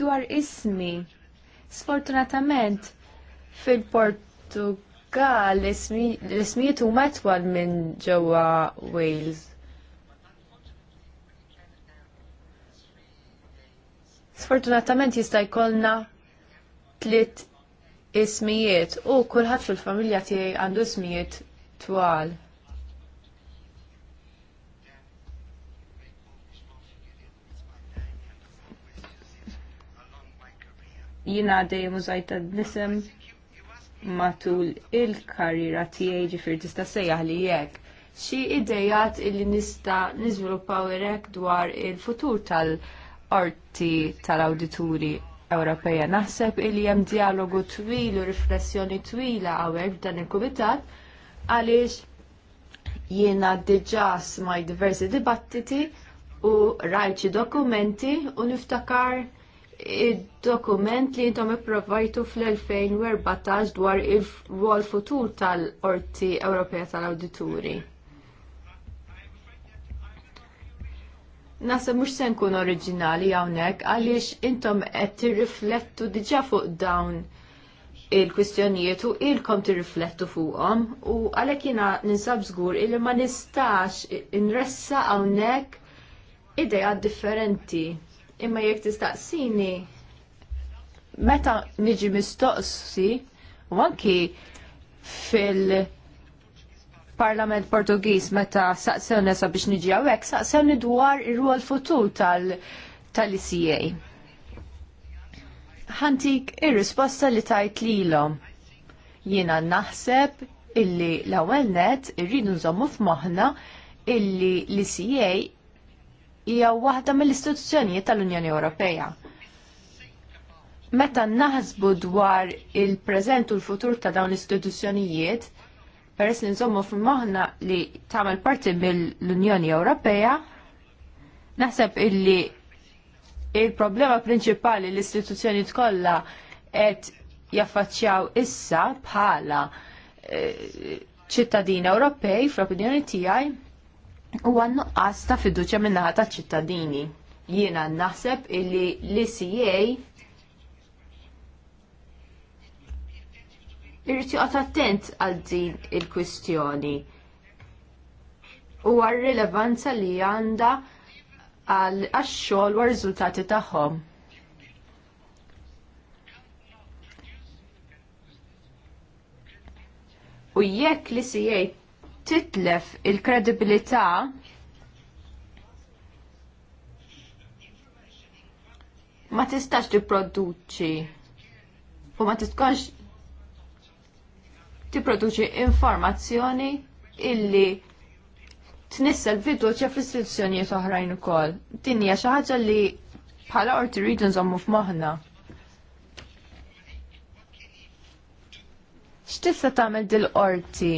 Speaker 3: Dwar ismi, sfortunatament fil-Portugal l-ismijiet huma matwal minn ġewwa Wales Sfortunatament jista' jkollna tliet ismijiet u kulħadd fil-familja tiegħi għandu ismijiet twal. jina dejjem użajt nisem matul il-karriera tiegħi ġifier tista' sejjaħ li hekk. Xi idejat illi nista' niżviluppaw irek dwar il-futur tal- qorti tal-Awdituri Ewropeja. Naħseb illi hemm dialogu twil u riflessjoni twila qawwek f'dan il-kumitat għaliex jiena diġà smaj diversi dibattiti u rajċi dokumenti u niftakar id-dokument li jintom ipprovajtu fl-2014 dwar il-rwol futur tal qorti Ewropea tal-Awdituri. Nasab mux se nkun oriġinali hawnhekk għaliex intom qed tirriflettu diġà fuq dawn il-kwistjonijiet u ilkom tirriflettu fuqhom u għalhekk jiena ninsab żgur illi ma nistax inressa hawnhekk idea differenti. Imma jekk tistaqsini meta niġi mistoqsi u anki fil- parlament Portugiż meta nesa biex niġi għawek, saqsew dwar ir-rwol futur tal-ICA. Ħantik ir-risposta li tajt lilhom. Jiena naħseb illi l-ewwel net irridu nżommu f'moħħna illi l-ICA hija waħda mill-istituzzjonijiet tal-Unjoni Ewropea. Meta naħsbu dwar il-preżent u l-futur ta' dawn l-istituzzjonijiet, peress li nżommu f'moħna li tagħmel parti mill-Unjoni Ewropea, naħseb illi il-problema prinċipali l-istituzzjoni tkollha qed jaffaċċjaw issa bħala eh, ċittadin Ewropej fl-opinjoni tiegħi huwa nuqqas ta' fiduċja min-naħa taċ ċittadini. Jiena naħseb illi l-ICA irrid joqgħod attent għal din il-kwistjoni u għal rilevanza li għandha għal għax-xogħol u r-riżultati tagħhom. U jekk li si jgħid titlef il-kredibilità ma tistax tipproduċi u ma tistax tipproduċi informazzjoni illi tnissa l fl-istituzzjonijiet oħrajn ukoll. Din hija xi ħaġa li bħala qorti rridu nżommu f'moħħna. X'tista' tagħmel dil-qorti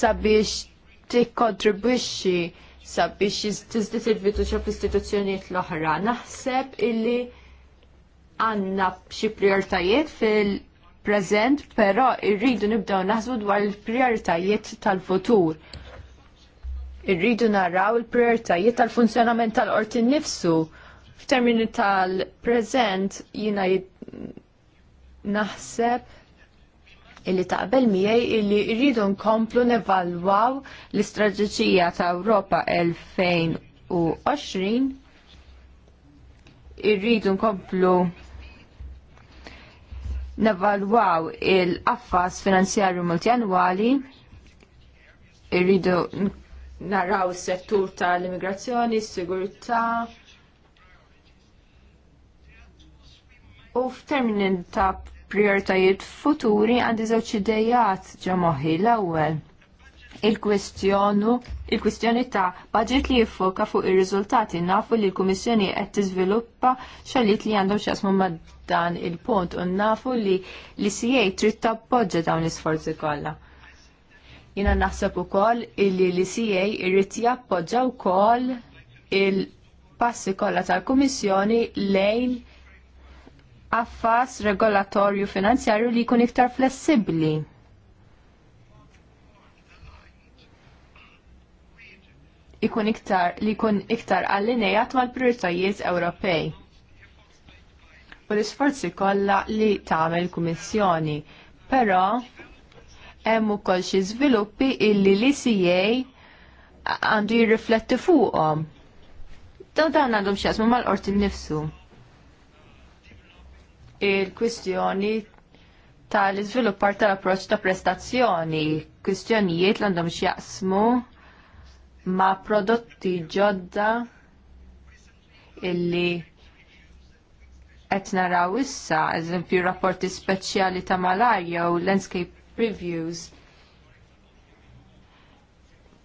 Speaker 3: sabiex tikkontribwixxi sabiex tiżdiet il-fiduċja fl-istituzzjonijiet l-oħra. Naħseb illi għandna xi prioritajiet fil- preżent, però irridu nibdew naħsbu dwar il-prioritajiet tal-futur. Irridu naraw il-prioritajiet tal-funzjonament tal-qorti nifsu. F'termini tal-preżent jina naħseb illi taqbel miegħi illi rridu nkomplu nevalwaw l-istraġeġija ta' Ewropa 2020 irridu nkomplu nevalwaw il-qaffas finanzjarju multjanwali, irridu naraw is-settur tal-immigrazzjoni, s-sigurtà. U f'termini ta' prioritajiet futuri għandi żewġ idejat ġemoħi l-ewwel il kwestjonu il-kwistjoni ta' budget li jiffoka fuq ir-riżultati nafu li l-Kummissjoni qed tiżviluppa xogħlijiet li għandhom x'jasmu ma' dan il-punt u nafu li l-CA trid tappoġġa dawn l-isforzi kollha. Jiena naħseb ukoll illi l-CA irrid jappoġġa wkoll il-passi kollha tal-Kummissjoni lejn affas regolatorju finanzjarju li jkun iktar flessibbli. ikun iktar li jkun iktar allinejat mal-prioritajiet Ewropej. U l-isforzi kollha li tagħmel kummissjoni, però hemm ukoll xi żviluppi illi l-ECA għandu jirrifletti fuqhom. Daw dan għandhom x'jasmu mal-qorti nnifsu. Il-kwistjoni tal-iżviluppar tal-approċċ ta' prestazzjoni, kwistjonijiet li għandhom x'jaqsmu ma' prodotti ġodda illi qed naraw issa, eżempju rapporti speċjali ta' malarja u landscape reviews.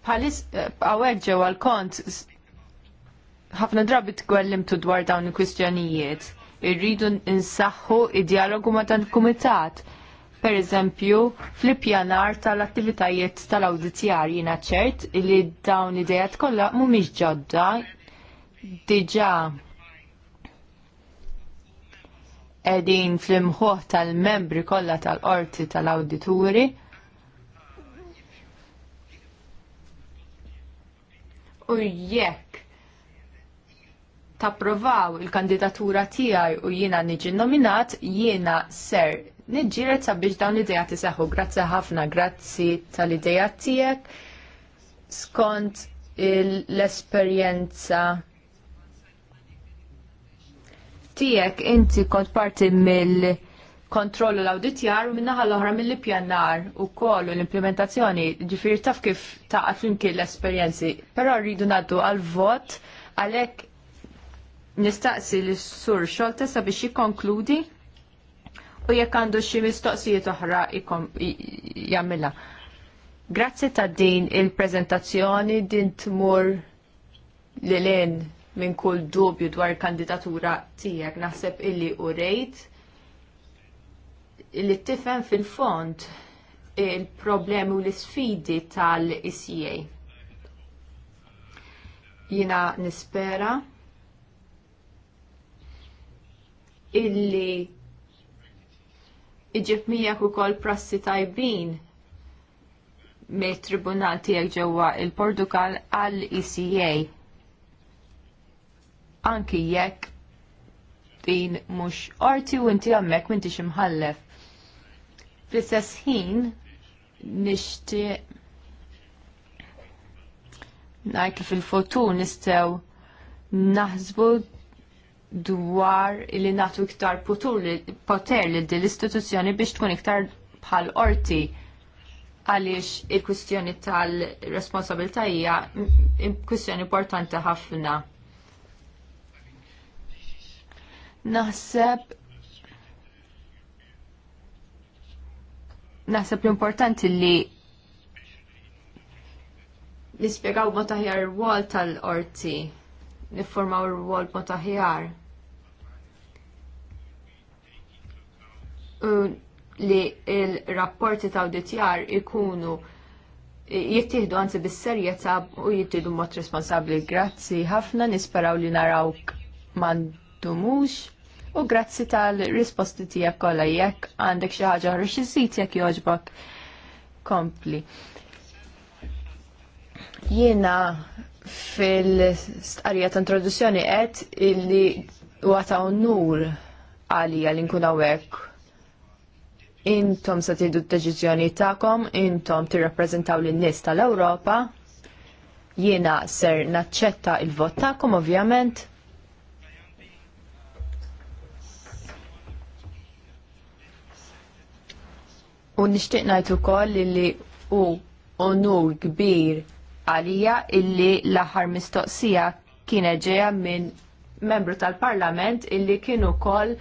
Speaker 3: Palis eh, għawegġew għal-kont, ħafna drabi tgwellimtu dwar dawn il-kwistjonijiet. Irridu nsaħħu id-dialogu ma' tal-kumitat per eżempju, fl-ippjanar tal-attivitajiet tal-awditjar jina ċert li dawn idejat kollha mhumiex ġodda diġà qegħdin fl-imħuħ tal-membri kollha tal-qorti tal-awdituri. U jekk tapprovaw il-kandidatura tiegħi u jiena niġi nominat, jiena ser nġiret sabiex dawn l-idejat jisaxu. Grazzi ħafna, grazzi tal-idejat tijek. Skont l-esperienza tijek inti kont parti mill- kontrollu l-auditjar u minnaħal l-oħra mill-pjannar u u l-implementazzjoni ġifir taf kif ta' flimkien l-esperienzi, pero rridu naddu għal-vot għalek nistaqsi l-sur xolta sabiex jikonkludi u jekk għandu xi mistoqsijiet oħra jagħmilha. Grazzi ta' din il-preżentazzjoni din tmur lilin minn kull dubju dwar kandidatura tiegħek naħseb illi u rejt li tifhem fil-fond il-problemi u l-isfidi tal-ICA. Jina nispera illi iġib u ukoll prassi tajbin mit-tribunal tiegħek ġewwa il-Portugal għall ECA. Anki jekk din mhux qorti u inti hemmhekk m'intix imħallef. Fl-istess ħin nixtieq ngħid li fil fotu nistew naħsbu dwar li natu iktar poter li din l-istituzzjoni biex tkun iktar bħal orti għaliex il-kwistjoni tal-responsabilta hija kwistjoni importanti ħafna. Naħseb naħseb l-importanti li nispjegaw ma taħjar ir tal-orti, niformaw ir wol ma taħjar. li il-rapporti ta' auditjar ikunu jittieħdu għanzi bis-serjetà u jittihdu mod responsabbli. Grazzi ħafna nisperaw li narawk mandumux u grazzi tal-risposti tiegħek kollha jekk għandek xi ħaġa ħarġ iżid jekk jogħġbok kompli. Jiena fil-stqarrija ta' introduzzjoni qed illi huwa ta' onur għalija li nkun hawnhekk intom se tiddu d deċizjoni tagħkom, intom tirrappreżentaw lin-nies tal-Ewropa. Jiena ser naċċetta il-vot ta'kom ovvjament. U nixtieq ngħid ukoll li hu onur kbir għalija illi l-aħħar mistoqsija kienet ġejja minn membru tal-Parlament illi kienu kol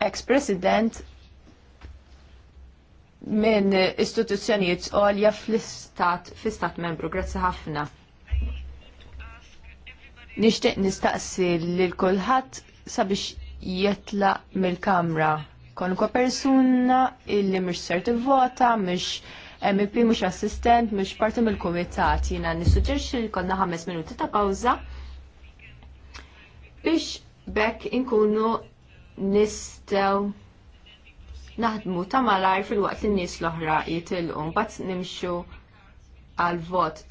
Speaker 3: ex-president minn istituzzjonijiet għolja fl-istat, fl-istat membru, grazzi ħafna. Nishtiq nistaqsi lil kulħadd sabiex jetla mill-kamra. kwa persuna illi mhux ser tivvota, mux MP, mhux assistent, mux parti mill-kumitat. Jiena nissuġġerixxi li konna ħames minuti ta' pawża biex bekk inkunu nistgħu naħdmu ta' malar fil-waqt li n-nies l-oħra jitilqu, mbagħad nimxu għal vot